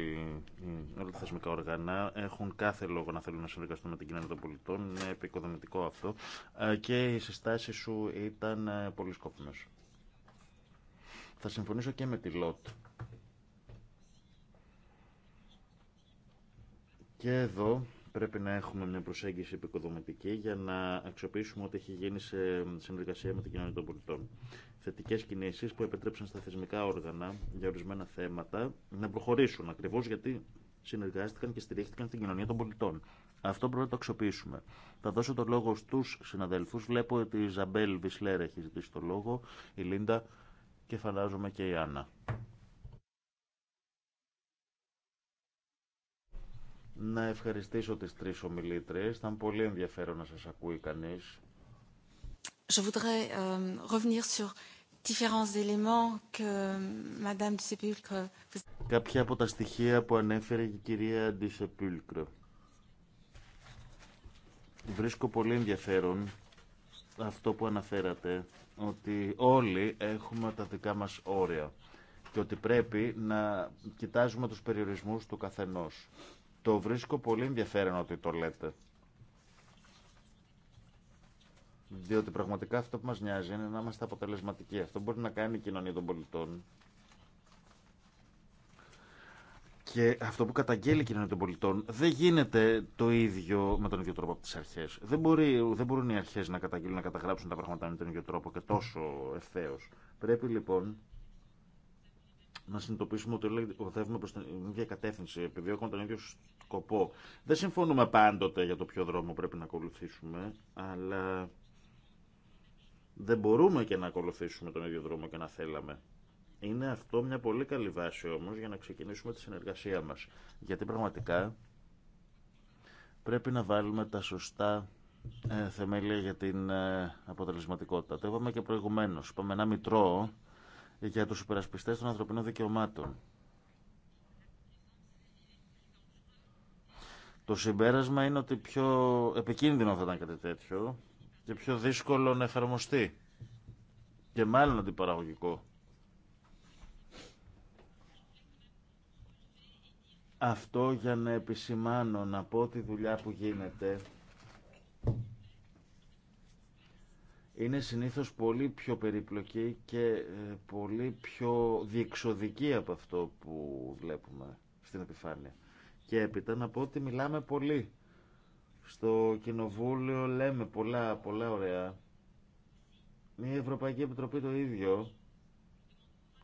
οι τα θεσμικά όργανα έχουν κάθε λόγο να θέλουν να συνεργαστούν με την κοινωνία των πολιτών. Είναι επικοδομητικό αυτό. Ε, και οι συστάσει σου ήταν ε, πολύ σκόπιμε. Θα συμφωνήσω και με τη ΛΟΤ. Και εδώ Πρέπει να έχουμε μια προσέγγιση επικοδομητική για να αξιοποιήσουμε ό,τι έχει γίνει σε συνεργασία με την κοινωνία των πολιτών. Θετικέ κινήσει που επιτρέψαν στα θεσμικά όργανα για ορισμένα θέματα να προχωρήσουν ακριβώ γιατί συνεργάστηκαν και στηρίχθηκαν στην κοινωνία των πολιτών. Αυτό πρέπει να το αξιοποιήσουμε. Θα δώσω το λόγο στου συναδέλφου. Βλέπω ότι η Ζαμπέλ Βισλέρ έχει ζητήσει το λόγο, η Λίντα και φαντάζομαι και η Άννα. να ευχαριστήσω τις τρεις ομιλήτρες. Ήταν πολύ ενδιαφέρον να σας ακούει κανείς. Je voudrais euh, revenir sur différents éléments que euh, Madame Κάποια από τα στοιχεία που ανέφερε η κυρία Sepulcre. Βρίσκω πολύ ενδιαφέρον αυτό που αναφέρατε, ότι όλοι έχουμε τα δικά μας όρια και ότι πρέπει να κοιτάζουμε τους περιορισμούς του καθενός. Το βρίσκω πολύ ενδιαφέρον ότι το λέτε. Διότι πραγματικά αυτό που μας νοιάζει είναι να είμαστε αποτελεσματικοί. Αυτό μπορεί να κάνει η κοινωνία των πολιτών. Και αυτό που καταγγέλει η κοινωνία των πολιτών δεν γίνεται το ίδιο με τον ίδιο τρόπο από τι αρχέ. Δεν, μπορεί, δεν μπορούν οι αρχέ να καταγγείλουν, να καταγράψουν τα πράγματα με τον ίδιο τρόπο και τόσο ευθέω. Πρέπει λοιπόν να συνειδητοποιήσουμε ότι οδεύουμε προς την ίδια κατεύθυνση, έχουμε τον ίδιο σκοπό. Δεν συμφωνούμε πάντοτε για το ποιο δρόμο πρέπει να ακολουθήσουμε, αλλά δεν μπορούμε και να ακολουθήσουμε τον ίδιο δρόμο και να θέλαμε. Είναι αυτό μια πολύ καλή βάση όμως για να ξεκινήσουμε τη συνεργασία μας. Γιατί πραγματικά πρέπει να βάλουμε τα σωστά ε, θεμέλια για την ε, αποτελεσματικότητα. Το είπαμε και προηγουμένως. Είπαμε ένα μητρό για τους υπερασπιστές των ανθρωπινών δικαιωμάτων. Το συμπέρασμα είναι ότι πιο επικίνδυνο θα ήταν κάτι τέτοιο και πιο δύσκολο να εφαρμοστεί και μάλλον αντιπαραγωγικό. Αυτό για να επισημάνω, να πω τη δουλειά που γίνεται είναι συνήθως πολύ πιο περίπλοκη και ε, πολύ πιο διεξοδική από αυτό που βλέπουμε στην επιφάνεια. Και έπειτα να πω ότι μιλάμε πολύ. Στο κοινοβούλιο λέμε πολλά, πολλά ωραία. Η Ευρωπαϊκή Επιτροπή το ίδιο.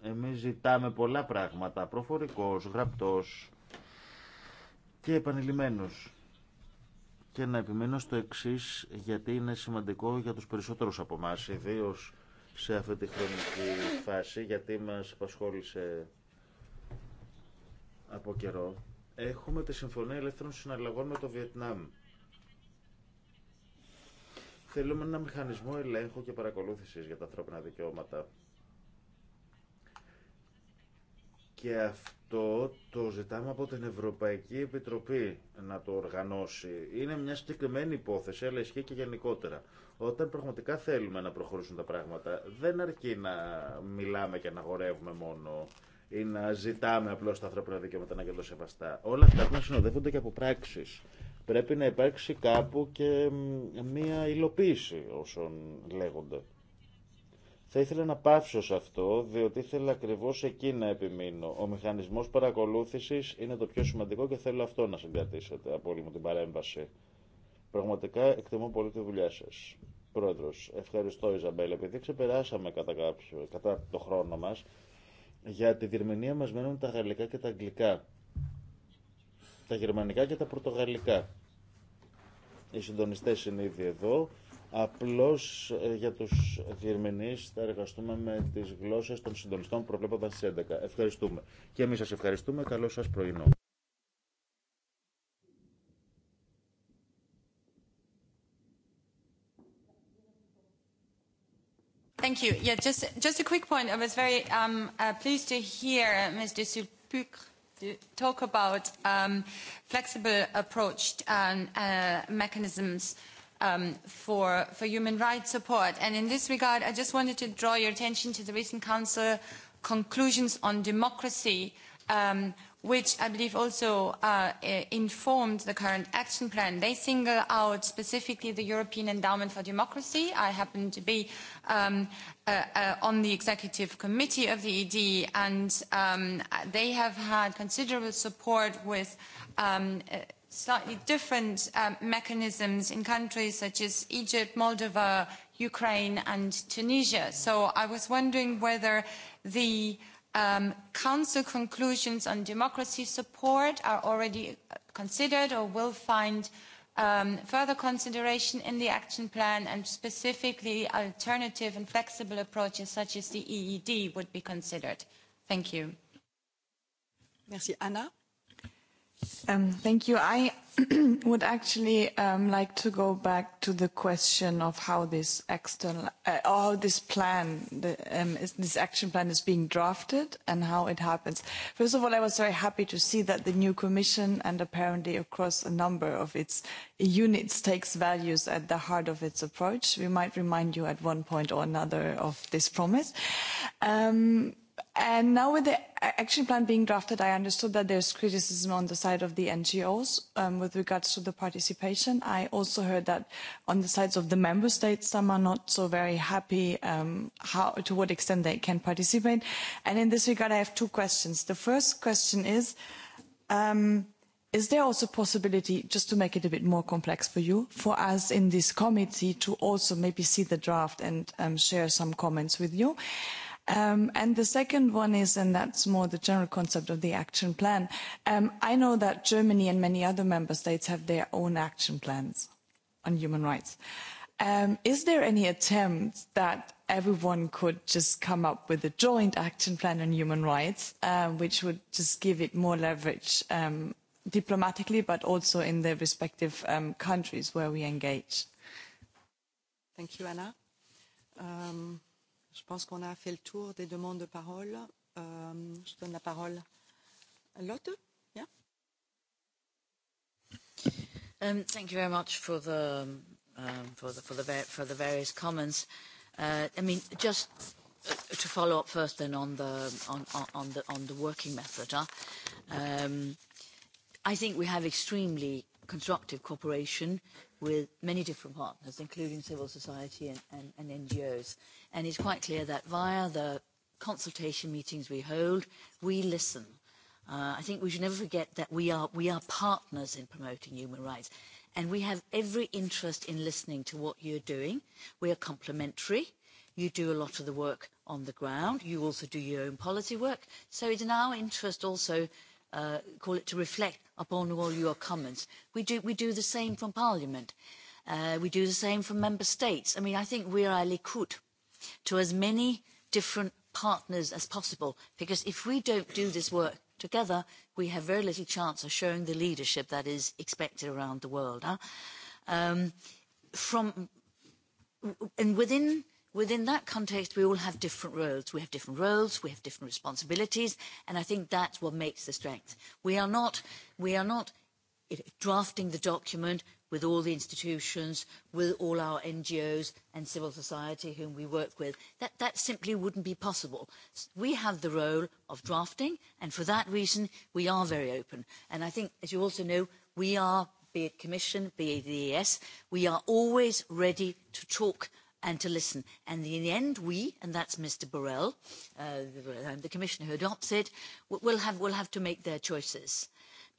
Εμείς ζητάμε πολλά πράγματα, προφορικός, γραπτός και επανειλημμένος. Και να επιμείνω στο εξή γιατί είναι σημαντικό για τους περισσότερους από εμά, ιδίω σε αυτή τη χρονική φάση, γιατί μας απασχόλησε από καιρό. Έχουμε τη Συμφωνία Ελεύθερων Συναλλαγών με το Βιετνάμ. Θέλουμε ένα μηχανισμό ελέγχου και παρακολούθησης για τα ανθρώπινα δικαιώματα. Και αυτό το ζητάμε από την Ευρωπαϊκή Επιτροπή να το οργανώσει. Είναι μια συγκεκριμένη υπόθεση, αλλά ισχύει και γενικότερα. Όταν πραγματικά θέλουμε να προχωρήσουν τα πράγματα, δεν αρκεί να μιλάμε και να αγορεύουμε μόνο ή να ζητάμε απλώ τα ανθρώπινα δικαιώματα να γίνονται σεβαστά. Όλα αυτά πρέπει να συνοδεύονται και από πράξει. Πρέπει να υπάρξει κάπου και μία υλοποίηση όσων λέγονται. Θα ήθελα να πάψω σε αυτό, διότι ήθελα ακριβώ εκεί να επιμείνω. Ο μηχανισμό παρακολούθηση είναι το πιο σημαντικό και θέλω αυτό να συγκρατήσετε από όλη μου την παρέμβαση. Πραγματικά εκτιμώ πολύ τη δουλειά σα. Πρόεδρο, ευχαριστώ Ιζαμπέλ. Επειδή ξεπεράσαμε κατά κάποιο, κατά το χρόνο μα, για τη Διερμηνία μας μένουν τα γαλλικά και τα αγγλικά, τα γερμανικά και τα πρωτογαλλικά. Οι συντονιστές είναι ήδη εδώ. Απλώς ε, για τους διερμηνείς θα εργαστούμε με τις γλώσσες των συντονιστών προβλέποντας στις 11. Ευχαριστούμε. Και εμείς σας ευχαριστούμε. Καλό σας πρωινό. Thank you. Yeah, just just a quick point. I was very um pleased to hear Mr. Sulpuk talk about um flexible approach and mechanisms for for human rights support. And in this regard, I just wanted to draw your attention to the recent Council conclusions on democracy which I believe also informed the current action plan. They single out specifically the European Endowment for Democracy. I happen to be on the executive committee of the ED, and they have had considerable support with slightly different mechanisms in countries such as Egypt, Moldova, Ukraine, and Tunisia. So I was wondering whether the Council conclusions on democracy support are already considered or will find further consideration in the action plan and specifically alternative and flexible approaches such as the EED would be considered. Thank you. Thank you. I would actually like to go back to the question of how this external, how this plan, this action plan is being drafted and how it happens. First of all, I was very happy to see that the new Commission and apparently across a number of its units takes values at the heart of its approach. We might remind you at one point or another of this promise. And now with the action plan being drafted, I understood that there's criticism on the side of the NGOs with regards to the participation. I also heard that on the sides of the member states, some are not so very happy how to what extent they can participate. And in this regard, I have two questions. The first question is, is there also a possibility, just to make it a bit more complex for you, for us in this committee to also maybe see the draft and share some comments with you? And the second one is, and that's more the general concept of the action plan. I know that Germany and many other member states have their own action plans on human rights. Is there any attempt that everyone could just come up with a joint action plan on human rights, which would just give it more leverage diplomatically, but also in the respective countries where we engage? Thank you, Anna. Je pense qu'on a fait le tour des demandes de parole. Je donne la parole à Lotte. Thank you very much for the um for the for the for the various comments. Uh I mean, just to follow up first then on the on on the on the working method. um I think we have extremely constructive cooperation with many different partners, including civil society and NGOs and it's quite clear that via the consultation meetings we hold, we listen. I think we should never forget that we are we are partners in promoting human rights, and we have every interest in listening to what you're doing. We are complementary. You do a lot of the work on the ground. You also do your own policy work. So it's in our interest also, call it to reflect upon all your comments. We do we do the same from Parliament. We do the same from Member States. I mean, I think we are a to as many different partners as possible, because if we don't do this work together, we have very little chance of showing the leadership that is expected around the world. From and within within that context, we all have different roles. We have different roles, we have different responsibilities, and I think that's what makes the strength. We are not we are not drafting the document with all the institutions, with all our NGOs and civil society whom we work with. That, that simply wouldn't be possible. We have the role of drafting, and for that reason, we are very open. And I think, as you also know, we are, be it Commission, be it the ES, we are always ready to talk and to listen. And in the end, we, and that's Mr. Borrell, the Commissioner who adopts it, will have, will have to make their choices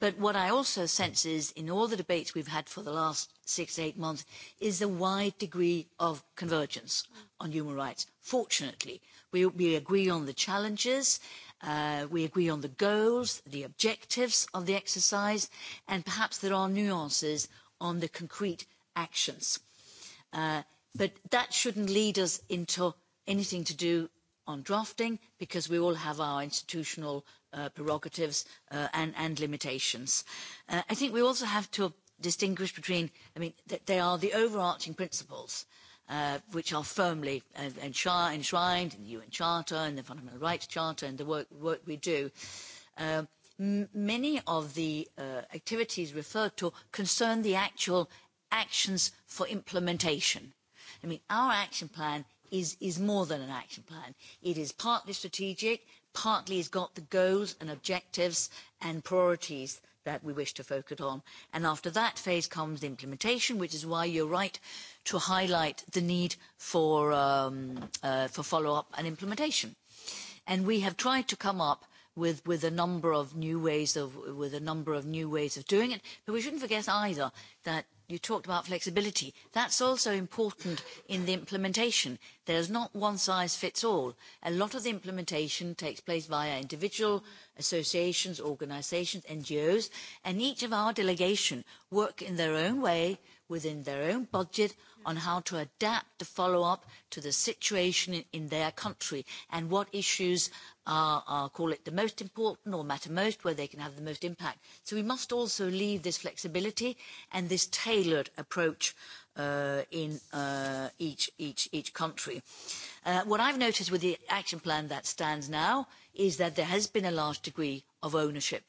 But what I also sense is, in all the debates we've had for the last six, eight months, is a wide degree of convergence on human rights. Fortunately, we agree on the challenges, we agree on the goals, the objectives of the exercise, and perhaps there are nuances on the concrete actions. But that shouldn't lead us into anything to do on drafting because we all have our institutional prerogatives and limitations. I think we also have to distinguish between, I mean, they are the overarching principles which are firmly enshrined in the UN Charter and the Fundamental Rights Charter and the work we do. Many of the activities referred to concern the actual actions for implementation. I mean, our action plan is is more than an action plan. It is partly strategic, partly has got the goals and objectives and priorities that we wish to focus on. And after that phase comes the implementation, which is why you're right to highlight the need for follow-up and implementation. And we have tried to come up with with a number of new ways of with a number of new ways of doing it. But we shouldn't forget either that you talked about flexibility. That's also important in the implementation. There is not one size fits all. A lot of the implementation takes place via individual associations, organisations, NGOs, and each of our delegation work in their own way, within their own budget on how to adapt the follow-up to the situation in their country and what issues are, call it, the most important or matter most, where they can have the most impact. So we must also leave this flexibility and this tailored approach in each each each country. What I've noticed with the action plan that stands now is that there has been a large degree of ownership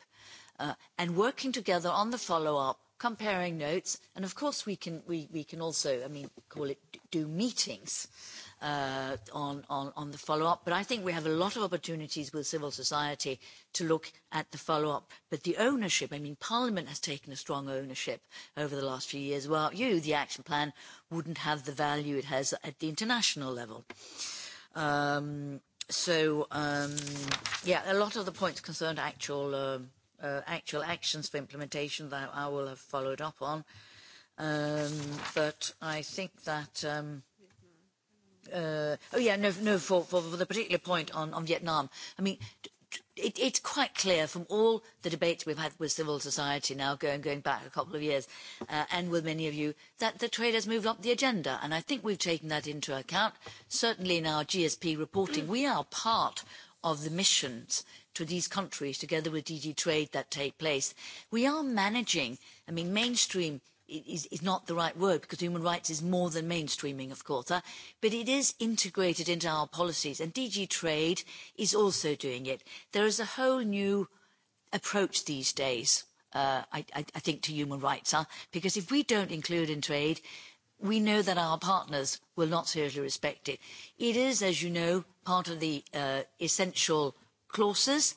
and working together on the follow-up comparing notes, and of course we can we we can also I mean call it do meetings on on on the follow up. But I think we have a lot of opportunities with civil society to look at the follow up. But the ownership I mean Parliament has taken a strong ownership over the last few years. Without you, the action plan wouldn't have the value it has at the international level. So yeah, a lot of the points concerned actual actual actions for implementation that I will have followed up on. But I think that oh yeah, no, no, for for the particular point on on Vietnam, I mean. It It's quite clear from all the debates we've had with civil society now, going going back a couple of years, and with many of you, that the trade has moved up the agenda, and I think we've taken that into account. Certainly in our GSP reporting, we are part of the missions to these countries together with DG Trade that take place. We are managing, I mean, mainstream is, is not the right word because human rights is more than mainstreaming, of course, but it is integrated into our policies and DG Trade is also doing it. There is a whole new approach these days, uh, I, I, I think, to human rights, huh? because if we don't include in trade, we know that our partners will not seriously respect it. It is, as you know, part of the uh, essential clauses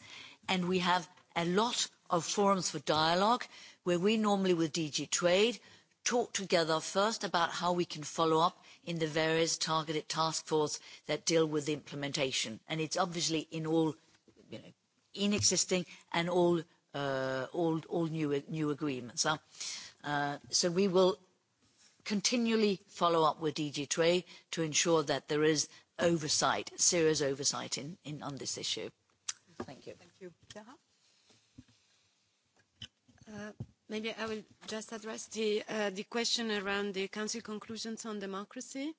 and we have a lot of forums for dialogue where we normally with DG Trade talk together first about how we can follow up in the various targeted task force that deal with implementation. And it's obviously in all in existing and all all new agreements. So we will continually follow up with DG Trade to ensure that there is oversight, serious oversight in on this issue. Thank you. Thank you. Maybe I will just address the the question around the Council conclusions on democracy,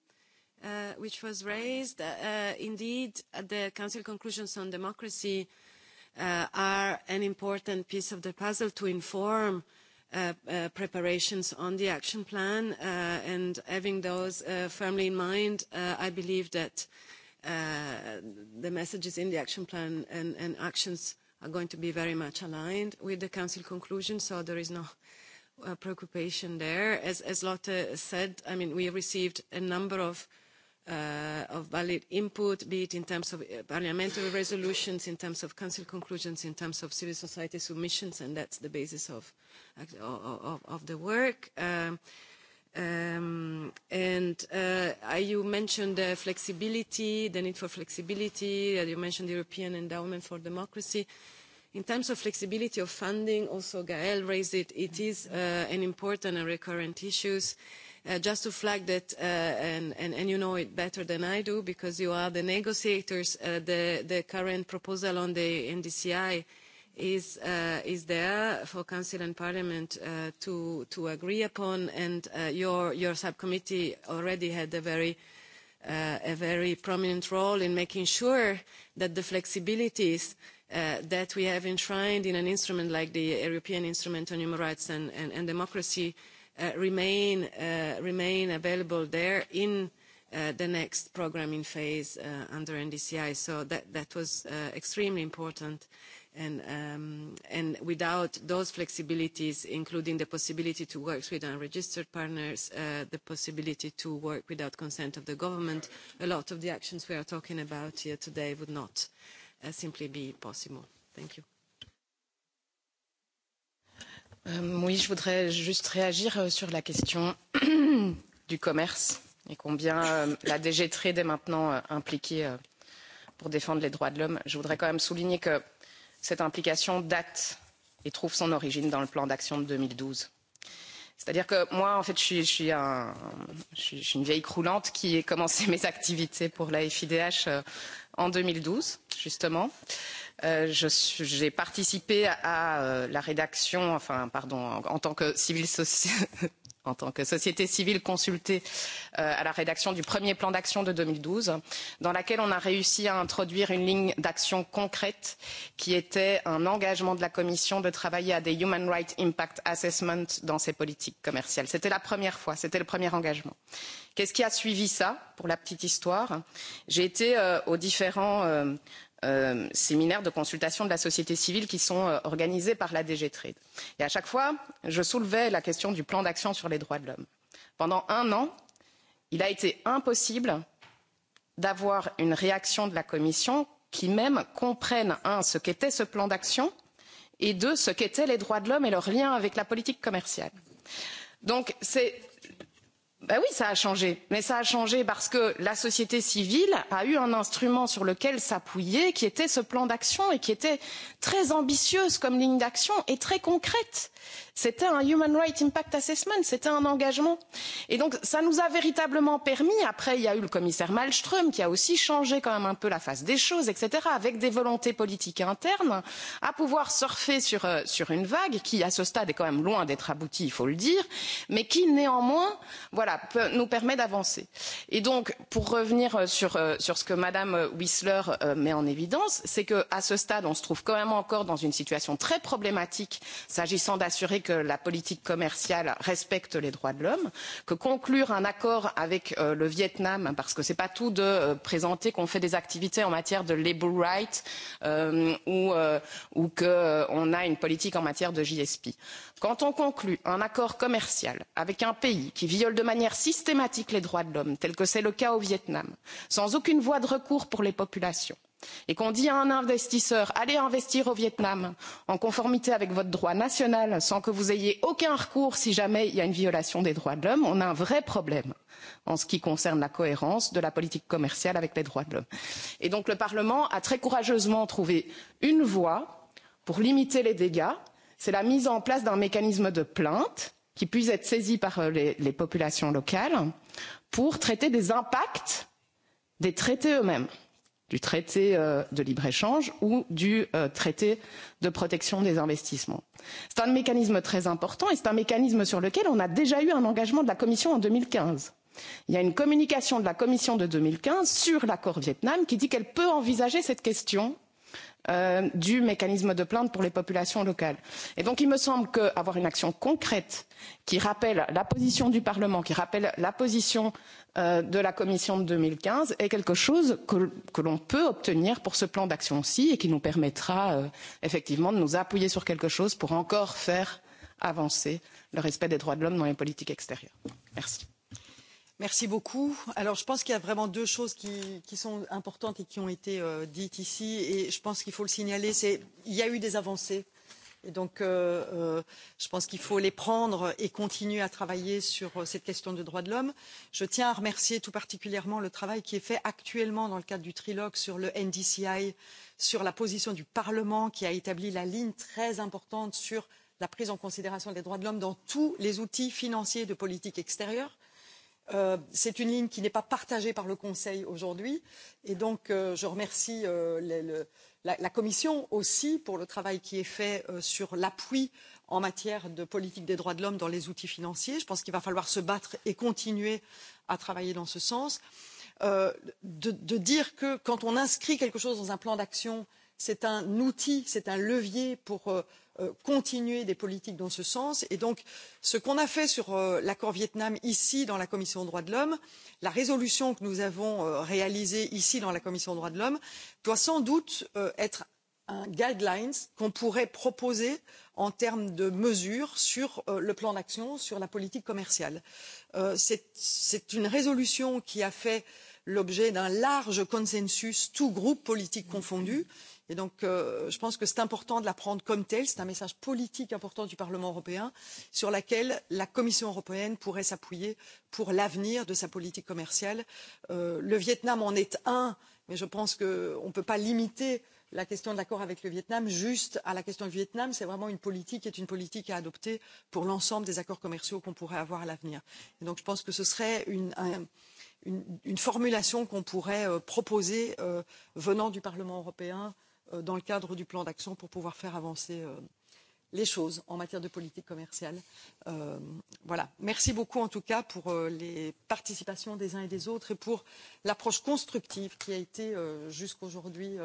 which was raised. Indeed, the Council conclusions on democracy are an important piece of the puzzle to inform preparations on the action plan, and having those firmly in mind, I believe that the messages in the action plan and actions are going to be very much aligned with the council conclusion, so there is no preoccupation there. As Lotte said, I mean, we received a number of valid input, be it in terms of parliamentary resolutions, in terms of council conclusions, in terms of civil society submissions, and that's the basis of the work. And you mentioned the flexibility, the need for flexibility. You mentioned the European Endowment for Democracy. In terms of flexibility of funding, also Gael raised it, it is an important and recurrent issue. Just to flag that, and you know it better than I do, because you are the negotiators, the current proposal on the NDCI is there for Council and Parliament to agree upon, and your subcommittee already had a very a very prominent role in making sure that the flexibilities that we have enshrined in an instrument like the European Instrument on Human Rights and Democracy remain remain available there in the next programming phase under NDCI. So that was extremely important. And without those flexibilities, including the possibility to work with unregistered partners, the possibility to work without consent of the government, a lot of the actions we are talking about here today would not simply be possible. Thank you. Oui, je voudrais juste réagir sur la question du commerce et combien la DG Trade est maintenant impliquée pour défendre les droits de l'homme. Je voudrais quand même souligner que cette implication date et trouve son origine dans le plan d'action de 2012. C'est-à-dire que moi, en fait, je suis suis une vieille croulante qui ai commencé mes activités pour la FIDH en 2012, justement. J'ai participé à la rédaction, enfin, pardon, en tant que civil en tant que société civile consultée à la rédaction du premier plan d'action de 2012, dans laquelle on a réussi à introduire une ligne d'action concrète qui était un engagement de la Commission de travailler à des Human Rights Impact assessments dans ses politiques commerciales. C'était la première fois, c'était le premier engagement. Qu'est-ce qui a suivi ça, pour la petite histoire J'ai été aux différents séminaires de consultation de la société civile qui sont organisés par la DG Trade. Et à chaque fois, je soulevais la question du plan d'action sur les droits de l'homme. Pendant un an, il a été impossible d'avoir une réaction de la Commission qui même comprenne, un, ce qu'était ce plan d'action et, deux, ce qu'étaient les droits de l'homme et leur lien avec la politique commerciale. Donc, c'est Ben oui, ça a changé. Mais ça a changé parce que la société civile a eu un instrument sur lequel s'appuyer, qui était ce plan d'action et qui était très ambitieuse comme ligne d'action et très concrète c'était un human rights impact assessment c'était un engagement et donc ça nous a véritablement permis après il y a eu le commissaire Malmström qui a aussi changé quand même un peu la face des choses etc. avec des volontés politiques internes à pouvoir surfer sur une vague qui à ce stade est quand même loin d'être aboutie il faut le dire mais qui néanmoins voilà nous permet d'avancer. et donc pour revenir sur ce que mme whistler met en évidence c'est qu'à ce stade on se trouve quand même encore dans une situation très problématique s'agissant d'assurer que la politique commerciale respecte les droits de l'homme, que conclure un accord avec le Vietnam, parce que ce n'est pas tout de présenter qu'on fait des activités en matière de labour rights ou qu'on a une politique en matière de JSP. Quand on conclut un accord commercial avec un pays qui viole de manière systématique les droits de l'homme, tel que c'est le cas au Vietnam, sans aucune voie de recours pour les populations, et qu'on dit à un investisseur allez investir au Nam en conformité avec votre droit national sans que vous ayez aucun recours si jamais il y a une violation des droits de l'homme on a un vrai problème en ce qui concerne la cohérence de la politique commerciale avec les droits de l'homme. et donc le parlement a très courageusement trouvé une voie pour limiter les dégâts c'est la mise en place d'un mécanisme de plainte qui puisse être saisi par les populations locales pour traiter des impacts des traités eux mêmes du traité de libre-échange ou du traité de protection des investissements. C'est un mécanisme très important et c'est un mécanisme sur lequel on a déjà eu un engagement de la Commission en 2015. Il y a une communication de la Commission de 2015 sur l'accord Vietnam qui dit qu'elle peut envisager cette question du mécanisme de plainte pour les populations locales. Et donc il me semble qu'avoir une action concrète qui rappelle la position du Parlement, qui rappelle la position de la commission de 2015 est quelque chose que l'on peut obtenir pour ce plan d'action ci et qui nous permettra effectivement de nous appuyer sur quelque chose pour encore faire avancer le respect des droits de l'homme dans les politiques extérieures. Merci. Merci beaucoup. Alors, je pense qu'il y a vraiment deux choses qui, qui sont importantes et qui ont été dites ici. Et je pense qu'il faut le signaler. C'est, il y a eu des avancées Et donc, je pense qu'il faut les prendre et continuer à travailler sur cette question de droits de l'homme. Je tiens à remercier tout particulièrement le travail qui est fait actuellement dans le cadre du trilogue sur le NDCI, sur la position du Parlement qui a établi la ligne très importante sur la prise en considération des droits de l'homme dans tous les outils financiers de politique extérieure. C'est une ligne qui n'est pas partagée par le Conseil aujourd'hui. Et donc, je remercie le la Commission aussi pour le travail qui est fait sur l'appui en matière de politique des droits de l'homme dans les outils financiers. Je pense qu'il va falloir se battre et continuer à travailler dans ce sens. De dire que quand on inscrit quelque chose dans un plan d'action, c'est un outil, c'est un levier pour continuer des politiques dans ce sens et donc ce qu'on a fait sur l'accord Vietnam ici dans la commission des droits de l'homme la résolution que nous avons réalisée ici dans la commission des droits de l'homme doit sans doute être un guideline qu'on pourrait proposer en termes de mesures sur le plan d'action sur la politique commerciale. c'est une résolution qui a fait l'objet d'un large consensus tous groupes politiques confondus. Et donc, je pense que c'est important de la prendre comme telle. C'est un message politique important du Parlement européen sur laquelle la Commission européenne pourrait s'appuyer pour l'avenir de sa politique commerciale. Le Vietnam en est un, mais je pense qu'on ne peut pas limiter la question de l'accord avec le Vietnam juste à la question du Vietnam. C'est vraiment une politique qui est une politique à adopter pour l'ensemble des accords commerciaux qu'on pourrait avoir à l'avenir. Et donc, je pense que ce serait une une formulation qu'on pourrait proposer venant du Parlement européen dans le cadre du plan d'action pour pouvoir faire avancer les choses en matière de politique commerciale. Voilà. Merci beaucoup en tout cas pour les participations des uns et des autres et pour l'approche constructive qui a été jusqu'à jusqu'aujourd'hui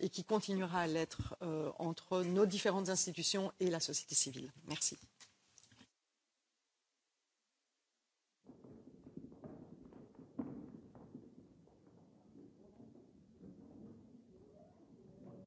et qui continuera à l'être entre nos différentes institutions et la société civile. Merci.